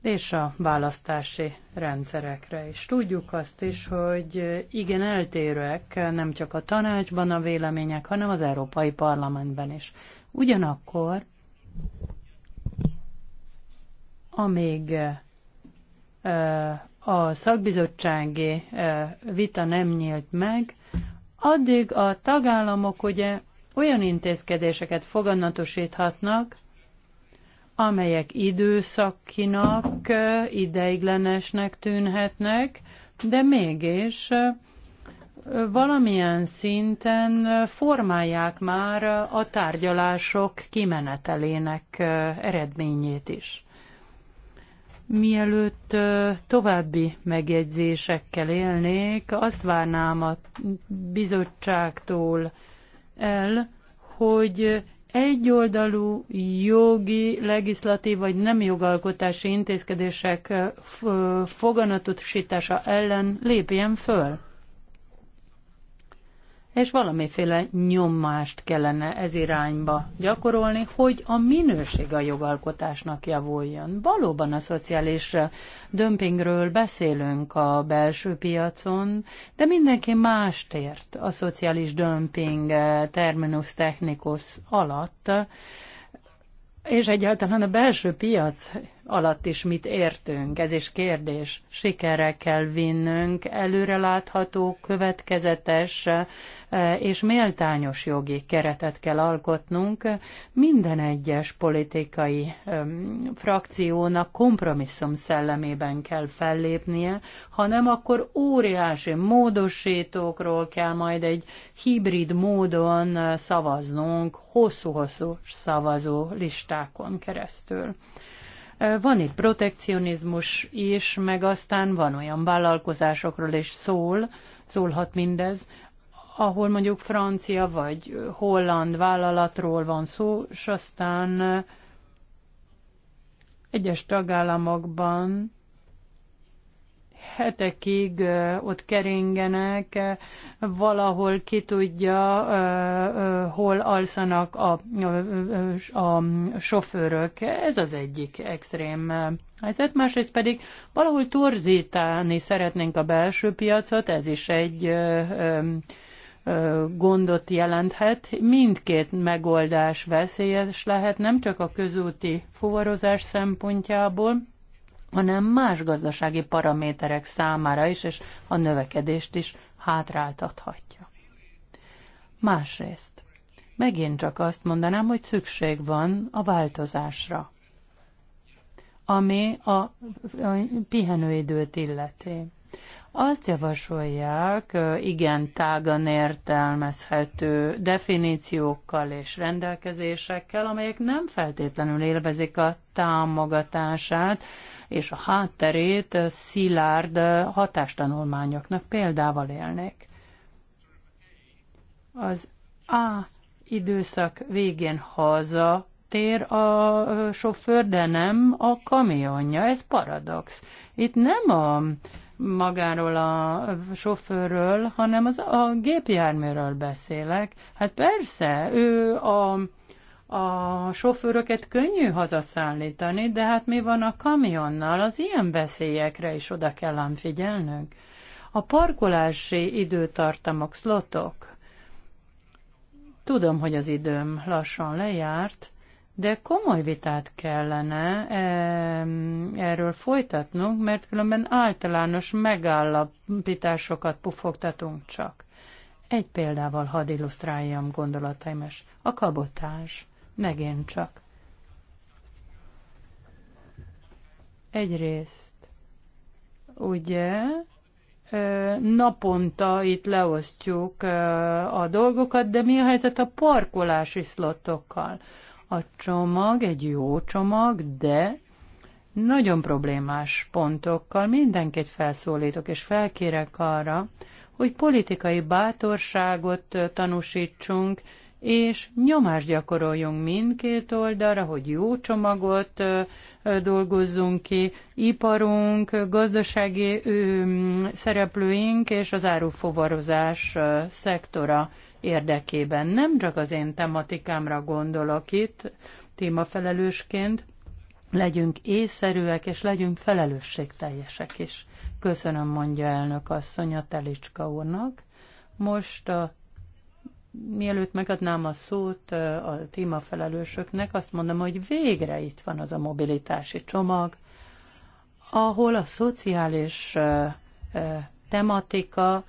és a választási rendszerekre is. Tudjuk azt is, hogy igen eltérőek nem csak a tanácsban a vélemények, hanem az Európai Parlamentben is. Ugyanakkor, amíg a szakbizottsági vita nem nyílt meg, addig a tagállamok ugye olyan intézkedéseket foganatosíthatnak, amelyek időszakinak, ideiglenesnek tűnhetnek, de mégis valamilyen szinten formálják már a tárgyalások kimenetelének eredményét is. Mielőtt további megjegyzésekkel élnék, azt várnám a bizottságtól el, hogy egyoldalú jogi, legislatív vagy nem jogalkotási intézkedések foganatosítása ellen lépjen föl és valamiféle nyomást kellene ez irányba gyakorolni, hogy a minőség a jogalkotásnak javuljon. Valóban a szociális dömpingről beszélünk a belső piacon, de mindenki mást ért a szociális dömping eh, terminus technikus alatt, és egyáltalán a belső piac alatt is mit értünk. Ez is kérdés. Sikerre kell vinnünk előrelátható, következetes e, és méltányos jogi keretet kell alkotnunk. Minden egyes politikai e, frakciónak kompromisszum szellemében kell fellépnie, hanem akkor óriási módosítókról kell majd egy hibrid módon e, szavaznunk, hosszú-hosszú szavazó listákon keresztül. Van itt protekcionizmus is, meg aztán van olyan vállalkozásokról is szól, szólhat mindez, ahol mondjuk francia vagy holland vállalatról van szó, és aztán egyes tagállamokban hetekig ott keringenek, valahol ki tudja, hol alszanak a, a sofőrök. Ez az egyik extrém helyzet, másrészt pedig valahol torzítani szeretnénk a belső piacot, ez is egy gondot jelenthet. Mindkét megoldás veszélyes lehet, nem csak a közúti fuvarozás szempontjából, hanem más gazdasági paraméterek számára is, és a növekedést is hátráltathatja. Másrészt, megint csak azt mondanám, hogy szükség van a változásra, ami a, a pihenőidőt illeti. Azt javasolják igen tágan értelmezhető definíciókkal és rendelkezésekkel, amelyek nem feltétlenül élvezik a támogatását és a hátterét szilárd hatástanulmányoknak példával élnék. Az A időszak végén haza tér a sofőr, de nem a kamionja. Ez paradox. Itt nem a magáról a sofőrről, hanem az, a gépjárműről beszélek. Hát persze, ő a, a sofőröket könnyű hazaszállítani, de hát mi van a kamionnal? Az ilyen veszélyekre is oda kell ám figyelnünk. A parkolási időtartamok, szlotok. Tudom, hogy az időm lassan lejárt, de komoly vitát kellene erről folytatnunk, mert különben általános megállapításokat pufogtatunk csak. Egy példával hadd illusztráljam gondolataim, és a kabotás, megint csak. Egyrészt, ugye, naponta itt leosztjuk a dolgokat, de mi a helyzet a parkolási szlottokkal? A csomag egy jó csomag, de nagyon problémás pontokkal mindenkit felszólítok, és felkérek arra, hogy politikai bátorságot tanúsítsunk, és nyomást gyakoroljunk mindkét oldalra, hogy jó csomagot dolgozzunk ki, iparunk, gazdasági szereplőink és az árufovarozás szektora érdekében. Nem csak az én tematikámra gondolok itt, témafelelősként, legyünk észszerűek és legyünk felelősségteljesek is. Köszönöm, mondja elnök asszony a Telicska úrnak. Most a mielőtt megadnám a szót a témafelelősöknek, azt mondom, hogy végre itt van az a mobilitási csomag, ahol a szociális tematika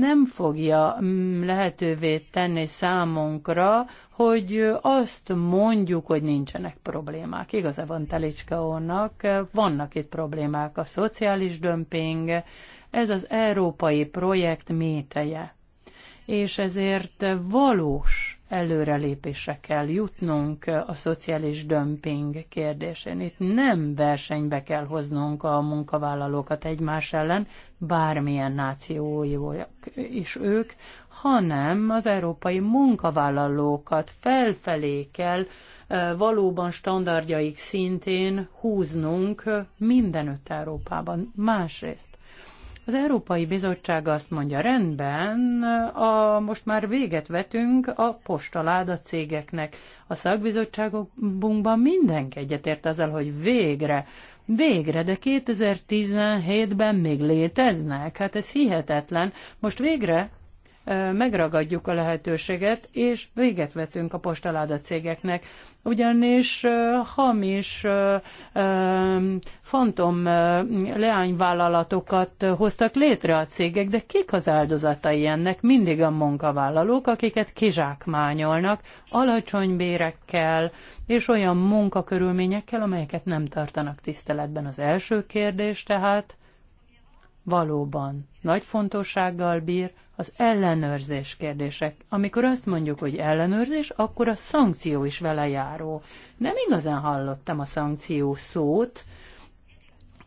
nem fogja mm, lehetővé tenni számunkra, hogy azt mondjuk, hogy nincsenek problémák. Igaza van Telicska onnak, vannak itt problémák, a szociális dömping, ez az európai projekt méteje. És ezért valós előrelépésre kell jutnunk a szociális dömping kérdésén. Itt nem versenybe kell hoznunk a munkavállalókat egymás ellen, bármilyen nációjúak is ők, hanem az európai munkavállalókat felfelé kell valóban standardjaik szintén húznunk mindenütt Európában. Másrészt az Európai Bizottság azt mondja, rendben, a, most már véget vetünk a postaláda cégeknek. A szakbizottságokban mindenki egyetért ezzel, hogy végre, végre, de 2017-ben még léteznek. Hát ez hihetetlen. Most végre megragadjuk a lehetőséget, és véget vetünk a postaláda cégeknek. Ugyanis hamis, fantom leányvállalatokat hoztak létre a cégek, de kik az áldozatai ennek? Mindig a munkavállalók, akiket kizsákmányolnak alacsony bérekkel és olyan munkakörülményekkel, amelyeket nem tartanak tiszteletben. Az első kérdés tehát, valóban nagy fontossággal bír az ellenőrzés kérdések. Amikor azt mondjuk, hogy ellenőrzés, akkor a szankció is vele járó. Nem igazán hallottam a szankció szót,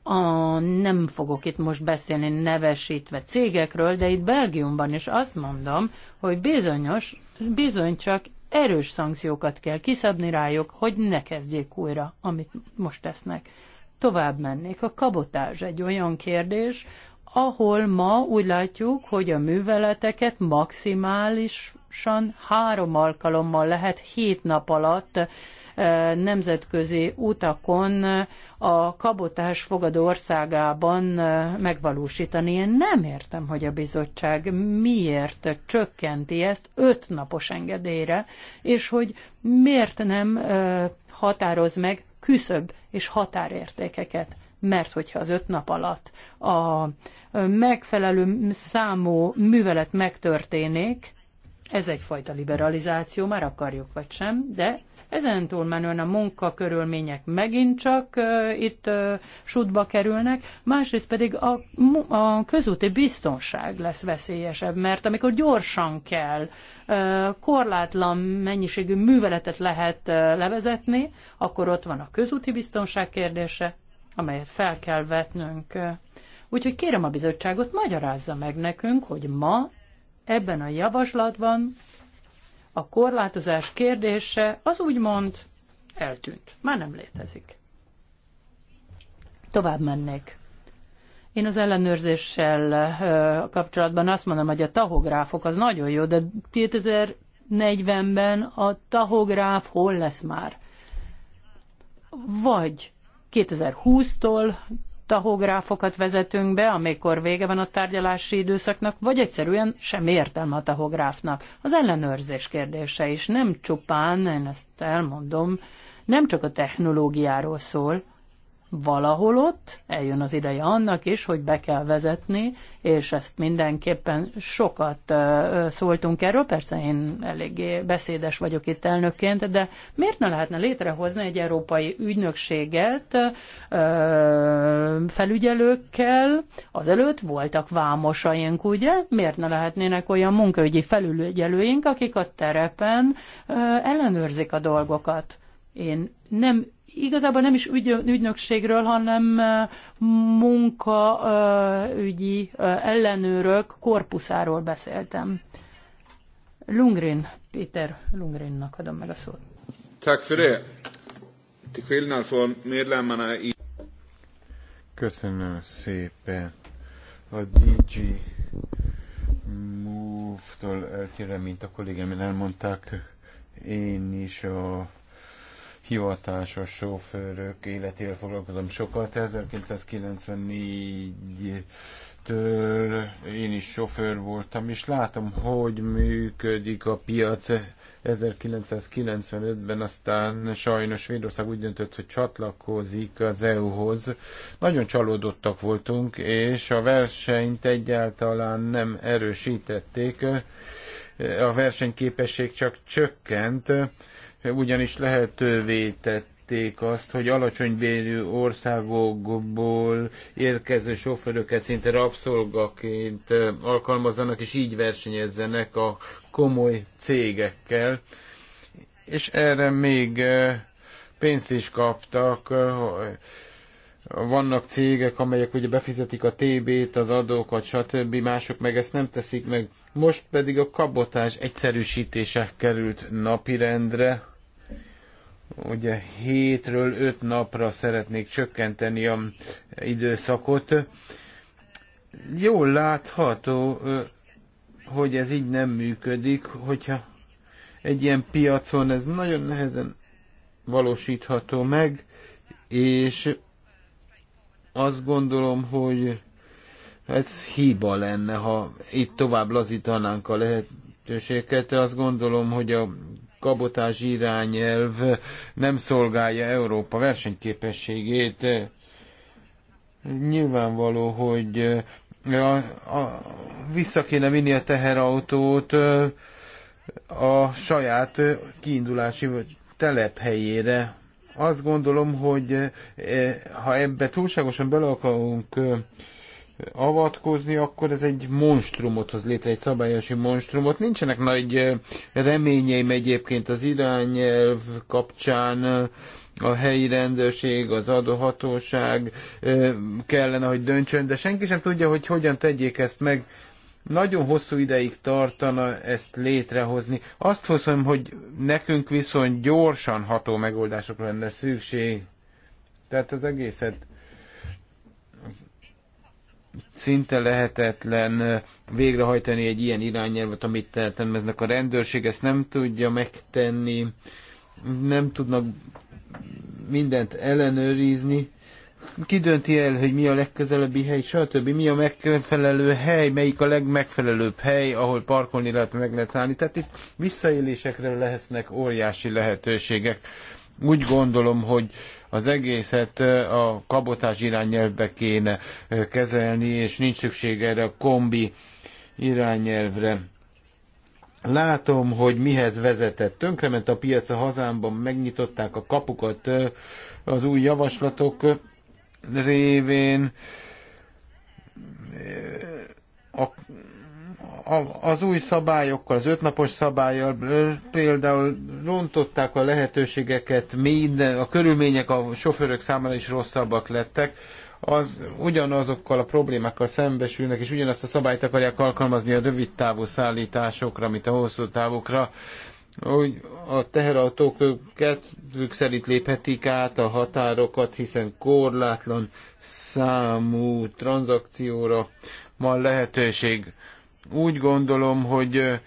a, nem fogok itt most beszélni nevesítve cégekről, de itt Belgiumban is azt mondom, hogy bizonyos, bizony csak erős szankciókat kell kiszabni rájuk, hogy ne kezdjék újra, amit most tesznek. Tovább mennék. A kabotás egy olyan kérdés, ahol ma úgy látjuk, hogy a műveleteket maximálisan három alkalommal lehet hét nap alatt eh, nemzetközi utakon eh, a kabotás fogadó országában eh, megvalósítani. Én nem értem, hogy a bizottság miért csökkenti ezt öt napos engedélyre, és hogy miért nem határoz meg küszöbb és határértékeket mert hogyha az öt nap alatt a megfelelő számú művelet megtörténik, ez egyfajta liberalizáció, már akarjuk vagy sem, de ezen túl menően a munkakörülmények megint csak uh, itt uh, sútba kerülnek, másrészt pedig a, a közúti biztonság lesz veszélyesebb, mert amikor gyorsan kell, uh, korlátlan mennyiségű műveletet lehet uh, levezetni, akkor ott van a közúti biztonság kérdése, amelyet fel kell vetnünk. Úgyhogy kérem a bizottságot, magyarázza meg nekünk, hogy ma ebben a javaslatban a korlátozás kérdése az úgymond eltűnt, már nem létezik. Tovább mennék. Én az ellenőrzéssel kapcsolatban azt mondom, hogy a tahográfok az nagyon jó, de 2040-ben a tahográf hol lesz már? Vagy 2020-tól tahográfokat vezetünk be, amikor vége van a tárgyalási időszaknak, vagy egyszerűen sem értelme a tahográfnak. Az ellenőrzés kérdése is nem csupán, én ezt elmondom, nem csak a technológiáról szól, valahol ott eljön az ideje annak is, hogy be kell vezetni, és ezt mindenképpen sokat szóltunk erről, persze én eléggé beszédes vagyok itt elnökként, de miért ne lehetne létrehozni egy európai ügynökséget felügyelőkkel, azelőtt voltak vámosaink, ugye? Miért ne lehetnének olyan munkaügyi felügyelőink, akik a terepen ellenőrzik a dolgokat? Én nem igazából nem is ügy, ügynökségről, hanem munkaügyi ellenőrök korpuszáról beszéltem. Lungrin, Péter Lungrinnak adom meg a szót. Tak för det. Till skillnad från medlemmarna i... Köszönöm szépen. A DG Move-tól eltérve, mint a kollégám elmondták, én is a hivatásos sofőrök életével foglalkozom sokat. 1994 től én is sofőr voltam, és látom, hogy működik a piac. 1995-ben aztán sajnos Védország úgy döntött, hogy csatlakozik az EU-hoz. Nagyon csalódottak voltunk, és a versenyt egyáltalán nem erősítették. A versenyképesség csak csökkent ugyanis lehetővé tették azt, hogy bérű országokból érkező sofőröket szinte rabszolgaként alkalmazzanak, és így versenyezzenek a komoly cégekkel. És erre még pénzt is kaptak, vannak cégek, amelyek ugye befizetik a TB-t, az adókat, stb. mások meg ezt nem teszik meg. Most pedig a kabotás egyszerűsítése került napirendre ugye hétről öt napra szeretnék csökkenteni a időszakot. Jól látható, hogy ez így nem működik, hogyha egy ilyen piacon ez nagyon nehezen valósítható meg, és azt gondolom, hogy ez hiba lenne, ha itt tovább lazítanánk a lehetőséget. Azt gondolom, hogy a kabotás irányelv nem szolgálja Európa versenyképességét. Nyilvánvaló, hogy a, a, vissza kéne vinni a teherautót a saját kiindulási telephelyére. Azt gondolom, hogy ha ebbe túlságosan bele akarunk avatkozni, akkor ez egy monstrumot hoz létre, egy szabályosi monstrumot. Nincsenek nagy reményeim egyébként az irányelv kapcsán, a helyi rendőrség, az adóhatóság kellene, hogy döntsön, de senki sem tudja, hogy hogyan tegyék ezt meg. Nagyon hosszú ideig tartana ezt létrehozni. Azt hiszem, hogy nekünk viszont gyorsan ható megoldásokra lenne szükség. Tehát az egészet szinte lehetetlen végrehajtani egy ilyen irányelvet, amit tehetemeznek a rendőrség, ezt nem tudja megtenni, nem tudnak mindent ellenőrizni, ki dönti el, hogy mi a legközelebbi hely, stb. Mi a megfelelő hely, melyik a legmegfelelőbb hely, ahol parkolni lehet, meg lehet szállni. Tehát itt visszaélésekre lesznek óriási lehetőségek. Úgy gondolom, hogy az egészet a kabotás irányelvbe kéne kezelni, és nincs szükség erre a kombi irányelvre. Látom, hogy mihez vezetett. Tönkrement a piac a hazámban, megnyitották a kapukat az új javaslatok révén. A az új szabályokkal, az ötnapos szabályjal például rontották a lehetőségeket, minden, a körülmények a sofőrök számára is rosszabbak lettek, az ugyanazokkal a problémákkal szembesülnek, és ugyanazt a szabályt akarják alkalmazni a rövid távú szállításokra, mint a hosszú távokra. hogy a teherautók kedvük szerint léphetik át a határokat, hiszen korlátlan számú tranzakcióra van lehetőség. Úgy gondolom, hogy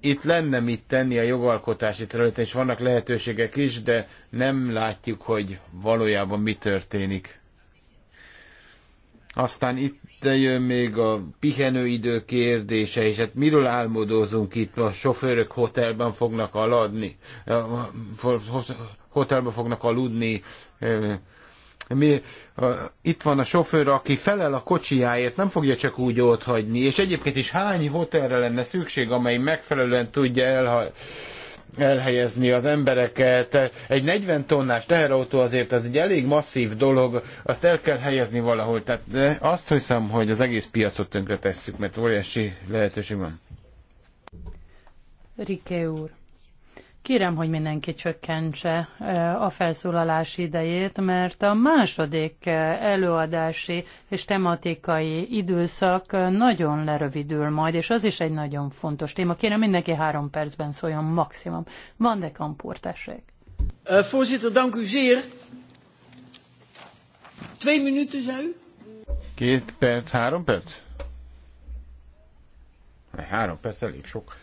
itt lenne mit tenni a jogalkotási területen, és vannak lehetőségek is, de nem látjuk, hogy valójában mi történik. Aztán itt jön még a pihenőidő kérdése, és hát miről álmodozunk itt? A sofőrök hotelben fognak aladni, hotelben fognak aludni, mi, a, itt van a sofőr, aki felel a kocsijáért, nem fogja csak úgy ott hagyni. És egyébként is hány hotelre lenne szükség, amely megfelelően tudja elha, elhelyezni az embereket. Egy 40 tonnás teherautó azért az egy elég masszív dolog, azt el kell helyezni valahol. Tehát azt hiszem, hogy az egész piacot tönkre tesszük, mert óriási lehetőség van. Rike úr. Kérem, hogy mindenki csökkentse eh, a felszólalási idejét, mert a második eh, előadási és tematikai időszak eh, nagyon lerövidül majd, és az is egy nagyon fontos téma. Kérem, mindenki három percben szóljon maximum. Van de kampúr, tessék. Voorzitter, dank u zeer. Twee minuten, zei u? Két perc, három perc? Három perc elég sok.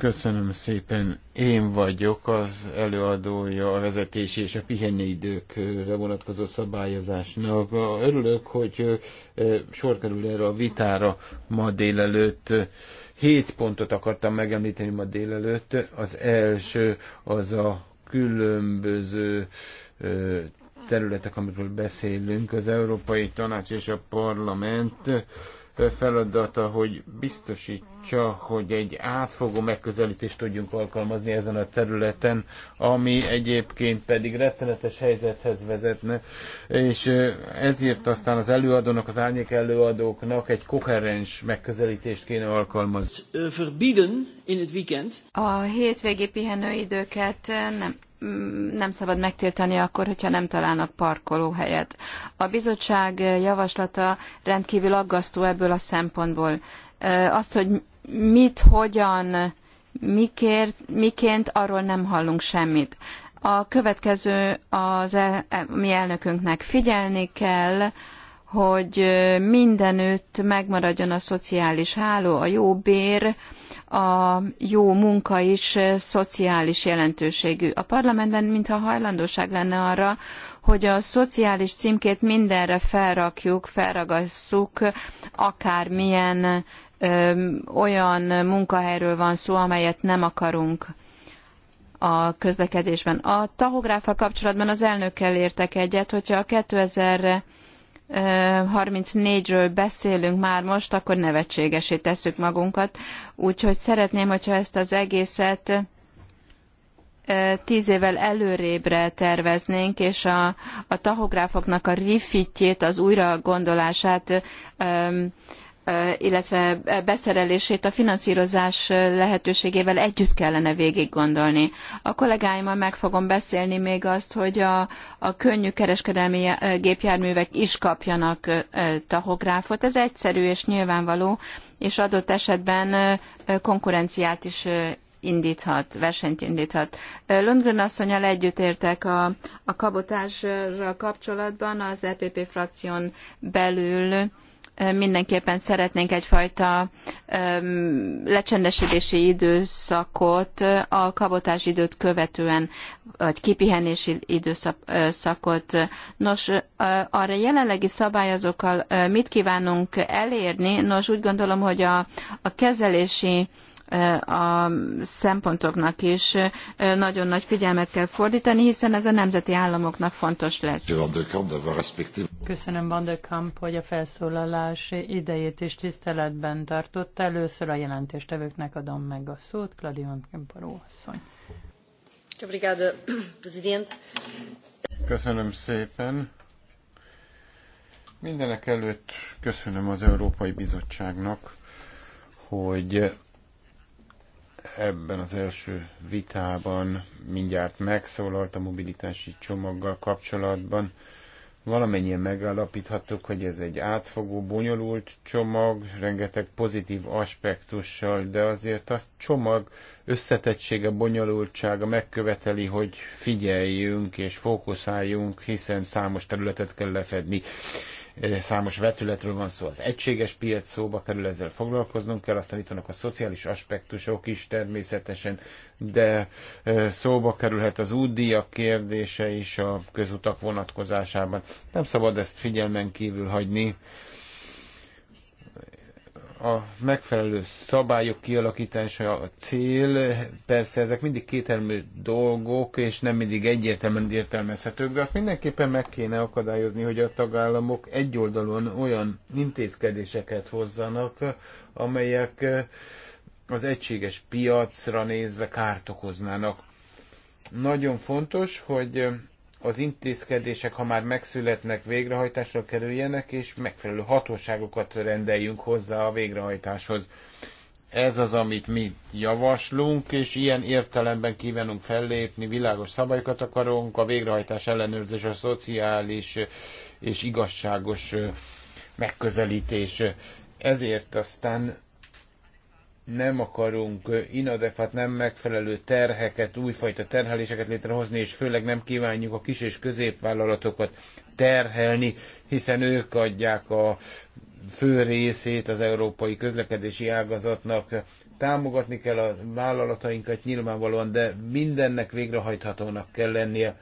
Köszönöm szépen. Én vagyok az előadója a vezetési és a pihenőidőkre vonatkozó szabályozásnak. Örülök, hogy sor kerül erre a vitára ma délelőtt. Hét pontot akartam megemlíteni ma délelőtt. Az első az a különböző területek, amikről beszélünk, az Európai Tanács és a Parlament feladata, hogy biztosítsa, hogy egy átfogó megközelítést tudjunk alkalmazni ezen a területen, ami egyébként pedig rettenetes helyzethez vezetne, és ezért aztán az előadónak, az árnyék előadóknak egy koherens megközelítést kéne alkalmazni. weekend. A hétvégi pihenőidőket nem Mm, nem szabad megtiltani akkor, hogyha nem találnak parkolóhelyet. A bizottság javaslata rendkívül aggasztó ebből a szempontból. Azt, hogy mit, hogyan, mikért, miként, arról nem hallunk semmit. A következő az mi elnökünknek figyelni kell, hogy mindenütt megmaradjon a szociális háló, a jó bér, a jó munka is szociális jelentőségű. A parlamentben mintha hajlandóság lenne arra, hogy a szociális címkét mindenre felrakjuk, felragasszuk, akármilyen ö, olyan munkahelyről van szó, amelyet nem akarunk a közlekedésben. A tahográfa kapcsolatban az elnökkel értek egyet, hogyha a 2000 34-ről beszélünk már most, akkor nevetségesé tesszük magunkat. Úgyhogy szeretném, hogyha ezt az egészet tíz évvel előrébre terveznénk, és a, a tahográfoknak a rifitjét, az újra gondolását illetve beszerelését a finanszírozás lehetőségével együtt kellene végiggondolni. A kollégáimmal meg fogom beszélni még azt, hogy a, a könnyű kereskedelmi gépjárművek is kapjanak tahográfot. Ez egyszerű és nyilvánvaló, és adott esetben konkurenciát is indíthat, versenyt indíthat. Lundgren asszonyal együttértek a, a kabotásra kapcsolatban az EPP frakción belül mindenképpen szeretnénk egyfajta lecsendesedési időszakot a kabotás időt követően, vagy kipihenési időszakot. Nos, arra jelenlegi szabályozókkal mit kívánunk elérni? Nos, úgy gondolom, hogy a, a kezelési a szempontoknak is nagyon nagy figyelmet kell fordítani, hiszen ez a nemzeti államoknak fontos lesz. Köszönöm, Van de Kamp, hogy a felszólalás idejét is tiszteletben tartott. Először a jelentéstevőknek adom meg a szót, Kladion Kemparó asszony. Köszönöm szépen. Mindenek előtt köszönöm az Európai Bizottságnak, hogy ebben az első vitában mindjárt megszólalt a mobilitási csomaggal kapcsolatban. Valamennyien megállapíthattuk, hogy ez egy átfogó, bonyolult csomag, rengeteg pozitív aspektussal, de azért a csomag összetettsége, bonyolultsága megköveteli, hogy figyeljünk és fókuszáljunk, hiszen számos területet kell lefedni számos vetületről van szó, az egységes piac szóba kerül, ezzel foglalkoznunk kell, aztán itt vannak a szociális aspektusok is természetesen, de szóba kerülhet az útdíjak kérdése is a közutak vonatkozásában. Nem szabad ezt figyelmen kívül hagyni a megfelelő szabályok kialakítása a cél. Persze ezek mindig kételmű dolgok, és nem mindig egyértelműen értelmezhetők, de azt mindenképpen meg kéne akadályozni, hogy a tagállamok egyoldalon olyan intézkedéseket hozzanak, amelyek az egységes piacra nézve kárt okoznának. Nagyon fontos, hogy az intézkedések, ha már megszületnek, végrehajtásra kerüljenek, és megfelelő hatóságokat rendeljünk hozzá a végrehajtáshoz. Ez az, amit mi javaslunk, és ilyen értelemben kívánunk fellépni, világos szabályokat akarunk, a végrehajtás ellenőrzés, a szociális és igazságos megközelítés. Ezért aztán nem akarunk inadekvát, nem megfelelő terheket, újfajta terheléseket létrehozni, és főleg nem kívánjuk a kis és középvállalatokat terhelni, hiszen ők adják a fő részét az európai közlekedési ágazatnak. Támogatni kell a vállalatainkat nyilvánvalóan, de mindennek végrehajthatónak kell lennie.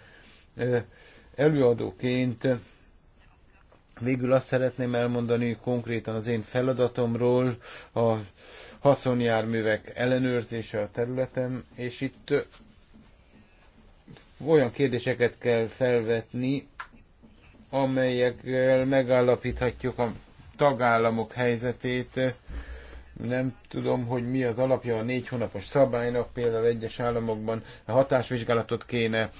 Előadóként végül azt szeretném elmondani konkrétan az én feladatomról, a haszonjárművek ellenőrzése a területen, és itt olyan kérdéseket kell felvetni, amelyekkel megállapíthatjuk a tagállamok helyzetét. Nem tudom, hogy mi az alapja a négy hónapos szabálynak, például egyes államokban hatásvizsgálatot kéne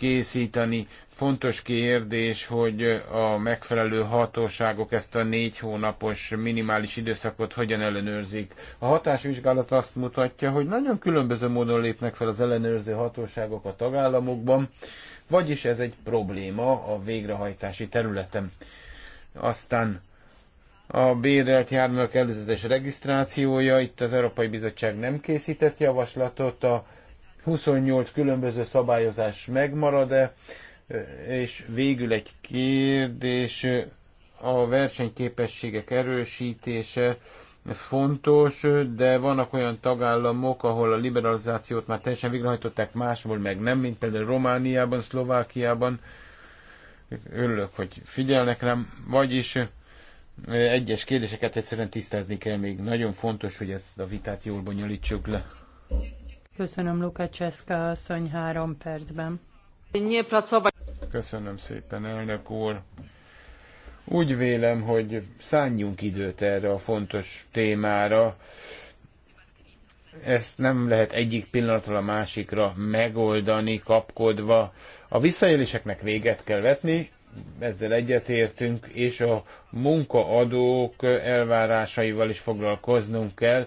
készíteni. Fontos kérdés, hogy a megfelelő hatóságok ezt a négy hónapos minimális időszakot hogyan ellenőrzik. A hatásvizsgálat azt mutatja, hogy nagyon különböző módon lépnek fel az ellenőrző hatóságok a tagállamokban, vagyis ez egy probléma a végrehajtási területen. Aztán a bérelt járműek előzetes regisztrációja, itt az Európai Bizottság nem készített javaslatot, a 28 különböző szabályozás megmarad-e, és végül egy kérdés, a versenyképességek erősítése fontos, de vannak olyan tagállamok, ahol a liberalizációt már teljesen végrehajtották, máshol meg nem, mint például Romániában, Szlovákiában. Örülök, hogy figyelnek rám. Vagyis egyes kérdéseket egyszerűen tisztázni kell még. Nagyon fontos, hogy ezt a vitát jól bonyolítsuk le. Köszönöm Lukacseszka asszony három percben. Köszönöm szépen, elnök úr. Úgy vélem, hogy szálljunk időt erre a fontos témára. Ezt nem lehet egyik pillanatról a másikra megoldani, kapkodva. A visszaéléseknek véget kell vetni, ezzel egyetértünk, és a munkaadók elvárásaival is foglalkoznunk kell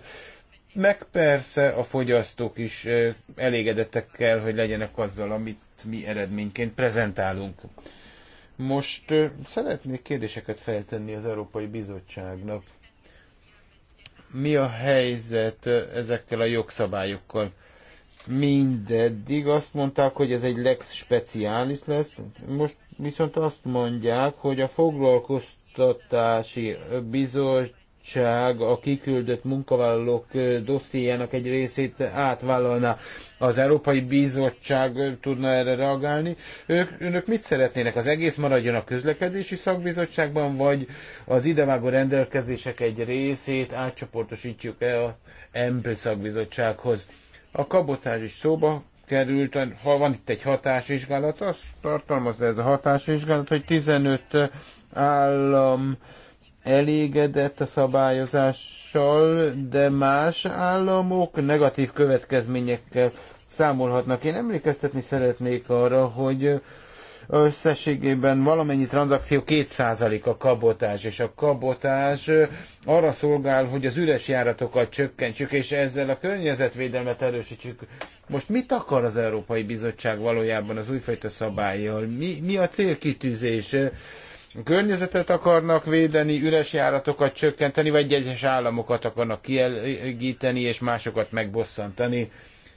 meg persze a fogyasztók is elégedettek kell, hogy legyenek azzal, amit mi eredményként prezentálunk. Most szeretnék kérdéseket feltenni az Európai Bizottságnak. Mi a helyzet ezekkel a jogszabályokkal? Mindeddig azt mondták, hogy ez egy lex speciális lesz, most viszont azt mondják, hogy a foglalkoztatási bizot bizottság a kiküldött munkavállalók dossziéjának egy részét átvállalná. Az Európai Bizottság tudna erre reagálni. Ők, önök mit szeretnének? Az egész maradjon a közlekedési szakbizottságban, vagy az idevágó rendelkezések egy részét átcsoportosítjuk-e a MP szakbizottsághoz? A kabotás is szóba került, ha van itt egy hatásvizsgálat, azt tartalmazza ez a hatásvizsgálat, hogy 15 állam elégedett a szabályozással, de más államok negatív következményekkel számolhatnak. Én emlékeztetni szeretnék arra, hogy összességében valamennyi tranzakció 2% a kabotás, és a kabotás arra szolgál, hogy az üres járatokat csökkentsük, és ezzel a környezetvédelmet erősítsük. Most mit akar az Európai Bizottság valójában az újfajta szabályjal? Mi, mi a célkitűzés? környezetet akarnak védeni, üres járatokat csökkenteni, vagy egyes államokat akarnak kielégíteni, és másokat megbosszantani.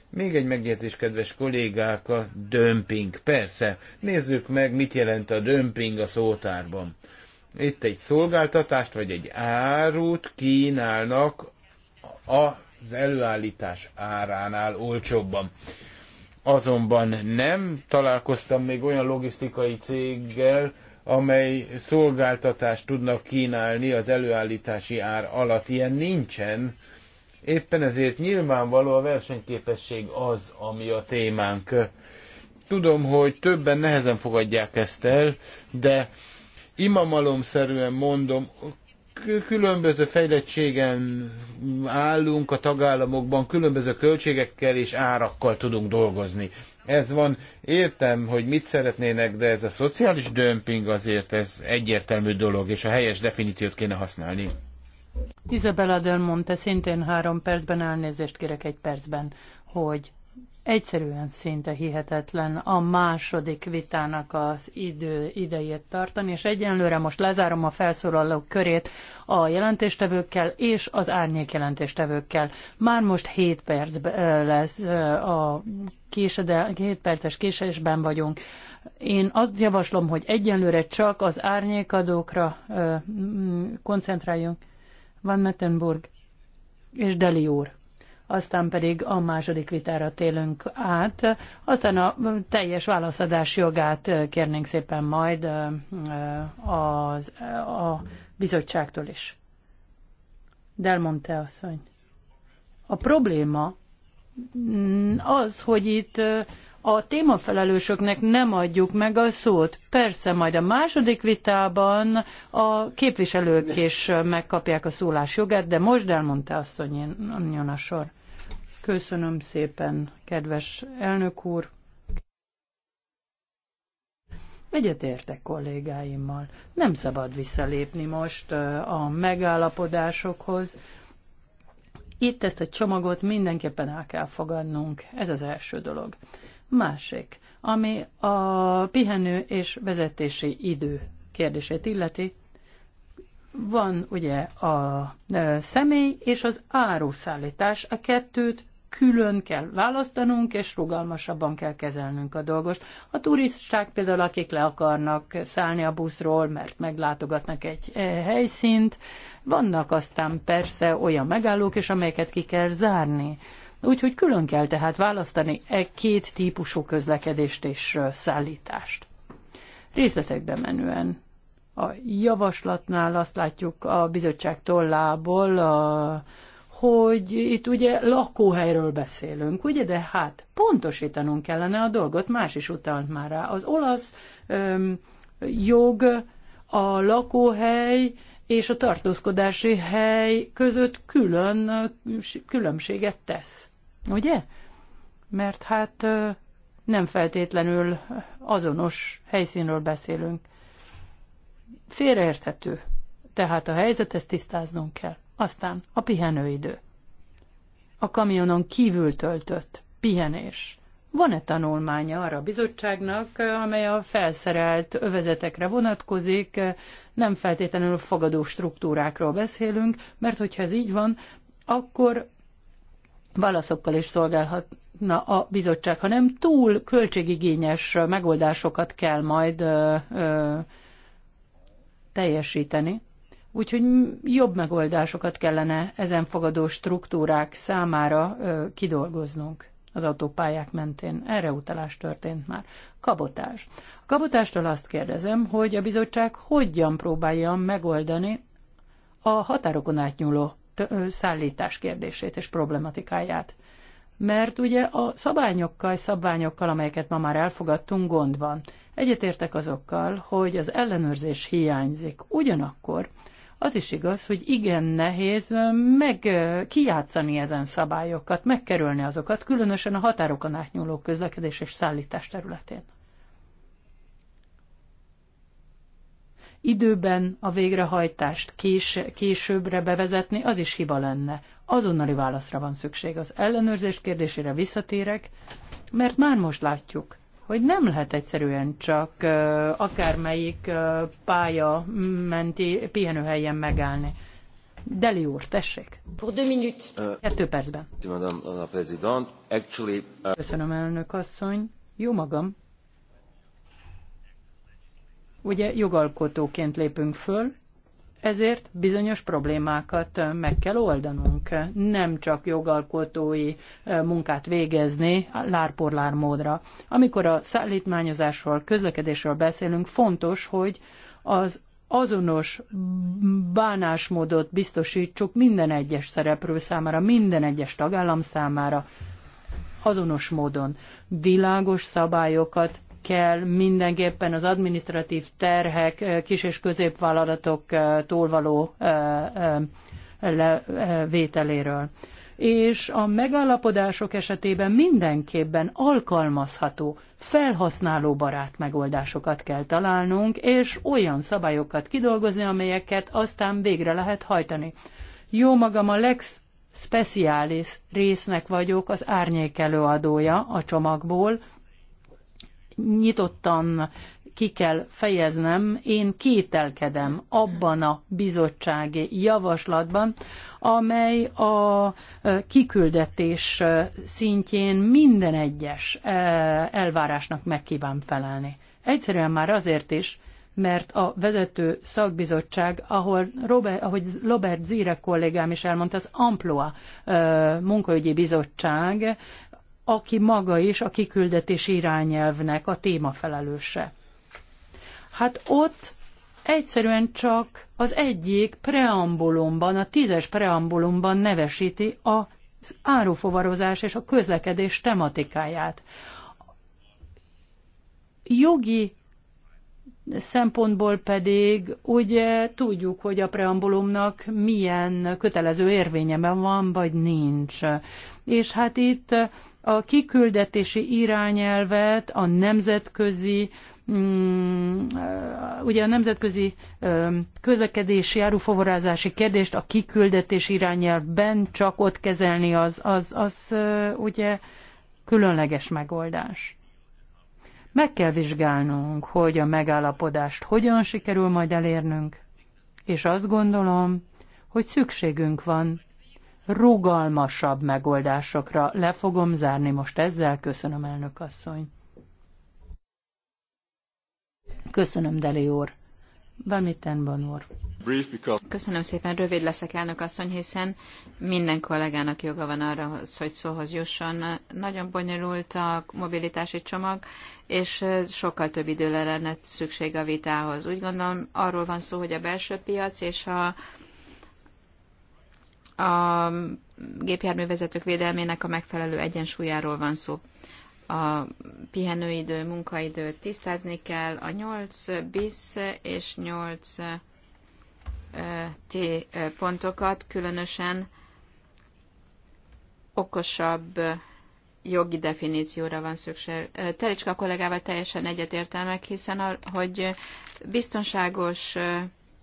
Még egy megjegyzés, kedves kollégák, a dömping. Persze, nézzük meg, mit jelent a dömping a szótárban. Itt egy szolgáltatást vagy egy árut kínálnak az előállítás áránál olcsóbban. Azonban nem találkoztam még olyan logisztikai céggel, amely szolgáltatást tudnak kínálni az előállítási ár alatt. Ilyen nincsen. Éppen ezért nyilvánvaló a versenyképesség az, ami a témánk. Tudom, hogy többen nehezen fogadják ezt el, de imamalomszerűen mondom, különböző fejlettségen állunk a tagállamokban, különböző költségekkel és árakkal tudunk dolgozni. Ez van, értem, hogy mit szeretnének, de ez a szociális dömping azért ez egyértelmű dolog, és a helyes definíciót kéne használni. Isabella Del Monte szintén három percben elnézést kérek egy percben, hogy egyszerűen szinte hihetetlen a második vitának az idő, idejét tartani, és egyenlőre most lezárom a felszólalók körét a jelentéstevőkkel és az árnyék jelentéstevőkkel. Már most 7 perc lesz a késede, 7 perces késésben vagyunk. Én azt javaslom, hogy egyenlőre csak az árnyékadókra koncentráljunk. Van Mettenburg és Deli úr aztán pedig a második vitára télünk át, aztán a teljes válaszadás jogát kérnénk szépen majd az, a bizottságtól is. Delmonte asszony. A probléma mm, az, hogy itt a témafelelősöknek nem adjuk meg a szót. Persze majd a második vitában a képviselők is megkapják a szólásjogát, de most elmondta hogy jön a sor. Köszönöm szépen, kedves elnök úr. Egyetértek kollégáimmal. Nem szabad visszalépni most a megállapodásokhoz. Itt ezt a csomagot mindenképpen el kell fogadnunk. Ez az első dolog. Másik, ami a pihenő és vezetési idő kérdését illeti, van ugye a személy és az áruszállítás, a kettőt külön kell választanunk, és rugalmasabban kell kezelnünk a dolgost. A turisták például, akik le akarnak szállni a buszról, mert meglátogatnak egy helyszínt, vannak aztán persze olyan megállók is, amelyeket ki kell zárni. Úgyhogy külön kell tehát választani e két típusú közlekedést és szállítást. Részletekbe menően a javaslatnál azt látjuk a bizottság tollából, a, hogy itt ugye lakóhelyről beszélünk, ugye, de hát pontosítanunk kellene a dolgot, más is utalt már rá. Az olasz öm, jog, a lakóhely és a tartózkodási hely között külön különbséget tesz. Ugye? Mert hát nem feltétlenül azonos helyszínről beszélünk. Félreérthető. Tehát a helyzet, ezt tisztáznunk kell. Aztán a pihenőidő. A kamionon kívül töltött pihenés. Van-e tanulmánya arra a bizottságnak, amely a felszerelt övezetekre vonatkozik, nem feltétlenül fogadó struktúrákról beszélünk, mert hogyha ez így van, akkor válaszokkal is szolgálhatna a bizottság, hanem túl költségigényes megoldásokat kell majd ö, ö, teljesíteni. Úgyhogy jobb megoldásokat kellene ezen fogadó struktúrák számára ö, kidolgoznunk az autópályák mentén. Erre utalás történt már. Kabotás. A kabotástól azt kérdezem, hogy a bizottság hogyan próbálja megoldani a határokon átnyúló szállítás kérdését és problematikáját. Mert ugye a szabályokkal, szabványokkal, amelyeket ma már elfogadtunk, gond van. Egyetértek azokkal, hogy az ellenőrzés hiányzik. Ugyanakkor az is igaz, hogy igen nehéz meg kijátszani ezen szabályokat, megkerülni azokat, különösen a határokon átnyúló közlekedés és szállítás területén. Időben a végrehajtást kés, későbbre bevezetni, az is hiba lenne. Azonnali válaszra van szükség. Az ellenőrzés kérdésére visszatérek, mert már most látjuk, hogy nem lehet egyszerűen csak akármelyik pálya menti pihenőhelyen megállni. Deli úr, tessék. Pour deux minutes. Kettő percben. Madame la actually... Köszönöm, elnök asszony. Jó magam. Ugye jogalkotóként lépünk föl, ezért bizonyos problémákat meg kell oldanunk, nem csak jogalkotói munkát végezni lárporlár módra. Amikor a szállítmányozásról, közlekedésről beszélünk, fontos, hogy az azonos bánásmódot biztosítsuk minden egyes szereplő számára, minden egyes tagállam számára azonos módon világos szabályokat kell mindenképpen az administratív terhek kis- és középvállalatok túlvaló vételéről. És a megállapodások esetében mindenképpen alkalmazható, felhasználóbarát megoldásokat kell találnunk, és olyan szabályokat kidolgozni, amelyeket aztán végre lehet hajtani. Jó magam a Lex Specialis résznek vagyok az árnyék a csomagból, nyitottan ki kell fejeznem, én kételkedem abban a bizottsági javaslatban, amely a kiküldetés szintjén minden egyes elvárásnak megkíván felelni. Egyszerűen már azért is, mert a vezető szakbizottság, ahol Robert, ahogy Robert Zire kollégám is elmondta, az Amploa munkaügyi bizottság aki maga is a kiküldetés irányelvnek a témafelelőse. Hát ott egyszerűen csak az egyik preambulumban, a tízes preambulumban nevesíti az árufovarozás és a közlekedés tematikáját. Jogi szempontból pedig ugye tudjuk, hogy a preambulumnak milyen kötelező érvényeben van, vagy nincs. És hát itt a kiküldetési irányelvet a nemzetközi mm, eh, ugye a nemzetközi eh, közlekedési árufavorázási kérdést a kiküldetés irányelvben csak ott kezelni az, az, az eh, ugye különleges megoldás. Meg kell vizsgálnunk, hogy a megállapodást hogyan sikerül majd elérnünk, és azt gondolom, hogy szükségünk van rugalmasabb megoldásokra. Le fogom zárni most ezzel. Köszönöm, elnök asszony. Köszönöm, Deli úr. Bamiten Banor. Köszönöm szépen, rövid leszek elnök asszony, hiszen minden kollégának joga van arra, hogy szóhoz jusson. Nagyon bonyolult a mobilitási csomag, és sokkal több időre lenne szükség a vitához. Úgy gondolom, arról van szó, hogy a belső piac és a a gépjárművezetők védelmének a megfelelő egyensúlyáról van szó. A pihenőidő, munkaidő tisztázni kell, a 8 bis és 8 T pontokat, különösen okosabb jogi definícióra van szükség. Telicska kollégával teljesen egyetértelmek, hiszen hogy biztonságos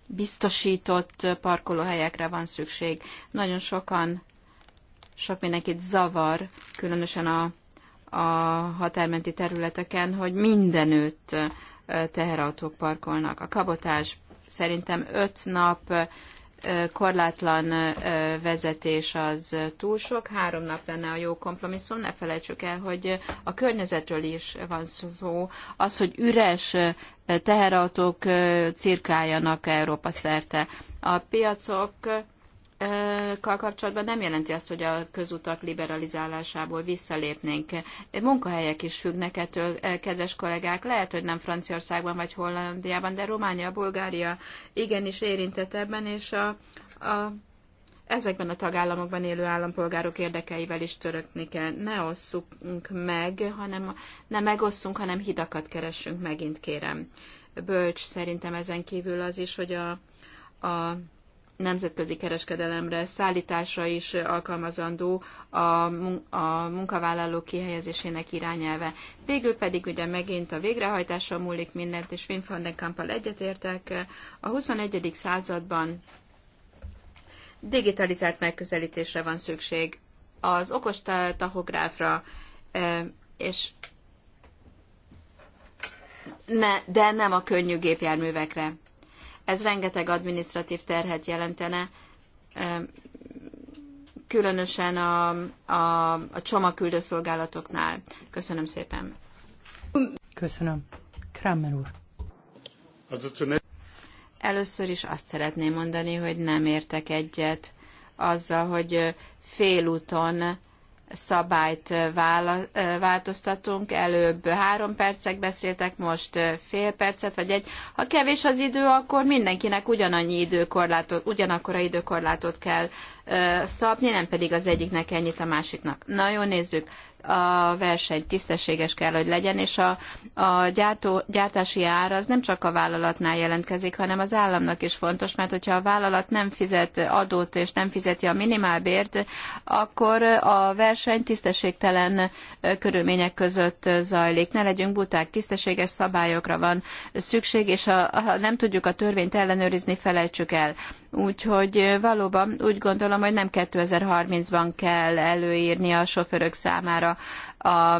biztosított parkolóhelyekre van szükség. Nagyon sokan, sok mindenkit zavar, különösen a, a határmenti területeken, hogy mindenütt teherautók parkolnak. A kabotás szerintem öt nap korlátlan vezetés az túl sok, három nap lenne a jó kompromisszum, ne felejtsük el, hogy a környezetről is van szó, az, hogy üres teherautók cirkáljanak Európa szerte. A piacok kapcsolatban nem jelenti azt, hogy a közutak liberalizálásából visszalépnénk. Munkahelyek is függnek ettől, kedves kollégák. Lehet, hogy nem Franciaországban vagy Hollandiában, de Románia, Bulgária igenis érintett ebben, és a, a ezekben a tagállamokban élő állampolgárok érdekeivel is törökni kell. Ne osszunk meg, hanem ne megosszunk, hanem hidakat keressünk megint, kérem. Bölcs szerintem ezen kívül az is, hogy a, a nemzetközi kereskedelemre, szállításra is alkalmazandó a, a munkavállalók kihelyezésének irányelve. Végül pedig ugye megint a végrehajtásra múlik mindent, és Wim van den egyetértek. A 21. században digitalizált megközelítésre van szükség. Az okos tahográfra, és ne, de nem a könnyű gépjárművekre. Ez rengeteg administratív terhet jelentene, különösen a, a, a csomagküldő szolgálatoknál. Köszönöm szépen. Köszönöm. Kramer úr. Először is azt szeretném mondani, hogy nem értek egyet azzal, hogy félúton szabályt vála, változtatunk. Előbb három percek beszéltek, most fél percet, vagy egy. Ha kevés az idő, akkor mindenkinek ugyanannyi időkorlátot, ugyanakkora időkorlátot kell szabni, nem pedig az egyiknek ennyit, a másiknak. Na jó, nézzük a verseny tisztességes kell, hogy legyen, és a, a gyártó, gyártási ár az nem csak a vállalatnál jelentkezik, hanem az államnak is fontos, mert hogyha a vállalat nem fizet adót és nem fizeti a minimálbért, akkor a verseny tisztességtelen körülmények között zajlik. Ne legyünk buták, tisztességes szabályokra van szükség, és ha, ha nem tudjuk a törvényt ellenőrizni, felejtsük el. Úgyhogy valóban úgy gondolom, hogy nem 2030-ban kell előírni a sofőrök számára a,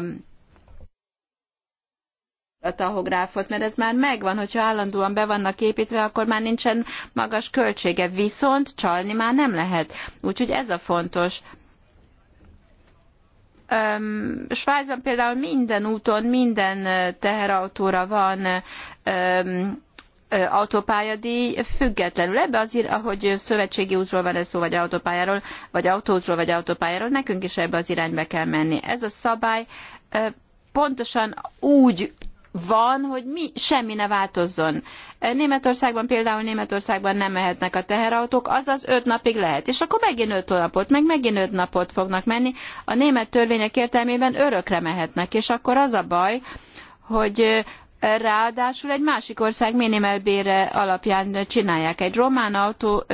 a tahográfot, mert ez már megvan, hogyha állandóan be vannak építve, akkor már nincsen magas költsége, viszont csalni már nem lehet. Úgyhogy ez a fontos. Öm, Svájcban például minden úton, minden teherautóra van öm, autópályadíj függetlenül. Ebbe azért, ahogy szövetségi útról van ez szó, vagy autópályáról, vagy autótról, vagy autópályáról, nekünk is ebbe az irányba kell menni. Ez a szabály pontosan úgy van, hogy mi, semmi ne változzon. Németországban például Németországban nem mehetnek a teherautók, azaz öt napig lehet. És akkor megint öt napot, meg megint öt napot fognak menni. A német törvények értelmében örökre mehetnek, és akkor az a baj, hogy ráadásul egy másik ország minimálbére alapján csinálják. Egy román autó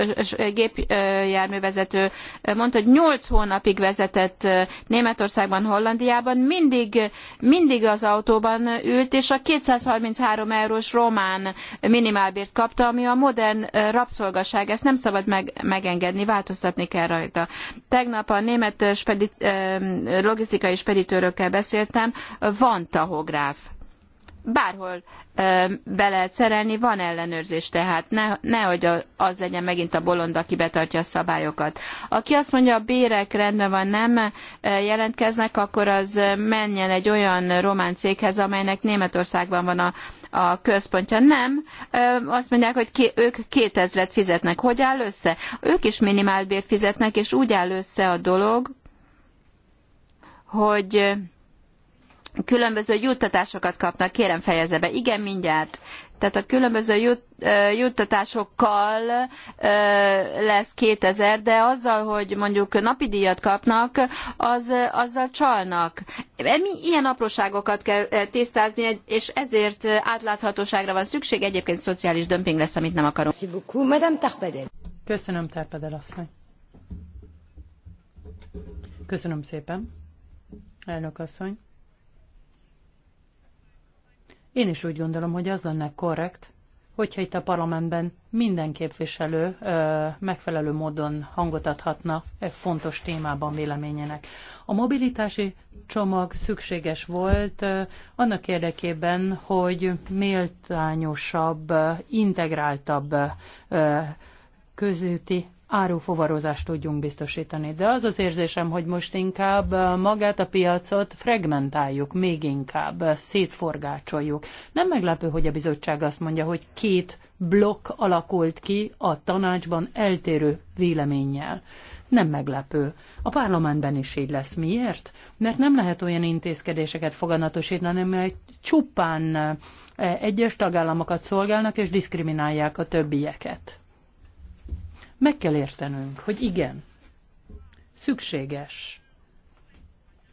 gépjárművezető mondta, hogy 8 hónapig vezetett Németországban, Hollandiában, mindig, mindig az autóban ült, és a 233 eurós román minimálbért kapta, ami a modern rabszolgaság. Ezt nem szabad meg, megengedni, változtatni kell rajta. Tegnap a német spedit, logisztikai speditőrökkel beszéltem, van tahográf bárhol ö, be lehet szerelni, van ellenőrzés, tehát ne, nehogy az legyen megint a bolond, aki betartja a szabályokat. Aki azt mondja, a bérek rendben van, nem jelentkeznek, akkor az menjen egy olyan román céghez, amelynek Németországban van a, a központja. Nem, azt mondják, hogy ki, ők 2000 fizetnek. Hogy áll össze? Ők is minimálbért fizetnek, és úgy áll össze a dolog, hogy különböző juttatásokat kapnak, kérem fejezze be. Igen, mindjárt. Tehát a különböző jut, juttatásokkal lesz 2000, de azzal, hogy mondjuk napi díjat kapnak, az, azzal csalnak. E, mi ilyen apróságokat kell e, tisztázni, és ezért átláthatóságra van szükség. Egyébként szociális dömping lesz, amit nem akarunk. Köszönöm, Terpedel asszony. Köszönöm szépen, elnök asszony. Én is úgy gondolom, hogy az lenne korrekt, hogyha itt a parlamentben minden képviselő ö, megfelelő módon hangot adhatna e fontos témában véleményének. A mobilitási csomag szükséges volt ö, annak érdekében, hogy méltányosabb, integráltabb ö, közüti árufovarozást tudjunk biztosítani. De az az érzésem, hogy most inkább magát a piacot fragmentáljuk, még inkább szétforgácsoljuk. Nem meglepő, hogy a bizottság azt mondja, hogy két blokk alakult ki a tanácsban eltérő véleménnyel. Nem meglepő. A parlamentben is így lesz. Miért? Mert nem lehet olyan intézkedéseket foganatosítani, mert csupán egyes tagállamokat szolgálnak és diszkriminálják a többieket. Meg kell értenünk, hogy igen, szükséges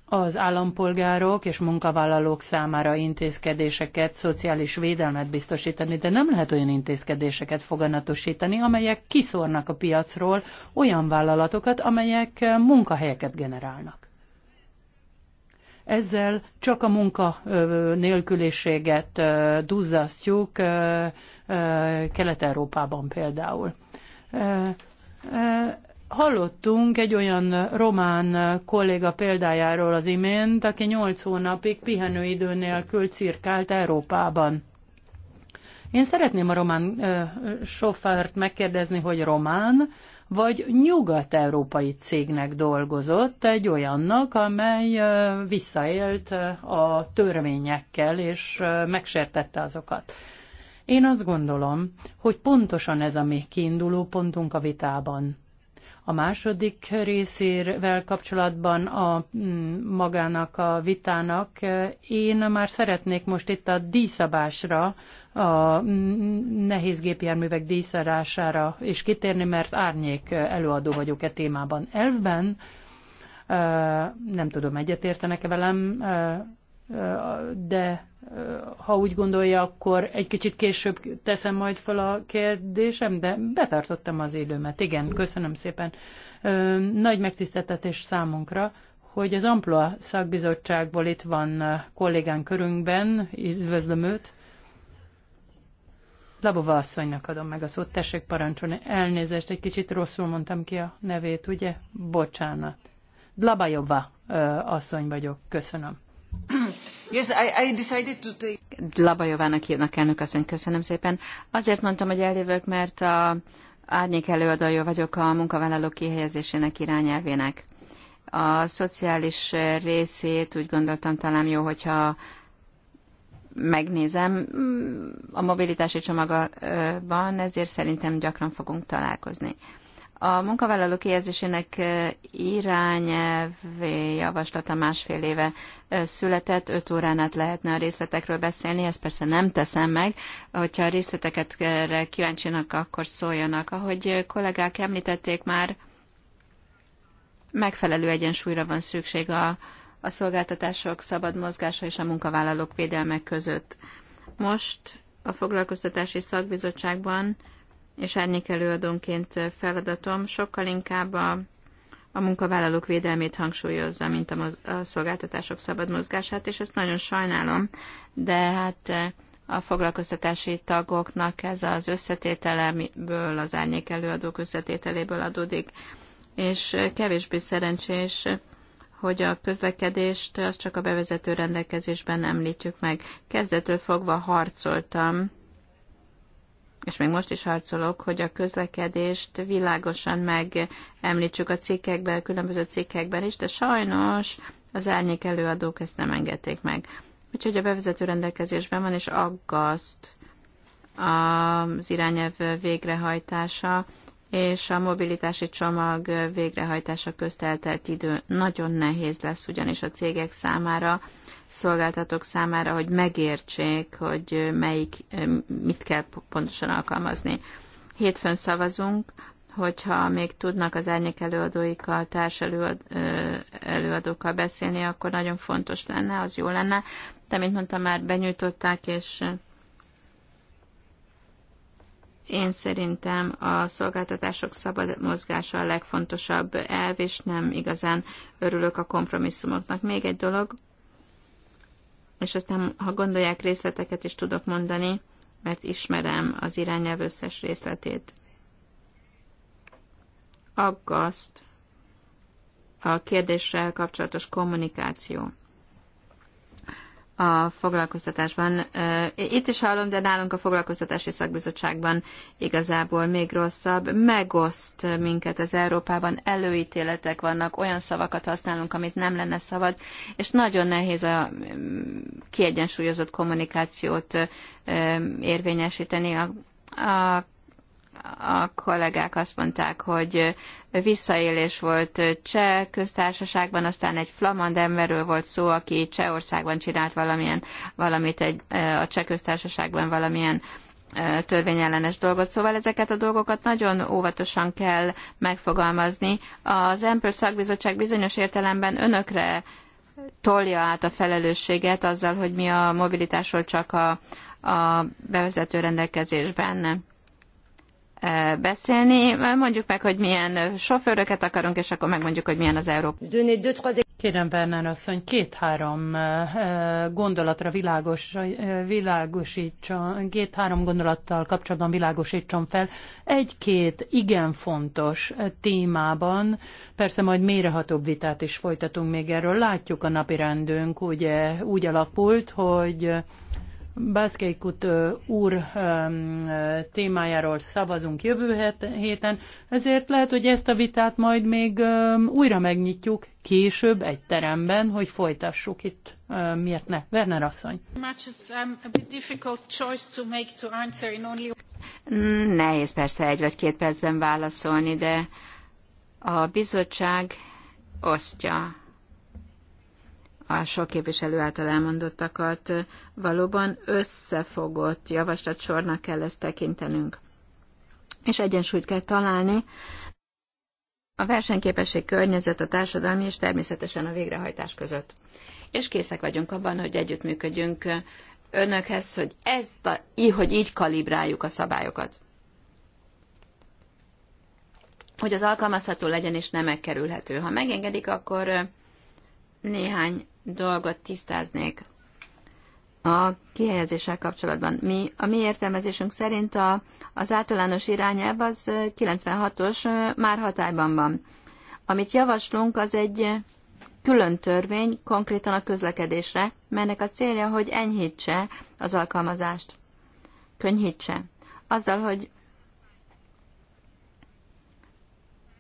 az állampolgárok és munkavállalók számára intézkedéseket, szociális védelmet biztosítani, de nem lehet olyan intézkedéseket foganatosítani, amelyek kiszórnak a piacról olyan vállalatokat, amelyek eh, munkahelyeket generálnak. Ezzel csak a munka nélküliséget duzzasztjuk Kelet-Európában például. Hallottunk egy olyan román kolléga példájáról az imént, aki nyolc hónapig pihenőidő nélkül cirkált Európában. Én szeretném a román sofárt megkérdezni, hogy román vagy nyugat-európai cégnek dolgozott, egy olyannak, amely visszaélt a törvényekkel és megsértette azokat. Én azt gondolom, hogy pontosan ez a mi kiinduló pontunk a vitában. A második részével kapcsolatban a mm, magának a vitának én már szeretnék most itt a díszabásra, a mm, nehéz gépjárművek díjszabására is kitérni, mert árnyék előadó vagyok e témában. Elvben nem tudom, egyetértenek-e velem, de ha úgy gondolja, akkor egy kicsit később teszem majd fel a kérdésem, de betartottam az időmet. Igen, köszönöm szépen. Nagy megtiszteltetés számunkra, hogy az Ampla szakbizottságból itt van kollégán körünkben, üdvözlöm őt. Labova asszonynak adom meg a szót, tessék parancsolni. Elnézést, egy kicsit rosszul mondtam ki a nevét, ugye? Bocsánat. Labajova asszony vagyok, köszönöm. Yes, I, I decided to take... Labajovának hívnak elnök asszony, köszönöm szépen. Azért mondtam, hogy eljövök, mert a árnyék előadója vagyok a munkavállalók kihelyezésének irányelvének. A szociális részét úgy gondoltam talán jó, hogyha megnézem. Mm, a mobilitási csomagban ezért szerintem gyakran fogunk találkozni. A munkavállalók kijelzésének irányelvé javaslata másfél éve született, öt órán át lehetne a részletekről beszélni, ezt persze nem teszem meg, hogyha a részleteket kíváncsinak, akkor szóljanak. Ahogy kollégák említették már, megfelelő egyensúlyra van szükség a, a szolgáltatások szabad mozgása és a munkavállalók védelme között. Most a foglalkoztatási szakbizottságban és árnyék előadónként feladatom sokkal inkább a, a munkavállalók védelmét hangsúlyozza, mint a, moz, a szolgáltatások szabad mozgását, és ezt nagyon sajnálom, de hát eh, a foglalkoztatási tagoknak ez az összetételeből az árnyék előadók összetételéből adódik, és eh, kevésbé szerencsés, hogy a közlekedést azt csak a bevezető rendelkezésben említjük meg. Kezdetől fogva harcoltam és még most is harcolok, hogy a közlekedést világosan megemlítsük a cikkekben, a különböző cikkekben is, de sajnos az árnyék előadók ezt nem engedték meg. Úgyhogy a bevezető rendelkezésben van, és aggaszt az irányelv végrehajtása és a mobilitási csomag végrehajtása közt eltelt idő nagyon nehéz lesz ugyanis a cégek számára, szolgáltatók számára, hogy megértsék, hogy melyik, mit kell pontosan alkalmazni. Hétfőn szavazunk, hogyha még tudnak az árnyék előadóikkal, társ előadókkal beszélni, akkor nagyon fontos lenne, az jó lenne. De, mint mondtam, már benyújtották, és én szerintem a szolgáltatások szabad mozgása a legfontosabb elv, és nem igazán örülök a kompromisszumoknak. Még egy dolog, és aztán, ha gondolják, részleteket is tudok mondani, mert ismerem az irányelv összes részletét. Aggaszt a kérdéssel kapcsolatos kommunikáció a foglalkoztatásban. Itt is hallom, de nálunk a foglalkoztatási szakbizottságban igazából még rosszabb. Megoszt minket ez Európában, előítéletek vannak, olyan szavakat használunk, amit nem lenne szabad, és nagyon nehéz a mm, kiegyensúlyozott kommunikációt érvényesíteni a, a a kollégák azt mondták, hogy visszaélés volt cseh köztársaságban, aztán egy flamand emberről volt szó, aki Csehországban csinált valamilyen, valamit egy, a cseh köztársaságban valamilyen törvényellenes dolgot. Szóval ezeket a dolgokat nagyon óvatosan kell megfogalmazni. Az Empel szakbizottság bizonyos értelemben önökre tolja át a felelősséget azzal, hogy mi a mobilitásról csak a, a bevezető rendelkezésben beszélni. Mondjuk meg, hogy milyen sofőröket akarunk, és akkor megmondjuk, hogy milyen az Európa. Kérem, Bernán asszony, két-három gondolatra világos, világosítson, két-három gondolattal kapcsolatban világosítson fel. Egy-két igen fontos témában, persze majd mérehatóbb vitát is folytatunk még erről. Látjuk a napi rendünk, ugye úgy alakult, hogy Kut úr témájáról szavazunk jövő héten, ezért lehet, hogy ezt a vitát majd még újra megnyitjuk később egy teremben, hogy folytassuk itt. Miért ne? Werner asszony. Um, mm, nehéz persze egy vagy két percben válaszolni, de a bizottság osztja a sok képviselő által elmondottakat. Valóban összefogott javaslatsornak kell ezt tekintenünk. És egyensúlyt kell találni a versenyképesség környezet, a társadalmi és természetesen a végrehajtás között. És készek vagyunk abban, hogy együttműködjünk önökhez, hogy, ezt a, hogy így kalibráljuk a szabályokat. Hogy az alkalmazható legyen és nem megkerülhető. Ha megengedik, akkor néhány dolgot tisztáznék a kihelyezéssel kapcsolatban. Mi, a mi értelmezésünk szerint a, az általános irányelv az 96-os már hatályban van. Amit javaslunk, az egy külön törvény konkrétan a közlekedésre, melynek a célja, hogy enyhítse az alkalmazást. Könnyítse. Azzal, hogy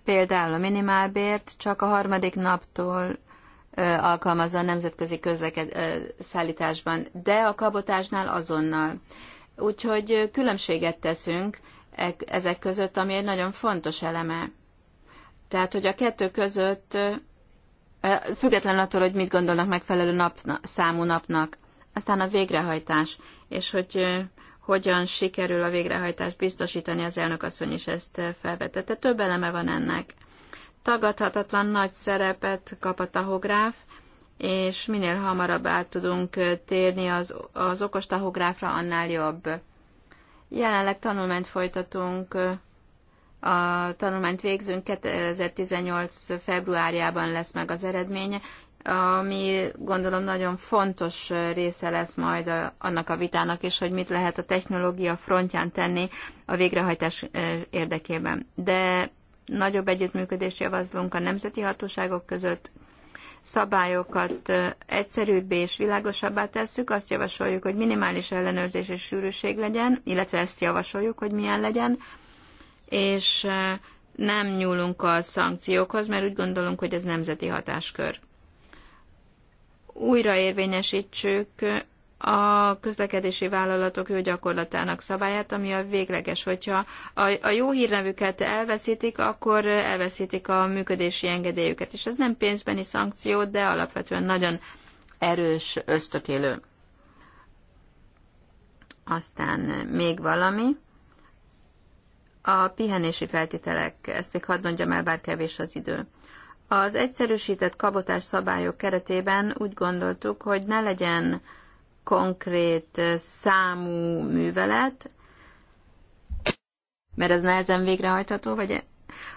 például a minimálbért csak a harmadik naptól alkalmazza a nemzetközi közleked szállításban, de a kabotásnál azonnal. Úgyhogy különbséget teszünk e-, ezek között, ami egy nagyon fontos eleme. Tehát, hogy a kettő között, független attól, hogy mit gondolnak megfelelő nap, számú napnak, aztán a végrehajtás, és hogy hogyan sikerül a végrehajtást biztosítani, az elnök asszony is ezt felvetette. Több eleme van ennek tagadhatatlan nagy szerepet kap a tahográf, és minél hamarabb át tudunk térni az, az okos tahográfra, annál jobb. Jelenleg tanulmányt folytatunk, a tanulmányt végzünk, 2018. februárjában lesz meg az eredménye, ami gondolom nagyon fontos része lesz majd a, annak a vitának is, hogy mit lehet a technológia frontján tenni a végrehajtás érdekében. De Nagyobb együttműködést javaslunk a nemzeti hatóságok között, szabályokat egyszerűbbé és világosabbá tesszük, azt javasoljuk, hogy minimális ellenőrzés és sűrűség legyen, illetve ezt javasoljuk, hogy milyen legyen, és nem nyúlunk a szankciókhoz, mert úgy gondolunk, hogy ez nemzeti hatáskör. Újra érvényesítsük a közlekedési vállalatok jó gyakorlatának szabályát, ami a végleges. Hogyha a, a jó hírnevüket elveszítik, akkor elveszítik a működési engedélyüket. És ez nem pénzbeni szankció, de alapvetően nagyon erős ösztökélő. Aztán még valami. A pihenési feltételek, ezt még hadd mondjam el, bár kevés az idő. Az egyszerűsített kabotás szabályok keretében úgy gondoltuk, hogy ne legyen konkrét eh, számú művelet, mert ez nehezen végrehajtható, vagy e-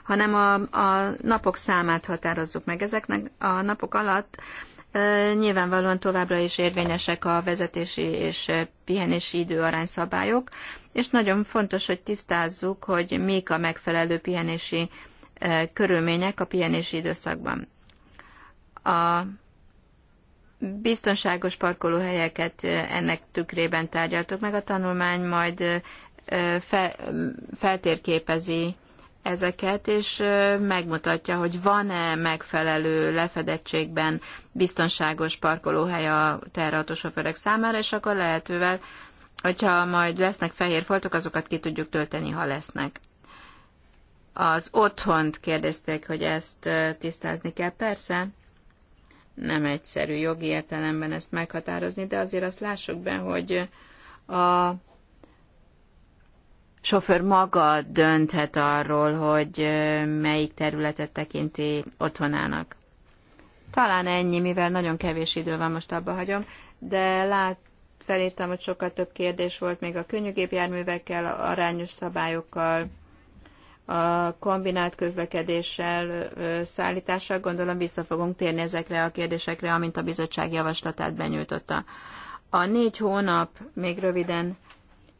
hanem a, a napok számát határozzuk meg. Ezeknek a napok alatt e, nyilvánvalóan továbbra is érvényesek a vezetési és eh, pihenési időarányszabályok, és nagyon fontos, hogy tisztázzuk, hogy mik a megfelelő pihenési e, körülmények a pihenési időszakban. A biztonságos parkolóhelyeket ennek tükrében tárgyaltok meg. A tanulmány majd fel, feltérképezi ezeket, és megmutatja, hogy van-e megfelelő lefedettségben biztonságos parkolóhely a sofőrök számára, és akkor lehetővel, hogyha majd lesznek fehér foltok, azokat ki tudjuk tölteni, ha lesznek. Az otthont kérdezték, hogy ezt tisztázni kell. Persze, nem egyszerű jogi értelemben ezt meghatározni, de azért azt lássuk be, hogy a sofőr maga dönthet arról, hogy melyik területet tekinti otthonának. Talán ennyi, mivel nagyon kevés idő van, most abba hagyom, de lát, felírtam, hogy sokkal több kérdés volt még a könnyűgépjárművekkel, arányos szabályokkal, a kombinált közlekedéssel, szállítással, gondolom vissza fogunk térni ezekre a kérdésekre, amint a bizottság javaslatát benyújtotta. A négy hónap, még röviden,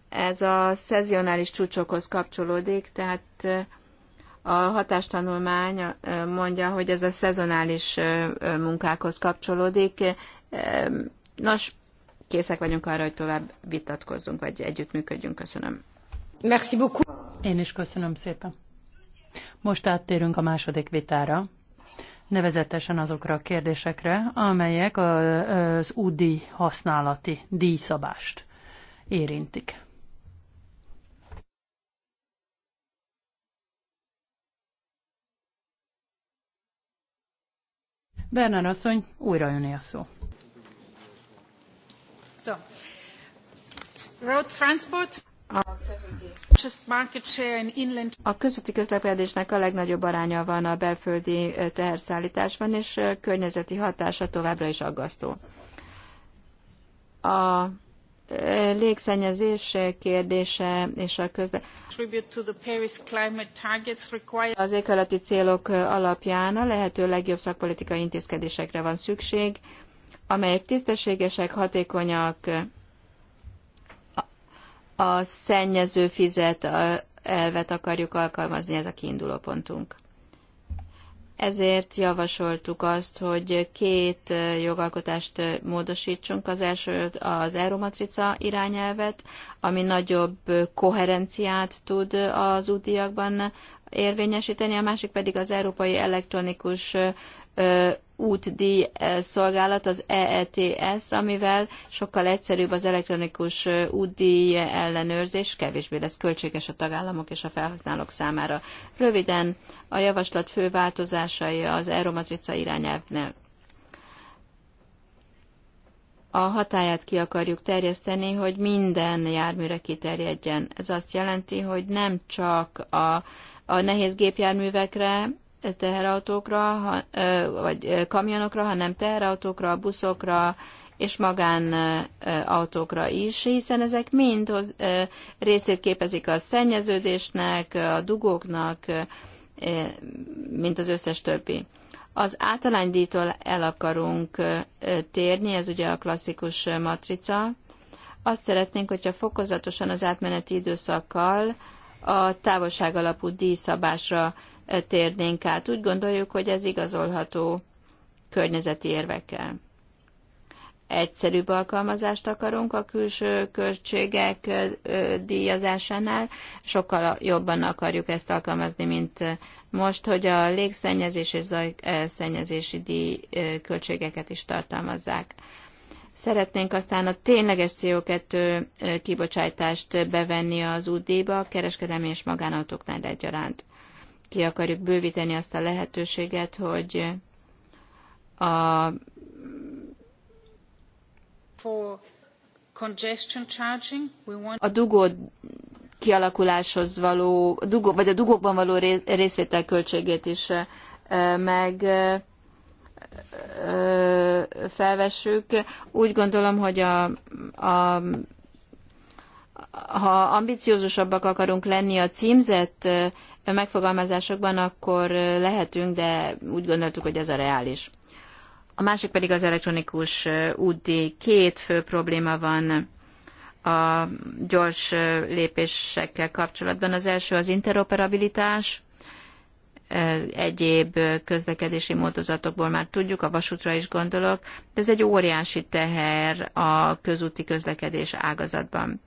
ez a szezionális csúcsokhoz kapcsolódik, tehát a hatástanulmány mondja, hogy ez a szezonális munkákhoz kapcsolódik. Nos, készek vagyunk arra, hogy tovább vitatkozzunk, vagy együttműködjünk. Köszönöm. Merci beaucoup. Én is köszönöm szépen. Most áttérünk a második vitára, nevezetesen azokra a kérdésekre, amelyek az údi használati díjszabást érintik. Bernard asszony, újra jön a szó. So, road transport. A közúti közlekedésnek a legnagyobb aránya van a belföldi eh, teherszállításban, és eh, környezeti hatása továbbra is aggasztó. A eh, légszennyezés kérdése és a közlekedés. Az éghajlati célok alapján a lehető legjobb szakpolitikai intézkedésekre van szükség, amelyek tisztességesek, hatékonyak, a szennyező fizet elvet akarjuk alkalmazni, ez a kiinduló pontunk. Ezért javasoltuk azt, hogy két jogalkotást módosítsunk. Az első az euromatrica irányelvet, ami nagyobb koherenciát tud az útiakban érvényesíteni, a másik pedig az európai elektronikus útdíj eh, szolgálat, az EETS, amivel sokkal egyszerűbb az elektronikus eh, útdíj ellenőrzés, kevésbé lesz költséges a tagállamok és a felhasználók számára. Röviden a javaslat fő változásai az Euromatrica irányelvnél a hatáját ki akarjuk terjeszteni, hogy minden járműre kiterjedjen. Ez azt jelenti, hogy nem csak a, a nehéz gépjárművekre, teherautókra, ha, vagy kamionokra, hanem teherautókra, buszokra, és magánautókra is, hiszen ezek mind hoz, részét képezik a szennyeződésnek, a dugóknak, mint az összes többi. Az általánydíjtól el akarunk térni, ez ugye a klasszikus matrica. Azt szeretnénk, hogyha fokozatosan az átmeneti időszakkal a távolság alapú díjszabásra térnénk át. Úgy gondoljuk, hogy ez igazolható környezeti érvekkel. Egyszerűbb alkalmazást akarunk a külső költségek díjazásánál, sokkal jobban akarjuk ezt alkalmazni, mint most, hogy a légszennyezés és zajszennyezési díj költségeket is tartalmazzák. Szeretnénk aztán a tényleges CO2 kibocsátást bevenni az útdíjba, kereskedelmi és magánautóknál egyaránt ki akarjuk bővíteni azt a lehetőséget, hogy a a dugó kialakuláshoz való, a dugó, vagy a dugókban való részvétel költségét is meg felvessük. Úgy gondolom, hogy a, a ha ambiciózusabbak akarunk lenni a címzett megfogalmazásokban, akkor lehetünk, de úgy gondoltuk, hogy ez a reális. A másik pedig az elektronikus úti. Két fő probléma van a gyors lépésekkel kapcsolatban. Az első az interoperabilitás, egyéb közlekedési módozatokból már tudjuk, a vasútra is gondolok, de ez egy óriási teher a közúti közlekedés ágazatban.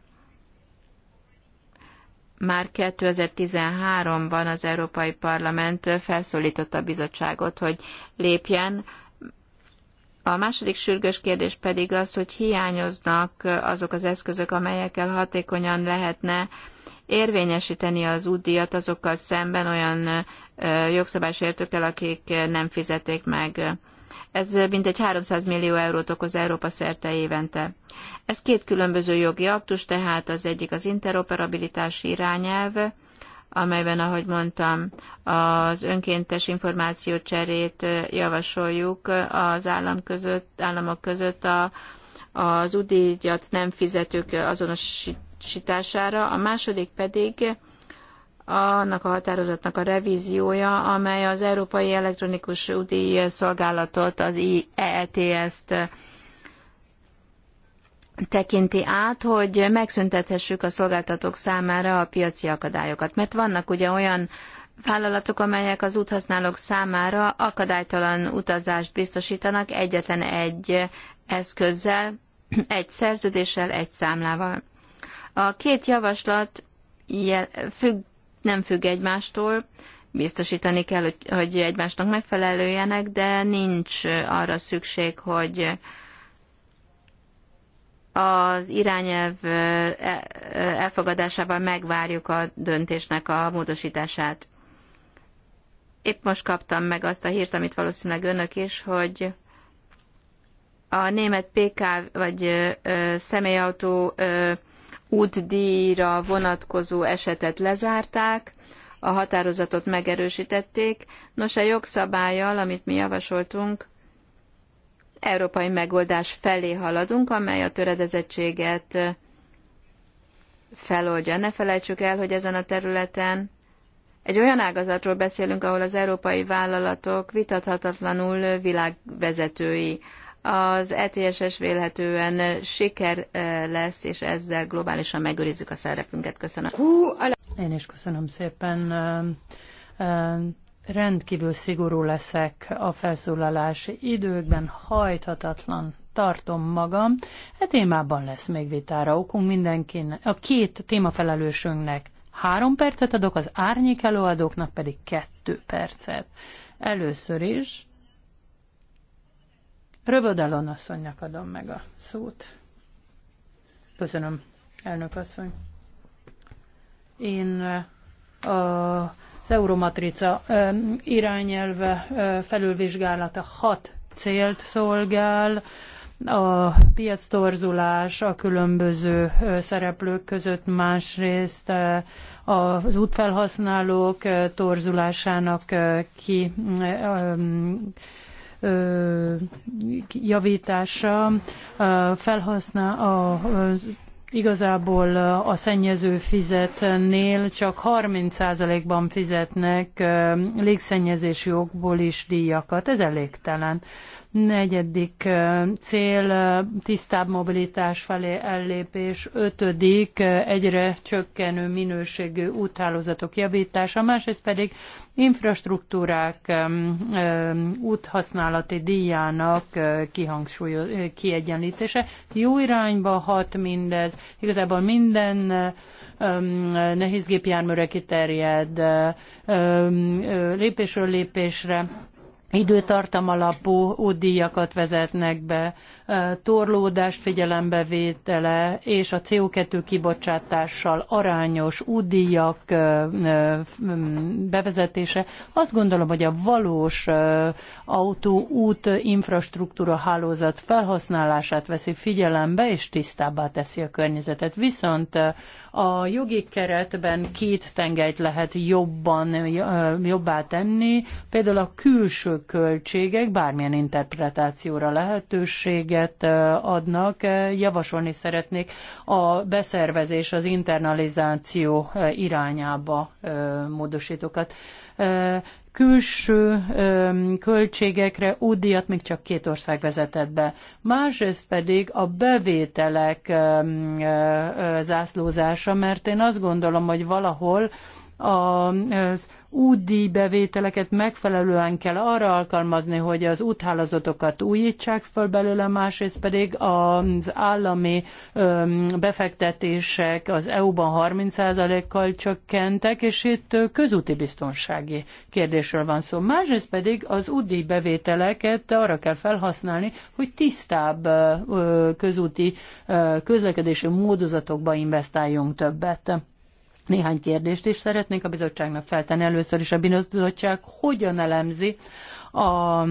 Már 2013-ban az Európai Parlament felszólította a bizottságot, hogy lépjen. A második sürgős kérdés pedig az, hogy hiányoznak azok az eszközök, amelyekkel hatékonyan lehetne érvényesíteni az útdíjat azokkal szemben olyan jogszabálysértőkkel, akik nem fizetik meg ez mintegy 300 millió eurót okoz Európa szerte évente. Ez két különböző jogi aktus, tehát az egyik az interoperabilitási irányelv, amelyben, ahogy mondtam, az önkéntes információcserét javasoljuk az állam között, államok között a, az udíjat nem fizetők azonosítására, a második pedig annak a határozatnak a revíziója, amely az Európai Elektronikus Úti Szolgálatot, az EETS-t tekinti át, hogy megszüntethessük a szolgáltatók számára a piaci akadályokat. Mert vannak ugye olyan vállalatok, amelyek az úthasználók számára akadálytalan utazást biztosítanak egyetlen egy eszközzel, egy szerződéssel, egy számlával. A két javaslat függ nem függ egymástól, biztosítani kell, hogy, hogy egymásnak megfelelőjenek, de nincs arra szükség, hogy az irányelv e, elfogadásával megvárjuk a döntésnek a módosítását. Épp most kaptam meg azt a hírt, amit valószínűleg önök is, hogy a német PK vagy ö, személyautó ö, útdíjra vonatkozó esetet lezárták, a határozatot megerősítették, nos a jogszabályjal, amit mi javasoltunk, európai megoldás felé haladunk, amely a töredezettséget feloldja. Ne felejtsük el, hogy ezen a területen egy olyan ágazatról beszélünk, ahol az európai vállalatok vitathatatlanul világvezetői. Az ETSS vélhetően siker eh, lesz, és ezzel globálisan megőrizzük a szerepünket. Köszönöm. Én is köszönöm szépen eh, eh, rendkívül szigorú leszek a felszólalási időkben, hajthatatlan tartom magam. E témában lesz még vitára okunk mindenkinek. A két témafelelősünknek három percet adok, az árnyék előadóknak pedig kettő percet. Először is Rövodalon asszonynak adom meg a szót. Köszönöm, elnök asszony. Én a, az Euromatrica irányelve felülvizsgálata hat célt szolgál, a piac torzulás a különböző szereplők között, másrészt az útfelhasználók torzulásának ki javítása felhasznál a igazából a szennyező fizetnél csak 30%-ban fizetnek légszennyezési okból is díjakat. Ez elégtelen negyedik cél tisztább mobilitás felé ellépés, ötödik egyre csökkenő minőségű úthálózatok javítása, másrészt pedig infrastruktúrák úthasználati díjának kihangsúlyoz, kiegyenlítése. Jó irányba hat mindez, igazából minden nehézgépjárműre kiterjed lépésről lépésre, időtartam alapú útdíjakat vezetnek be, torlódás figyelembevétele és a CO2 kibocsátással arányos útdíjak bevezetése. Azt gondolom, hogy a valós autóút infrastruktúra hálózat felhasználását veszi figyelembe és tisztábbá teszi a környezetet. Viszont a jogi keretben két tengelyt lehet jobban, jobbá tenni, például a külső költségek, bármilyen interpretációra lehetőség, lehetőséget adnak. Javasolni szeretnék a beszervezés, az internalizáció irányába módosítókat. Külső költségekre útdíjat még csak két ország vezetett be. Másrészt pedig a bevételek zászlózása, mert én azt gondolom, hogy valahol az údi bevételeket megfelelően kell arra alkalmazni, hogy az úthálazatokat újítsák föl belőle, másrészt pedig az állami befektetések az EU-ban 30%-kal csökkentek, és itt közúti biztonsági kérdésről van szó. Másrészt pedig az údi bevételeket arra kell felhasználni, hogy tisztább közúti közlekedési módozatokba investáljunk többet. Néhány kérdést is szeretnék a bizottságnak feltenni. Először is a bizottság hogyan elemzi a,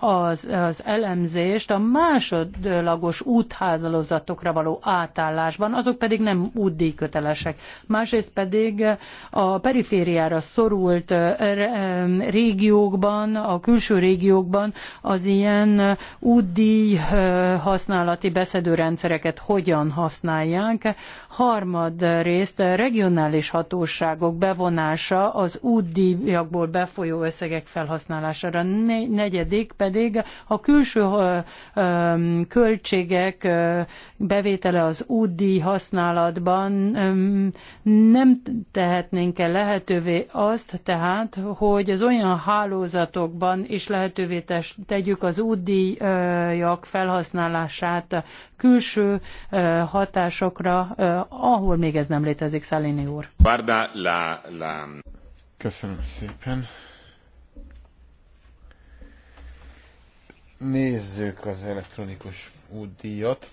az, az elemzést a másodlagos útházalozatokra való átállásban, azok pedig nem útdíjkötelesek. Másrészt pedig a perifériára szorult eh, eh, régiókban, a külső régiókban az ilyen útdíj eh, használati beszedőrendszereket hogyan használják. Harmadrészt regionális hatóságok bevonása az útdíjakból befolyó összegek felhasználására a Negyedik pedig a külső költségek bevétele az útdíj használatban nem tehetnénk el lehetővé azt, tehát, hogy az olyan hálózatokban is lehetővé tegyük az útdíjak felhasználását külső hatásokra, ahol még ez nem létezik, Szalini úr. Köszönöm szépen. Nézzük az elektronikus útdíjat.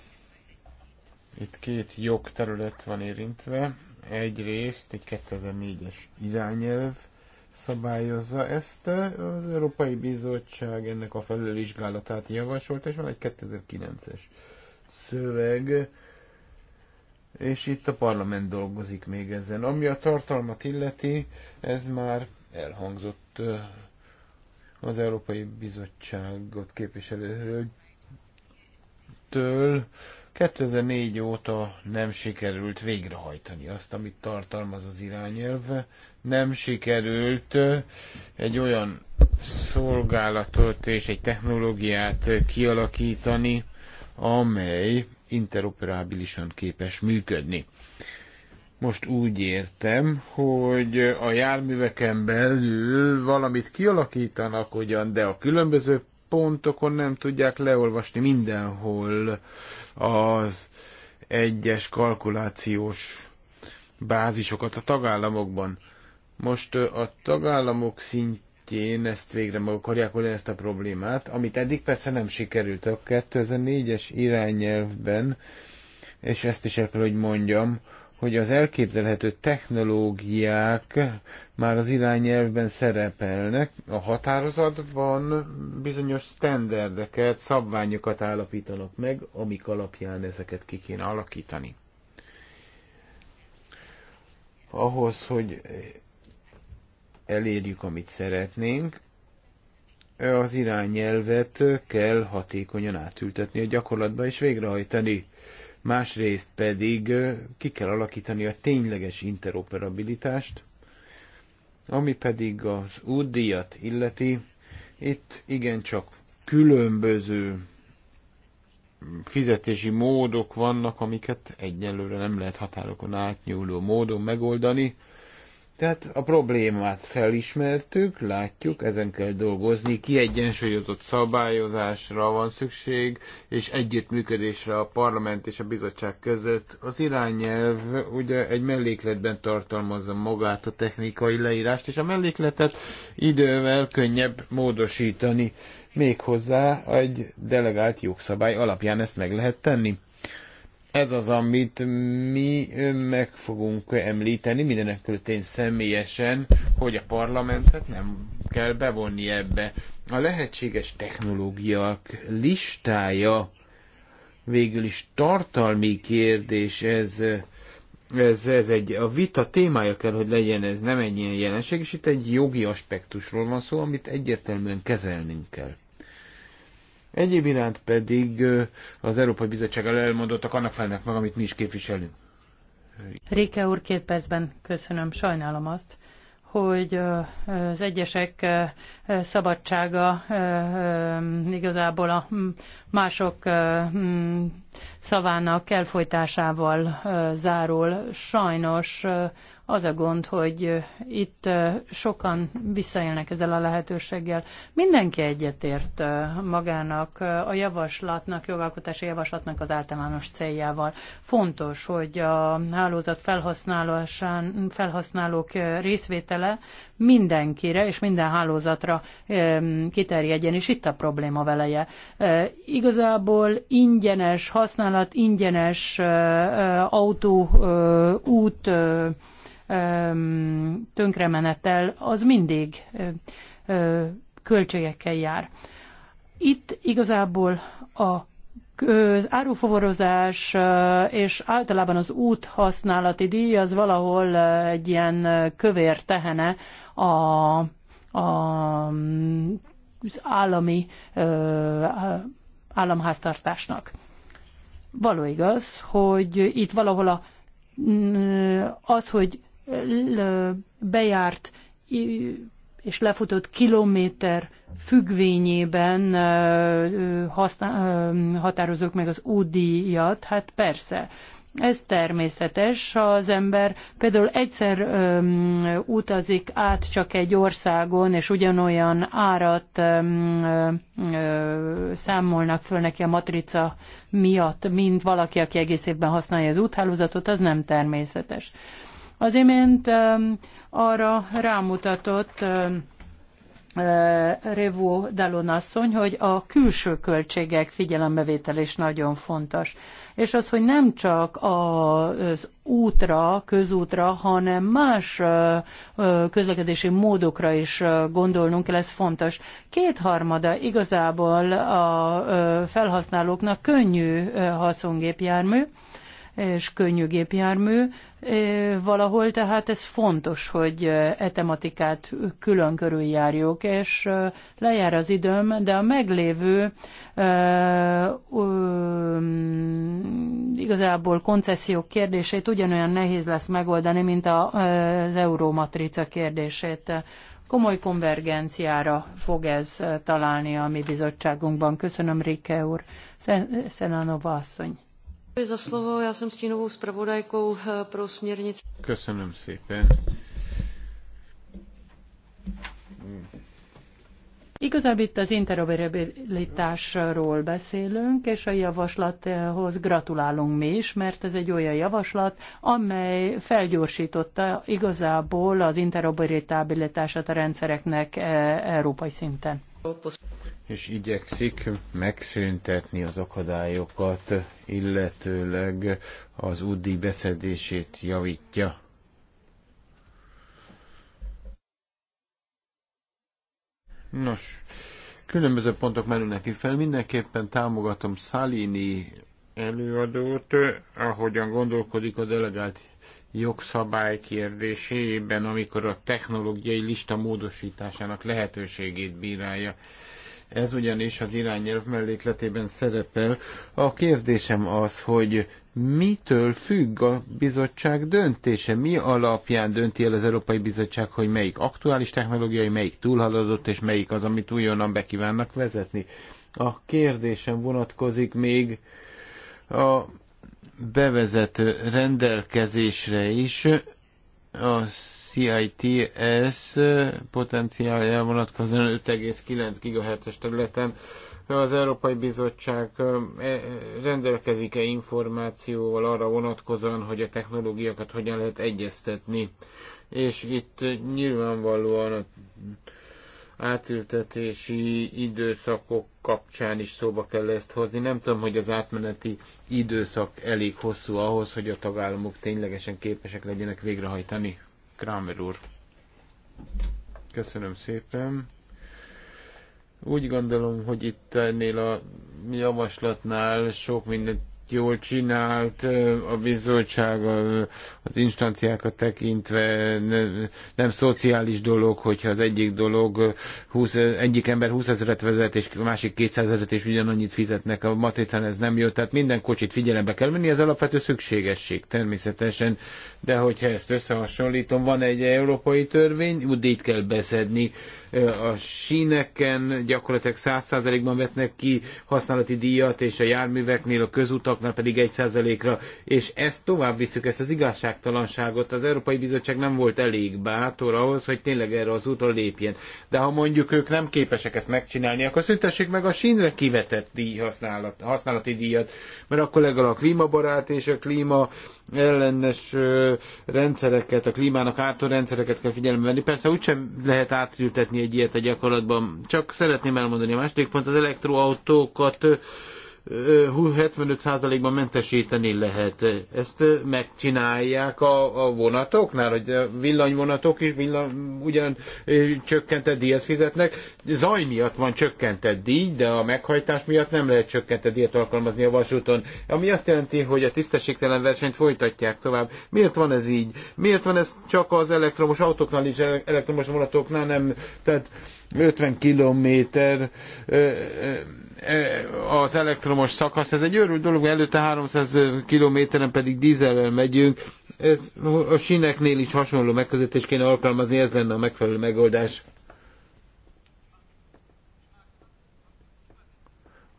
Itt két jogterület van érintve. Egyrészt egy 2004-es irányelv szabályozza ezt. Az Európai Bizottság ennek a felülvizsgálatát javasolt, és van egy 2009-es szöveg, és itt a parlament dolgozik még ezen. Ami a tartalmat illeti, ez már elhangzott az Európai Bizottságot képviselő hölgytől től 2004 óta nem sikerült végrehajtani azt, amit tartalmaz az irányelv. Nem sikerült eh, egy olyan szolgálatot és egy technológiát kialakítani, amely interoperábilisan képes működni. Most úgy értem, hogy a járműveken belül valamit kialakítanak ugyan, de a különböző pontokon nem tudják leolvasni mindenhol az egyes kalkulációs bázisokat a tagállamokban. Most a tagállamok szintjén ezt végre meg akarják oldani ezt a problémát, amit eddig persze nem sikerült a 2004-es irányelvben, és ezt is el kell, hogy mondjam, hogy az elképzelhető technológiák már az irányelvben szerepelnek, a határozatban bizonyos sztenderdeket, szabványokat állapítanak meg, amik alapján ezeket ki kéne alakítani. Ahhoz, hogy elérjük, amit szeretnénk, az irányelvet kell hatékonyan átültetni a gyakorlatba és végrehajtani másrészt pedig ki kell alakítani a tényleges interoperabilitást, ami pedig az útdíjat illeti, itt igencsak különböző fizetési módok vannak, amiket egyelőre nem lehet határokon átnyúló módon megoldani. Tehát a problémát felismertük, látjuk, ezen kell dolgozni, kiegyensúlyozott szabályozásra van szükség, és együttműködésre a parlament és a bizottság között. Az irányelv ugye egy mellékletben tartalmazza magát a technikai leírást, és a mellékletet idővel könnyebb módosítani. Méghozzá egy delegált jogszabály alapján ezt meg lehet tenni. Ez az, amit mi meg fogunk említeni, mindenekelőtt én személyesen, hogy a parlamentet nem kell bevonni ebbe. A lehetséges technológiák listája végül is tartalmi kérdés, ez, ez, ez egy, a vita témája kell, hogy legyen ez, nem egy ilyen jelenség, és itt egy jogi aspektusról van szó, amit egyértelműen kezelnünk kell. Egyéb iránt pedig az Európai Bizottság elmondottak, annak felnek meg, amit mi is képviselünk. Réke úr, két percben köszönöm, sajnálom azt, hogy az egyesek szabadsága igazából a mások szavának elfolytásával zárul. Sajnos az a gond, hogy itt sokan visszaélnek ezzel a lehetőséggel. Mindenki egyetért magának, a javaslatnak, jogalkotási javaslatnak az általános céljával. Fontos, hogy a hálózat felhasználásán, felhasználók részvétele mindenkire és minden hálózatra kiterjedjen, és itt a probléma veleje. Igazából ingyenes használat, ingyenes autó, út, tönkremenetel, az mindig költségekkel jár. Itt igazából a az árufavorozás és általában az út használati díj az valahol egy ilyen kövér tehene a, a, mm, az állami államháztartásnak. Való igaz, hogy itt valahol a, mm, az, hogy bejárt és lefutott kilométer függvényében határozok meg az údíjat, hát persze, ez természetes, ha az ember például egyszer öm, utazik át csak egy országon, és ugyanolyan árat öm, öm, számolnak föl neki a matrica miatt, mint valaki, aki egész évben használja az úthálózatot, az nem természetes. Az imént um, arra rámutatott um, uh, Revó Dallon asszony, hogy a külső költségek figyelembevétel is nagyon fontos. És az, hogy nem csak az útra, közútra, hanem más uh, uh, közlekedési módokra is gondolnunk kell, ez fontos. Kétharmada igazából a felhasználóknak könnyű haszongépjármű, és könnyű gépjármű, valahol, tehát ez fontos, hogy e tematikát külön körüljárjuk, és lejár az időm, de a meglévő igazából koncesziók kérdését ugyanolyan nehéz lesz megoldani, mint az eurómatrica kérdését. Komoly konvergenciára fog ez találni a mi bizottságunkban. Köszönöm, Rike úr. Szenanova asszony. Eh, Köszönöm szépen. Igazából itt az interoperabilitásról beszélünk, és a javaslathoz gratulálunk mi is, mert ez egy olyan javaslat, amely felgyorsította igazából az interoperabilitását a rendszereknek eh, európai szinten és igyekszik megszüntetni az akadályokat, illetőleg az údi beszedését javítja. Nos, különböző pontok merülnek ki fel. Mindenképpen támogatom Szalini előadót, ahogyan gondolkodik a delegált jogszabály kérdésében, amikor a technológiai lista módosításának lehetőségét bírálja. Ez ugyanis az irányelv mellékletében szerepel. A kérdésem az, hogy mitől függ a bizottság döntése? Mi alapján dönti el az Európai Bizottság, hogy melyik aktuális technológiai, melyik túlhaladott, és melyik az, amit újonnan bekívánnak vezetni? A kérdésem vonatkozik még a bevezető rendelkezésre is, az CITS potenciálja vonatkozóan 5,9 GHz-es területen. Az Európai Bizottság e, rendelkezik-e információval arra vonatkozóan, hogy a technológiákat hogyan lehet egyeztetni? És itt nyilvánvalóan a átültetési időszakok kapcsán is szóba kell ezt hozni. Nem tudom, hogy az átmeneti időszak elég hosszú ahhoz, hogy a tagállamok ténylegesen képesek legyenek végrehajtani. Kramer úr. Köszönöm szépen. Úgy gondolom, hogy itt ennél a javaslatnál sok mindent jól csinált a bizottság az instanciákat tekintve, nem, szociális dolog, hogyha az egyik dolog, 20, egyik ember 20 ezeret vezet, és a másik 200 ezeret, és ugyanannyit fizetnek, a matricán ez nem jó, tehát minden kocsit figyelembe kell menni, ez alapvető szükségesség természetesen, de hogyha ezt összehasonlítom, van egy európai törvény, úgy kell beszedni, a síneken gyakorlatilag 100%-ban vetnek ki használati díjat, és a járműveknél a közutak vállalatoknál pedig 1%-ra, és ezt tovább visszük, ezt az igazságtalanságot. Az Európai Bizottság nem volt elég bátor ahhoz, hogy tényleg erre az úton lépjen. De ha mondjuk ők nem képesek ezt megcsinálni, akkor szüntessék meg a sínre kivetett díj használat, használati díjat, mert akkor legalább a klímabarát és a klíma ellenes rendszereket, a klímának ártó rendszereket kell figyelembe venni. Persze úgysem lehet átültetni egy ilyet a gyakorlatban. Csak szeretném elmondani a második pont, az elektroautókat 75%-ban mentesíteni lehet. Ezt megcsinálják a, a vonatoknál, hogy a villanyvonatok is villan, ugyan csökkentett díjat fizetnek. Zaj miatt van csökkentett díj, de a meghajtás miatt nem lehet csökkentett díjat alkalmazni a vasúton. Ami azt jelenti, hogy a tisztességtelen versenyt folytatják tovább. Miért van ez így? Miért van ez csak az elektromos autóknál és elektromos vonatoknál nem? Tehát 50 kilométer Eh, az elektromos szakasz. Ez egy őrült dolog, mert előtte 300 eh, kilométeren pedig dízelvel megyünk. Ez a sineknél is hasonló megközelítést kéne alkalmazni, ez lenne a megfelelő megoldás.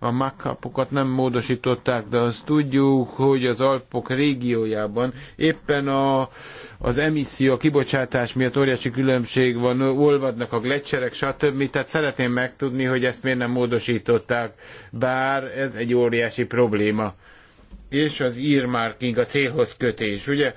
a makapokat nem módosították, de azt tudjuk, hogy az Alpok régiójában éppen a, az emisszió, a kibocsátás miatt óriási különbség van, olvadnak a gletszerek, stb. Tehát szeretném megtudni, hogy ezt miért nem módosították, bár ez egy óriási probléma. És az írmárking, a célhoz kötés, ugye?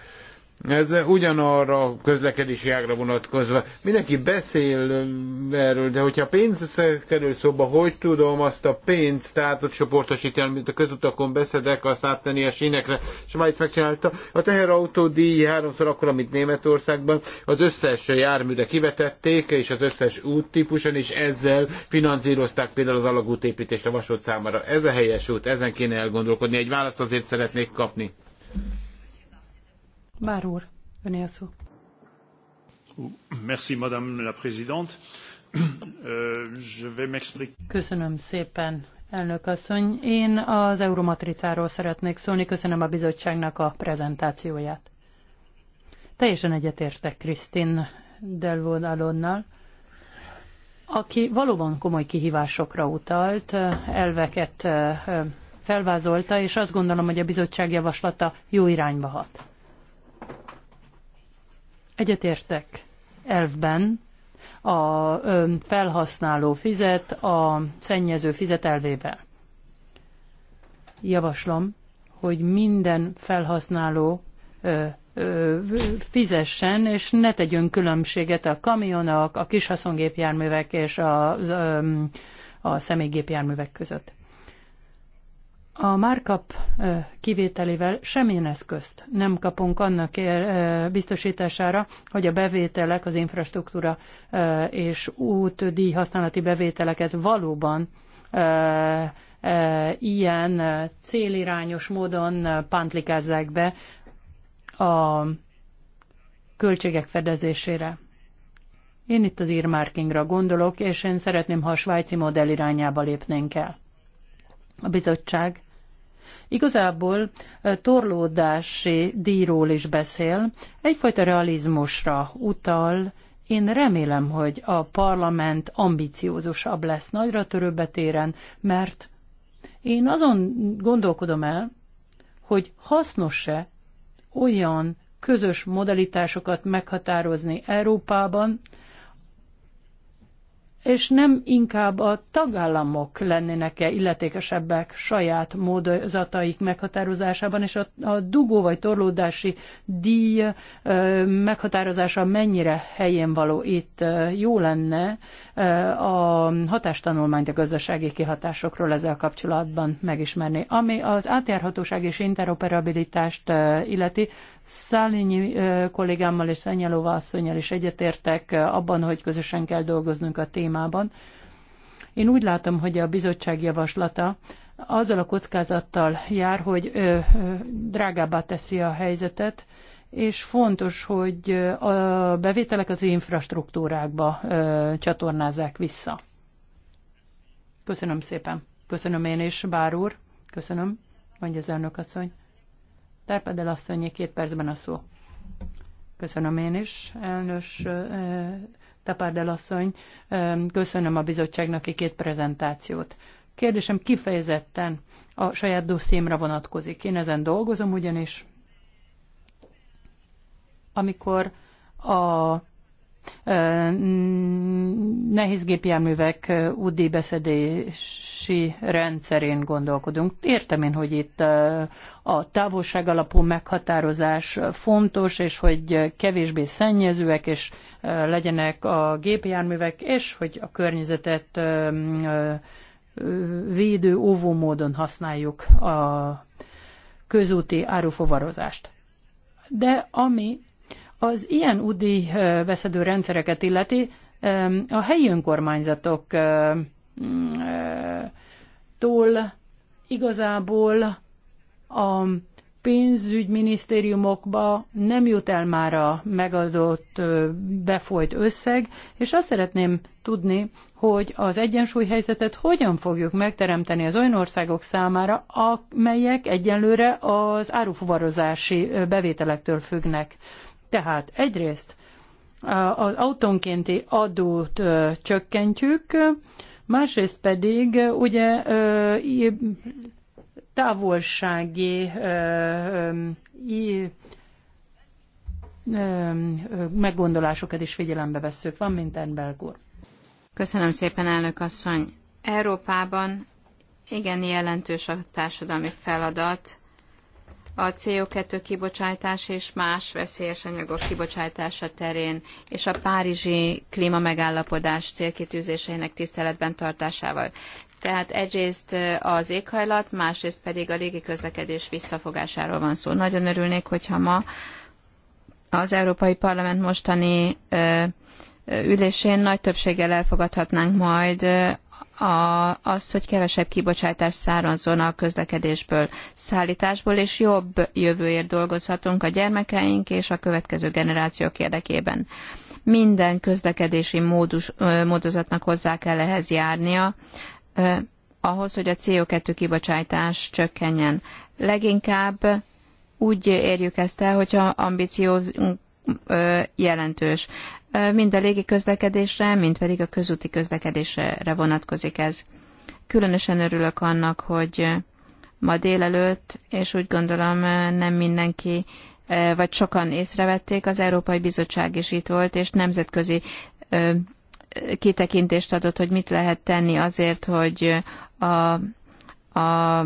Ez ugyanarra a közlekedési ágra vonatkozva. Mindenki beszél um, erről, de hogyha pénz kerül szóba, hogy tudom azt a pénzt csoportosítani, mint a közutakon beszedek, azt áttenni a sínekre. Svájc megcsinálta. A teherautó díj háromszor akkor, amit Németországban. Az összes járműre kivetették, és az összes úttípuson, és ezzel finanszírozták például az alagútépítést a vasút számára. Ez a helyes út, ezen kéne elgondolkodni. Egy választ azért szeretnék kapni. Bár úr, öné a szó. Merci, madame la présidente. Euh, je vais m'expliquer. Köszönöm szépen, elnök asszony. Én az Euromatricáról szeretnék szólni. Köszönöm a bizottságnak a prezentációját. Teljesen egyetértek Krisztin Delvon Alonnal, aki valóban komoly kihívásokra utalt, elveket felvázolta, és azt gondolom, hogy a bizottság javaslata jó irányba hat. Egyetértek elvben, a felhasználó fizet a szennyező fizet elvével. Javaslom, hogy minden felhasználó fizessen, és ne tegyön különbséget a kamionok, a kishaszongépjárművek és a, a, a személygépjárművek között. A markup kivételével semmilyen eszközt nem kapunk annak biztosítására, hogy a bevételek, az infrastruktúra és útdíj használati bevételeket valóban ilyen célirányos módon pántlikázzák be a költségek fedezésére. Én itt az earmarkingra gondolok, és én szeretném, ha a svájci modell irányába lépnénk el. A bizottság Igazából torlódási díjról is beszél, egyfajta realizmusra utal, én remélem, hogy a parlament ambiciózusabb lesz nagyra törőbb mert én azon gondolkodom el, hogy hasznos-e olyan közös modalitásokat meghatározni Európában, és nem inkább a tagállamok lennének-e illetékesebbek saját módozataik meghatározásában, és a, a dugó vagy torlódási díj ö, meghatározása mennyire helyén való itt ö, jó lenne ö, a hatástanulmányt a gazdasági kihatásokról ezzel kapcsolatban megismerni. Ami az átjárhatóság és interoperabilitást ö, illeti, Szálinyi kollégámmal és Szenyelova asszonyjal is egyetértek abban, hogy közösen kell dolgoznunk a témában. Én úgy látom, hogy a bizottság javaslata azzal a kockázattal jár, hogy ö, ö, drágábbá teszi a helyzetet, és fontos, hogy a bevételek az infrastruktúrákba ö, csatornázzák vissza. Köszönöm szépen. Köszönöm én is, Bár úr. Köszönöm, mondja az elnök asszony. Terpedel asszonyé két percben a szó. Köszönöm én is, elnös Tapárdel asszony. Köszönöm a bizottságnak a két prezentációt. Kérdésem kifejezetten a saját dossziémra vonatkozik. Én ezen dolgozom ugyanis, amikor a nehéz gépjárművek útdíjbeszedési rendszerén gondolkodunk. Értem én, hogy itt a távolság alapú meghatározás fontos, és hogy kevésbé szennyezőek, és legyenek a gépjárművek, és hogy a környezetet védő, óvó módon használjuk a közúti árufovarozást. De ami az ilyen UDI veszedő rendszereket illeti a helyi önkormányzatok mm, tól igazából a pénzügyminisztériumokba nem jut el már a megadott befolyt összeg, és azt szeretném tudni, hogy az egyensúlyhelyzetet hogyan fogjuk megteremteni az olyan országok számára, amelyek egyenlőre az árufuvarozási bevételektől függnek. Tehát egyrészt az autónkénti adót csökkentjük, másrészt pedig ugye távolsági meggondolásokat is figyelembe vesszük. Van Mindenberg úr. Köszönöm szépen, elnök asszony. Európában igen jelentős a társadalmi feladat a CO2 kibocsátás és más veszélyes anyagok kibocsátása terén, és a Párizsi klímamegállapodás célkitűzéseinek tiszteletben tartásával. Tehát egyrészt eh, az éghajlat, másrészt pedig a légiközlekedés visszafogásáról van szó. Nagyon örülnék, hogyha ma az Európai Parlament mostani eh, eh, ülésén nagy többséggel elfogadhatnánk majd a, azt, hogy kevesebb kibocsátás származzon a közlekedésből, szállításból, és jobb jövőért dolgozhatunk a gyermekeink és a következő generációk érdekében. Minden közlekedési módus, módozatnak hozzá kell ehhez járnia, ahhoz, hogy a CO2 kibocsátás csökkenjen. Leginkább úgy érjük ezt el, hogyha ambíciózunk jelentős mind a légi közlekedésre, mind pedig a közúti közlekedésre vonatkozik ez. Különösen örülök annak, hogy ma délelőtt, és úgy gondolom nem mindenki, e, vagy sokan észrevették, az Európai Bizottság is itt volt, és nemzetközi e, kitekintést adott, hogy mit lehet tenni azért, hogy a, a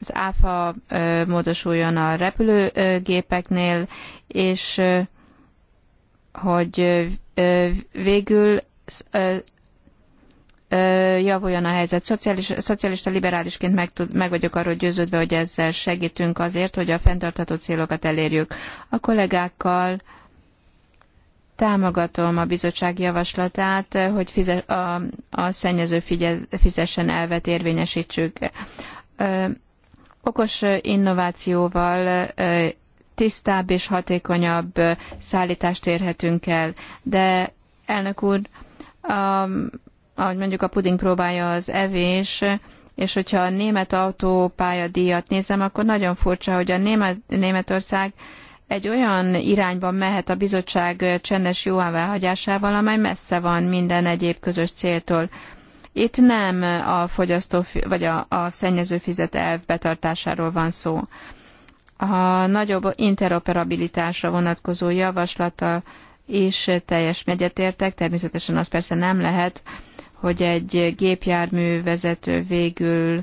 az áfa e, módosuljon a repülőgépeknél, és hogy végül javuljon a helyzet. szocialista liberálisként meg, tud, meg vagyok arról győződve, hogy ezzel segítünk azért, hogy a fenntartható célokat elérjük. A kollégákkal támogatom a bizottság javaslatát, hogy fize, a, a szennyező figyez, fizessen elvet érvényesítsük. Okos innovációval tisztább és hatékonyabb szállítást érhetünk el. De elnök úr, a, ahogy mondjuk a puding próbálja az evés, és hogyha a német autópálya díjat nézem, akkor nagyon furcsa, hogy a német, Németország egy olyan irányban mehet a bizottság csendes jóváhagyásával, amely messze van minden egyéb közös céltól. Itt nem a fogyasztó vagy a, a szennyező fizet elv betartásáról van szó a nagyobb interoperabilitásra vonatkozó javaslata is teljes megyetértek. Természetesen az persze nem lehet, hogy egy gépjármű vezető végül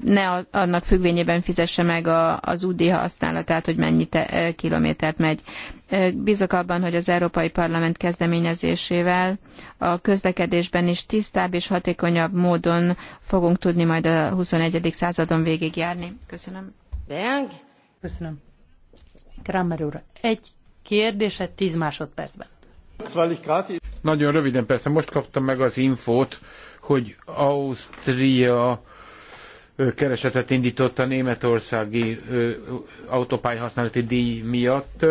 ne annak függvényében fizesse meg a, az UDI használatát, hogy mennyi te, eh, kilométert megy. Eh, bízok abban, hogy az Európai Parlament kezdeményezésével a közlekedésben is tisztább és hatékonyabb módon fogunk tudni majd a 21. századon végigjárni. Köszönöm. Berg. Köszönöm. Kramer úr, egy kérdése 10 másodpercben. Nagyon röviden persze, most kaptam meg az infót, hogy Ausztria keresetet indított a németországi autópályhasználati díj miatt.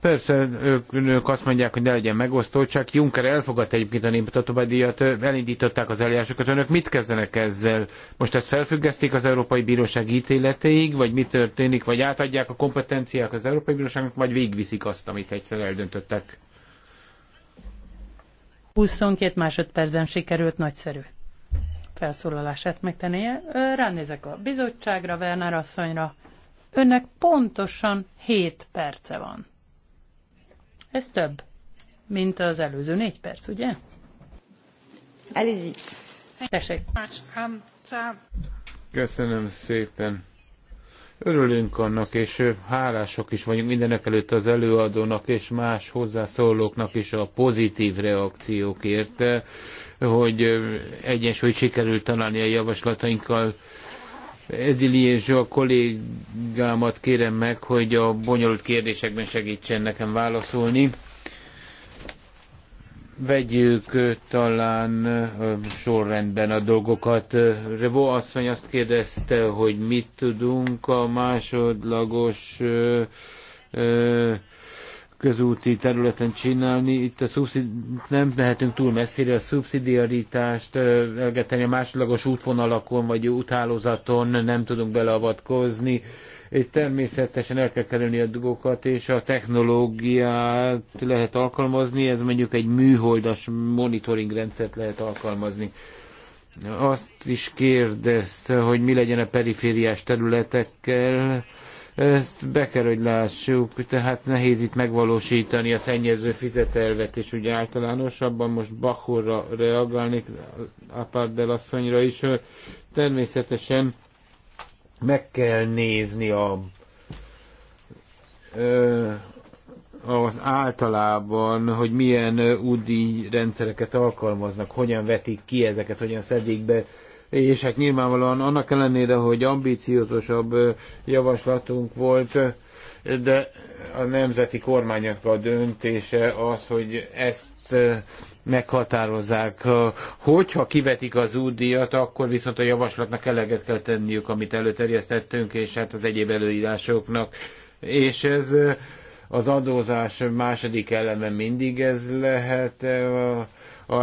Persze ők, azt mondják, hogy ne legyen megosztottság. Juncker elfogadta egyébként a német autópálydíjat, elindították az eljárásokat. Önök mit kezdenek ezzel? Most ezt felfüggesztik az Európai Bíróság ítéletéig, vagy mi történik, vagy átadják a kompetenciák az Európai Bíróságnak, vagy végviszik azt, amit egyszer eldöntöttek? 22 másodpercben sikerült, nagyszerű felszólalását megtennie. Ránézek a bizottságra, Werner asszonyra. Önnek pontosan 7 perce van. Ez több, mint az előző 4 perc, ugye? Elézik. Tessék. Um, Köszönöm szépen. Örülünk annak, és hálások is vagyunk mindenek előtt az előadónak és más hozzászólóknak is a pozitív reakciókért, hogy egyensúlyt sikerült találni a javaslatainkkal. Edili és a kollégámat kérem meg, hogy a bonyolult kérdésekben segítsen nekem válaszolni vegyük talán sorrendben a dolgokat. Revo asszony azt kérdezte, hogy mit tudunk a másodlagos közúti területen csinálni. Itt a szubszid... nem mehetünk túl messzire, a szubszidiaritást elgeteni a másodlagos útvonalakon vagy úthálózaton nem tudunk beleavatkozni. Itt természetesen el kell kerülni a dugókat, és a technológiát lehet alkalmazni, ez mondjuk egy műholdas monitoring rendszert lehet alkalmazni. Azt is kérdezte, hogy mi legyen a perifériás területekkel, ezt be kell, hogy lássuk, tehát nehéz itt megvalósítani a szennyező fizetelvet, és ugye általánosabban most Bachorra reagálnék, Apardel asszonyra is, természetesen meg kell nézni a, az általában, hogy milyen UDI rendszereket alkalmaznak, hogyan vetik ki ezeket, hogyan szedik be, és hát nyilvánvalóan annak ellenére, hogy ambíciózusabb javaslatunk volt, de a nemzeti kormányok a döntése az, hogy ezt meghatározzák. Hogyha kivetik az útdíjat, akkor viszont a javaslatnak eleget kell tenniük, amit előterjesztettünk, és hát az egyéb előírásoknak. És ez az adózás második eleme mindig ez lehet,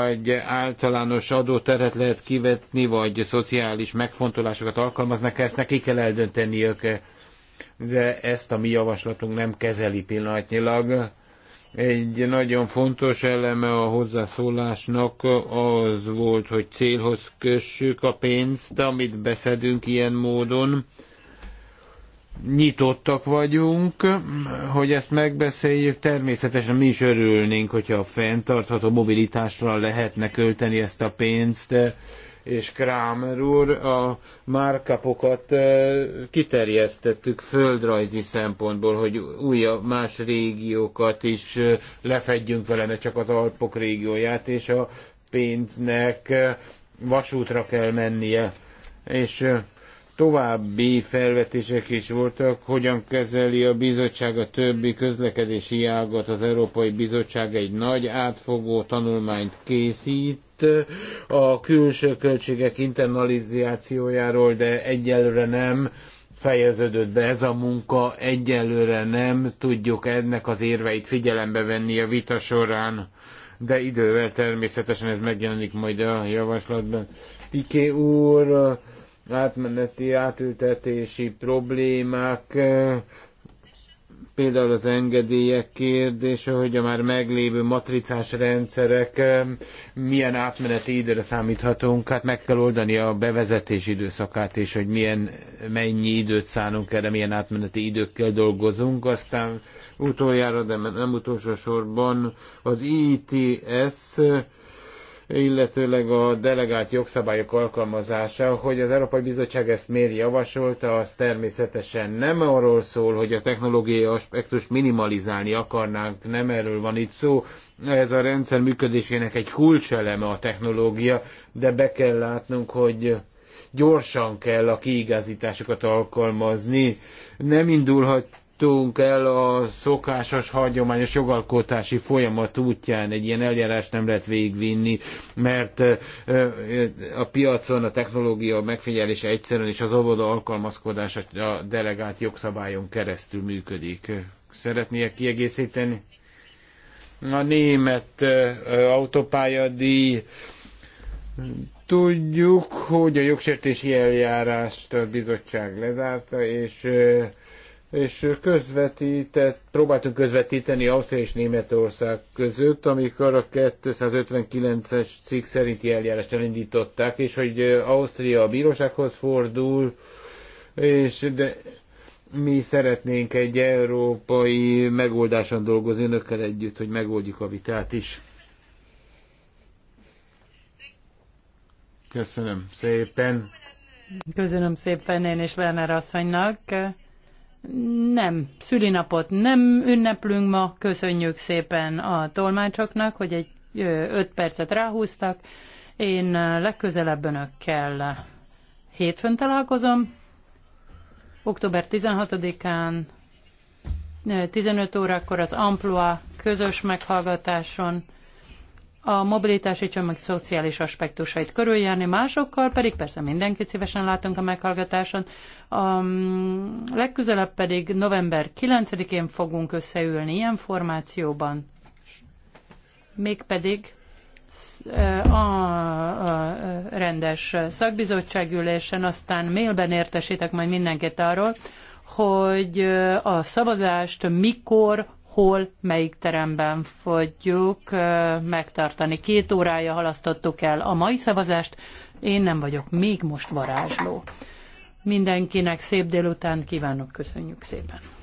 egy általános adóteret lehet kivetni, vagy szociális megfontolásokat alkalmaznak, ezt neki kell eldönteniük, de ezt a mi javaslatunk nem kezeli pillanatnyilag egy nagyon fontos eleme a hozzászólásnak az volt, hogy célhoz kössük a pénzt, amit beszedünk ilyen módon. Nyitottak vagyunk, hogy ezt megbeszéljük. Természetesen mi is örülnénk, hogyha a fenntartható mobilitásra lehetne költeni ezt a pénzt és Krámer úr, a márkapokat kiterjesztettük földrajzi szempontból, hogy újabb más régiókat is lefedjünk vele, ne csak az Alpok régióját, és a pénznek vasútra kell mennie. És további felvetések is voltak, hogyan kezeli a bizottság a többi közlekedési ágat. Az Európai Bizottság egy nagy átfogó tanulmányt készít a külső költségek internalizációjáról, de egyelőre nem fejeződött be ez a munka, egyelőre nem tudjuk ennek az érveit figyelembe venni a vita során, de idővel természetesen ez megjelenik majd a javaslatban. Piké úr, átmeneti, átültetési problémák, eh, például az engedélyek kérdése, hogy a már meglévő matricás rendszerek eh, milyen átmeneti időre számíthatunk, hát meg kell oldani a bevezetés időszakát, és hogy milyen, mennyi időt szánunk erre, milyen átmeneti időkkel dolgozunk, aztán utoljára, de nem utolsó sorban az ITS illetőleg a delegált jogszabályok alkalmazása, hogy az Európai Bizottság ezt miért javasolta, az természetesen nem arról szól, hogy a technológiai aspektus minimalizálni akarnánk, nem erről van itt szó, ez a rendszer működésének egy kulcseleme a technológia, de be kell látnunk, hogy gyorsan kell a kiigazításokat alkalmazni. Nem indulhat jutottunk el a szokásos, hagyományos jogalkotási folyamat útján. Egy ilyen eljárás nem lehet végvinni, mert a piacon a technológia megfigyelése egyszerűen és az óvoda alkalmazkodás a delegált jogszabályon keresztül működik. Szeretnék kiegészíteni? A német autópályadíj Tudjuk, hogy a jogsértési eljárást a bizottság lezárta, és és közvetített, próbáltunk közvetíteni Ausztria és Németország között, amikor a 259-es cikk szerinti eljárást elindították, és hogy Ausztria a bírósághoz fordul, és de mi szeretnénk egy európai megoldáson dolgozni önökkel együtt, hogy megoldjuk a vitát is. Köszönöm szépen. Köszönöm szépen én és Werner asszonynak nem szülinapot nem ünneplünk ma, köszönjük szépen a tolmácsoknak, hogy egy öt percet ráhúztak. Én legközelebb önökkel hétfőn találkozom, október 16-án 15 órakor az Amplua közös meghallgatáson a mobilitási csomag szociális aspektusait körüljárni, másokkal pedig persze mindenkit szívesen látunk a meghallgatáson. A mm, legközelebb pedig november 9-én fogunk összeülni ilyen formációban, mégpedig e, a e, rendes szakbizottságülésen, aztán mailben értesítek majd mindenkit arról, hogy e, a szavazást mikor, hol, melyik teremben fogjuk megtartani. Két órája halasztottuk el a mai szavazást, én nem vagyok még most varázsló. Mindenkinek szép délután kívánok, köszönjük szépen!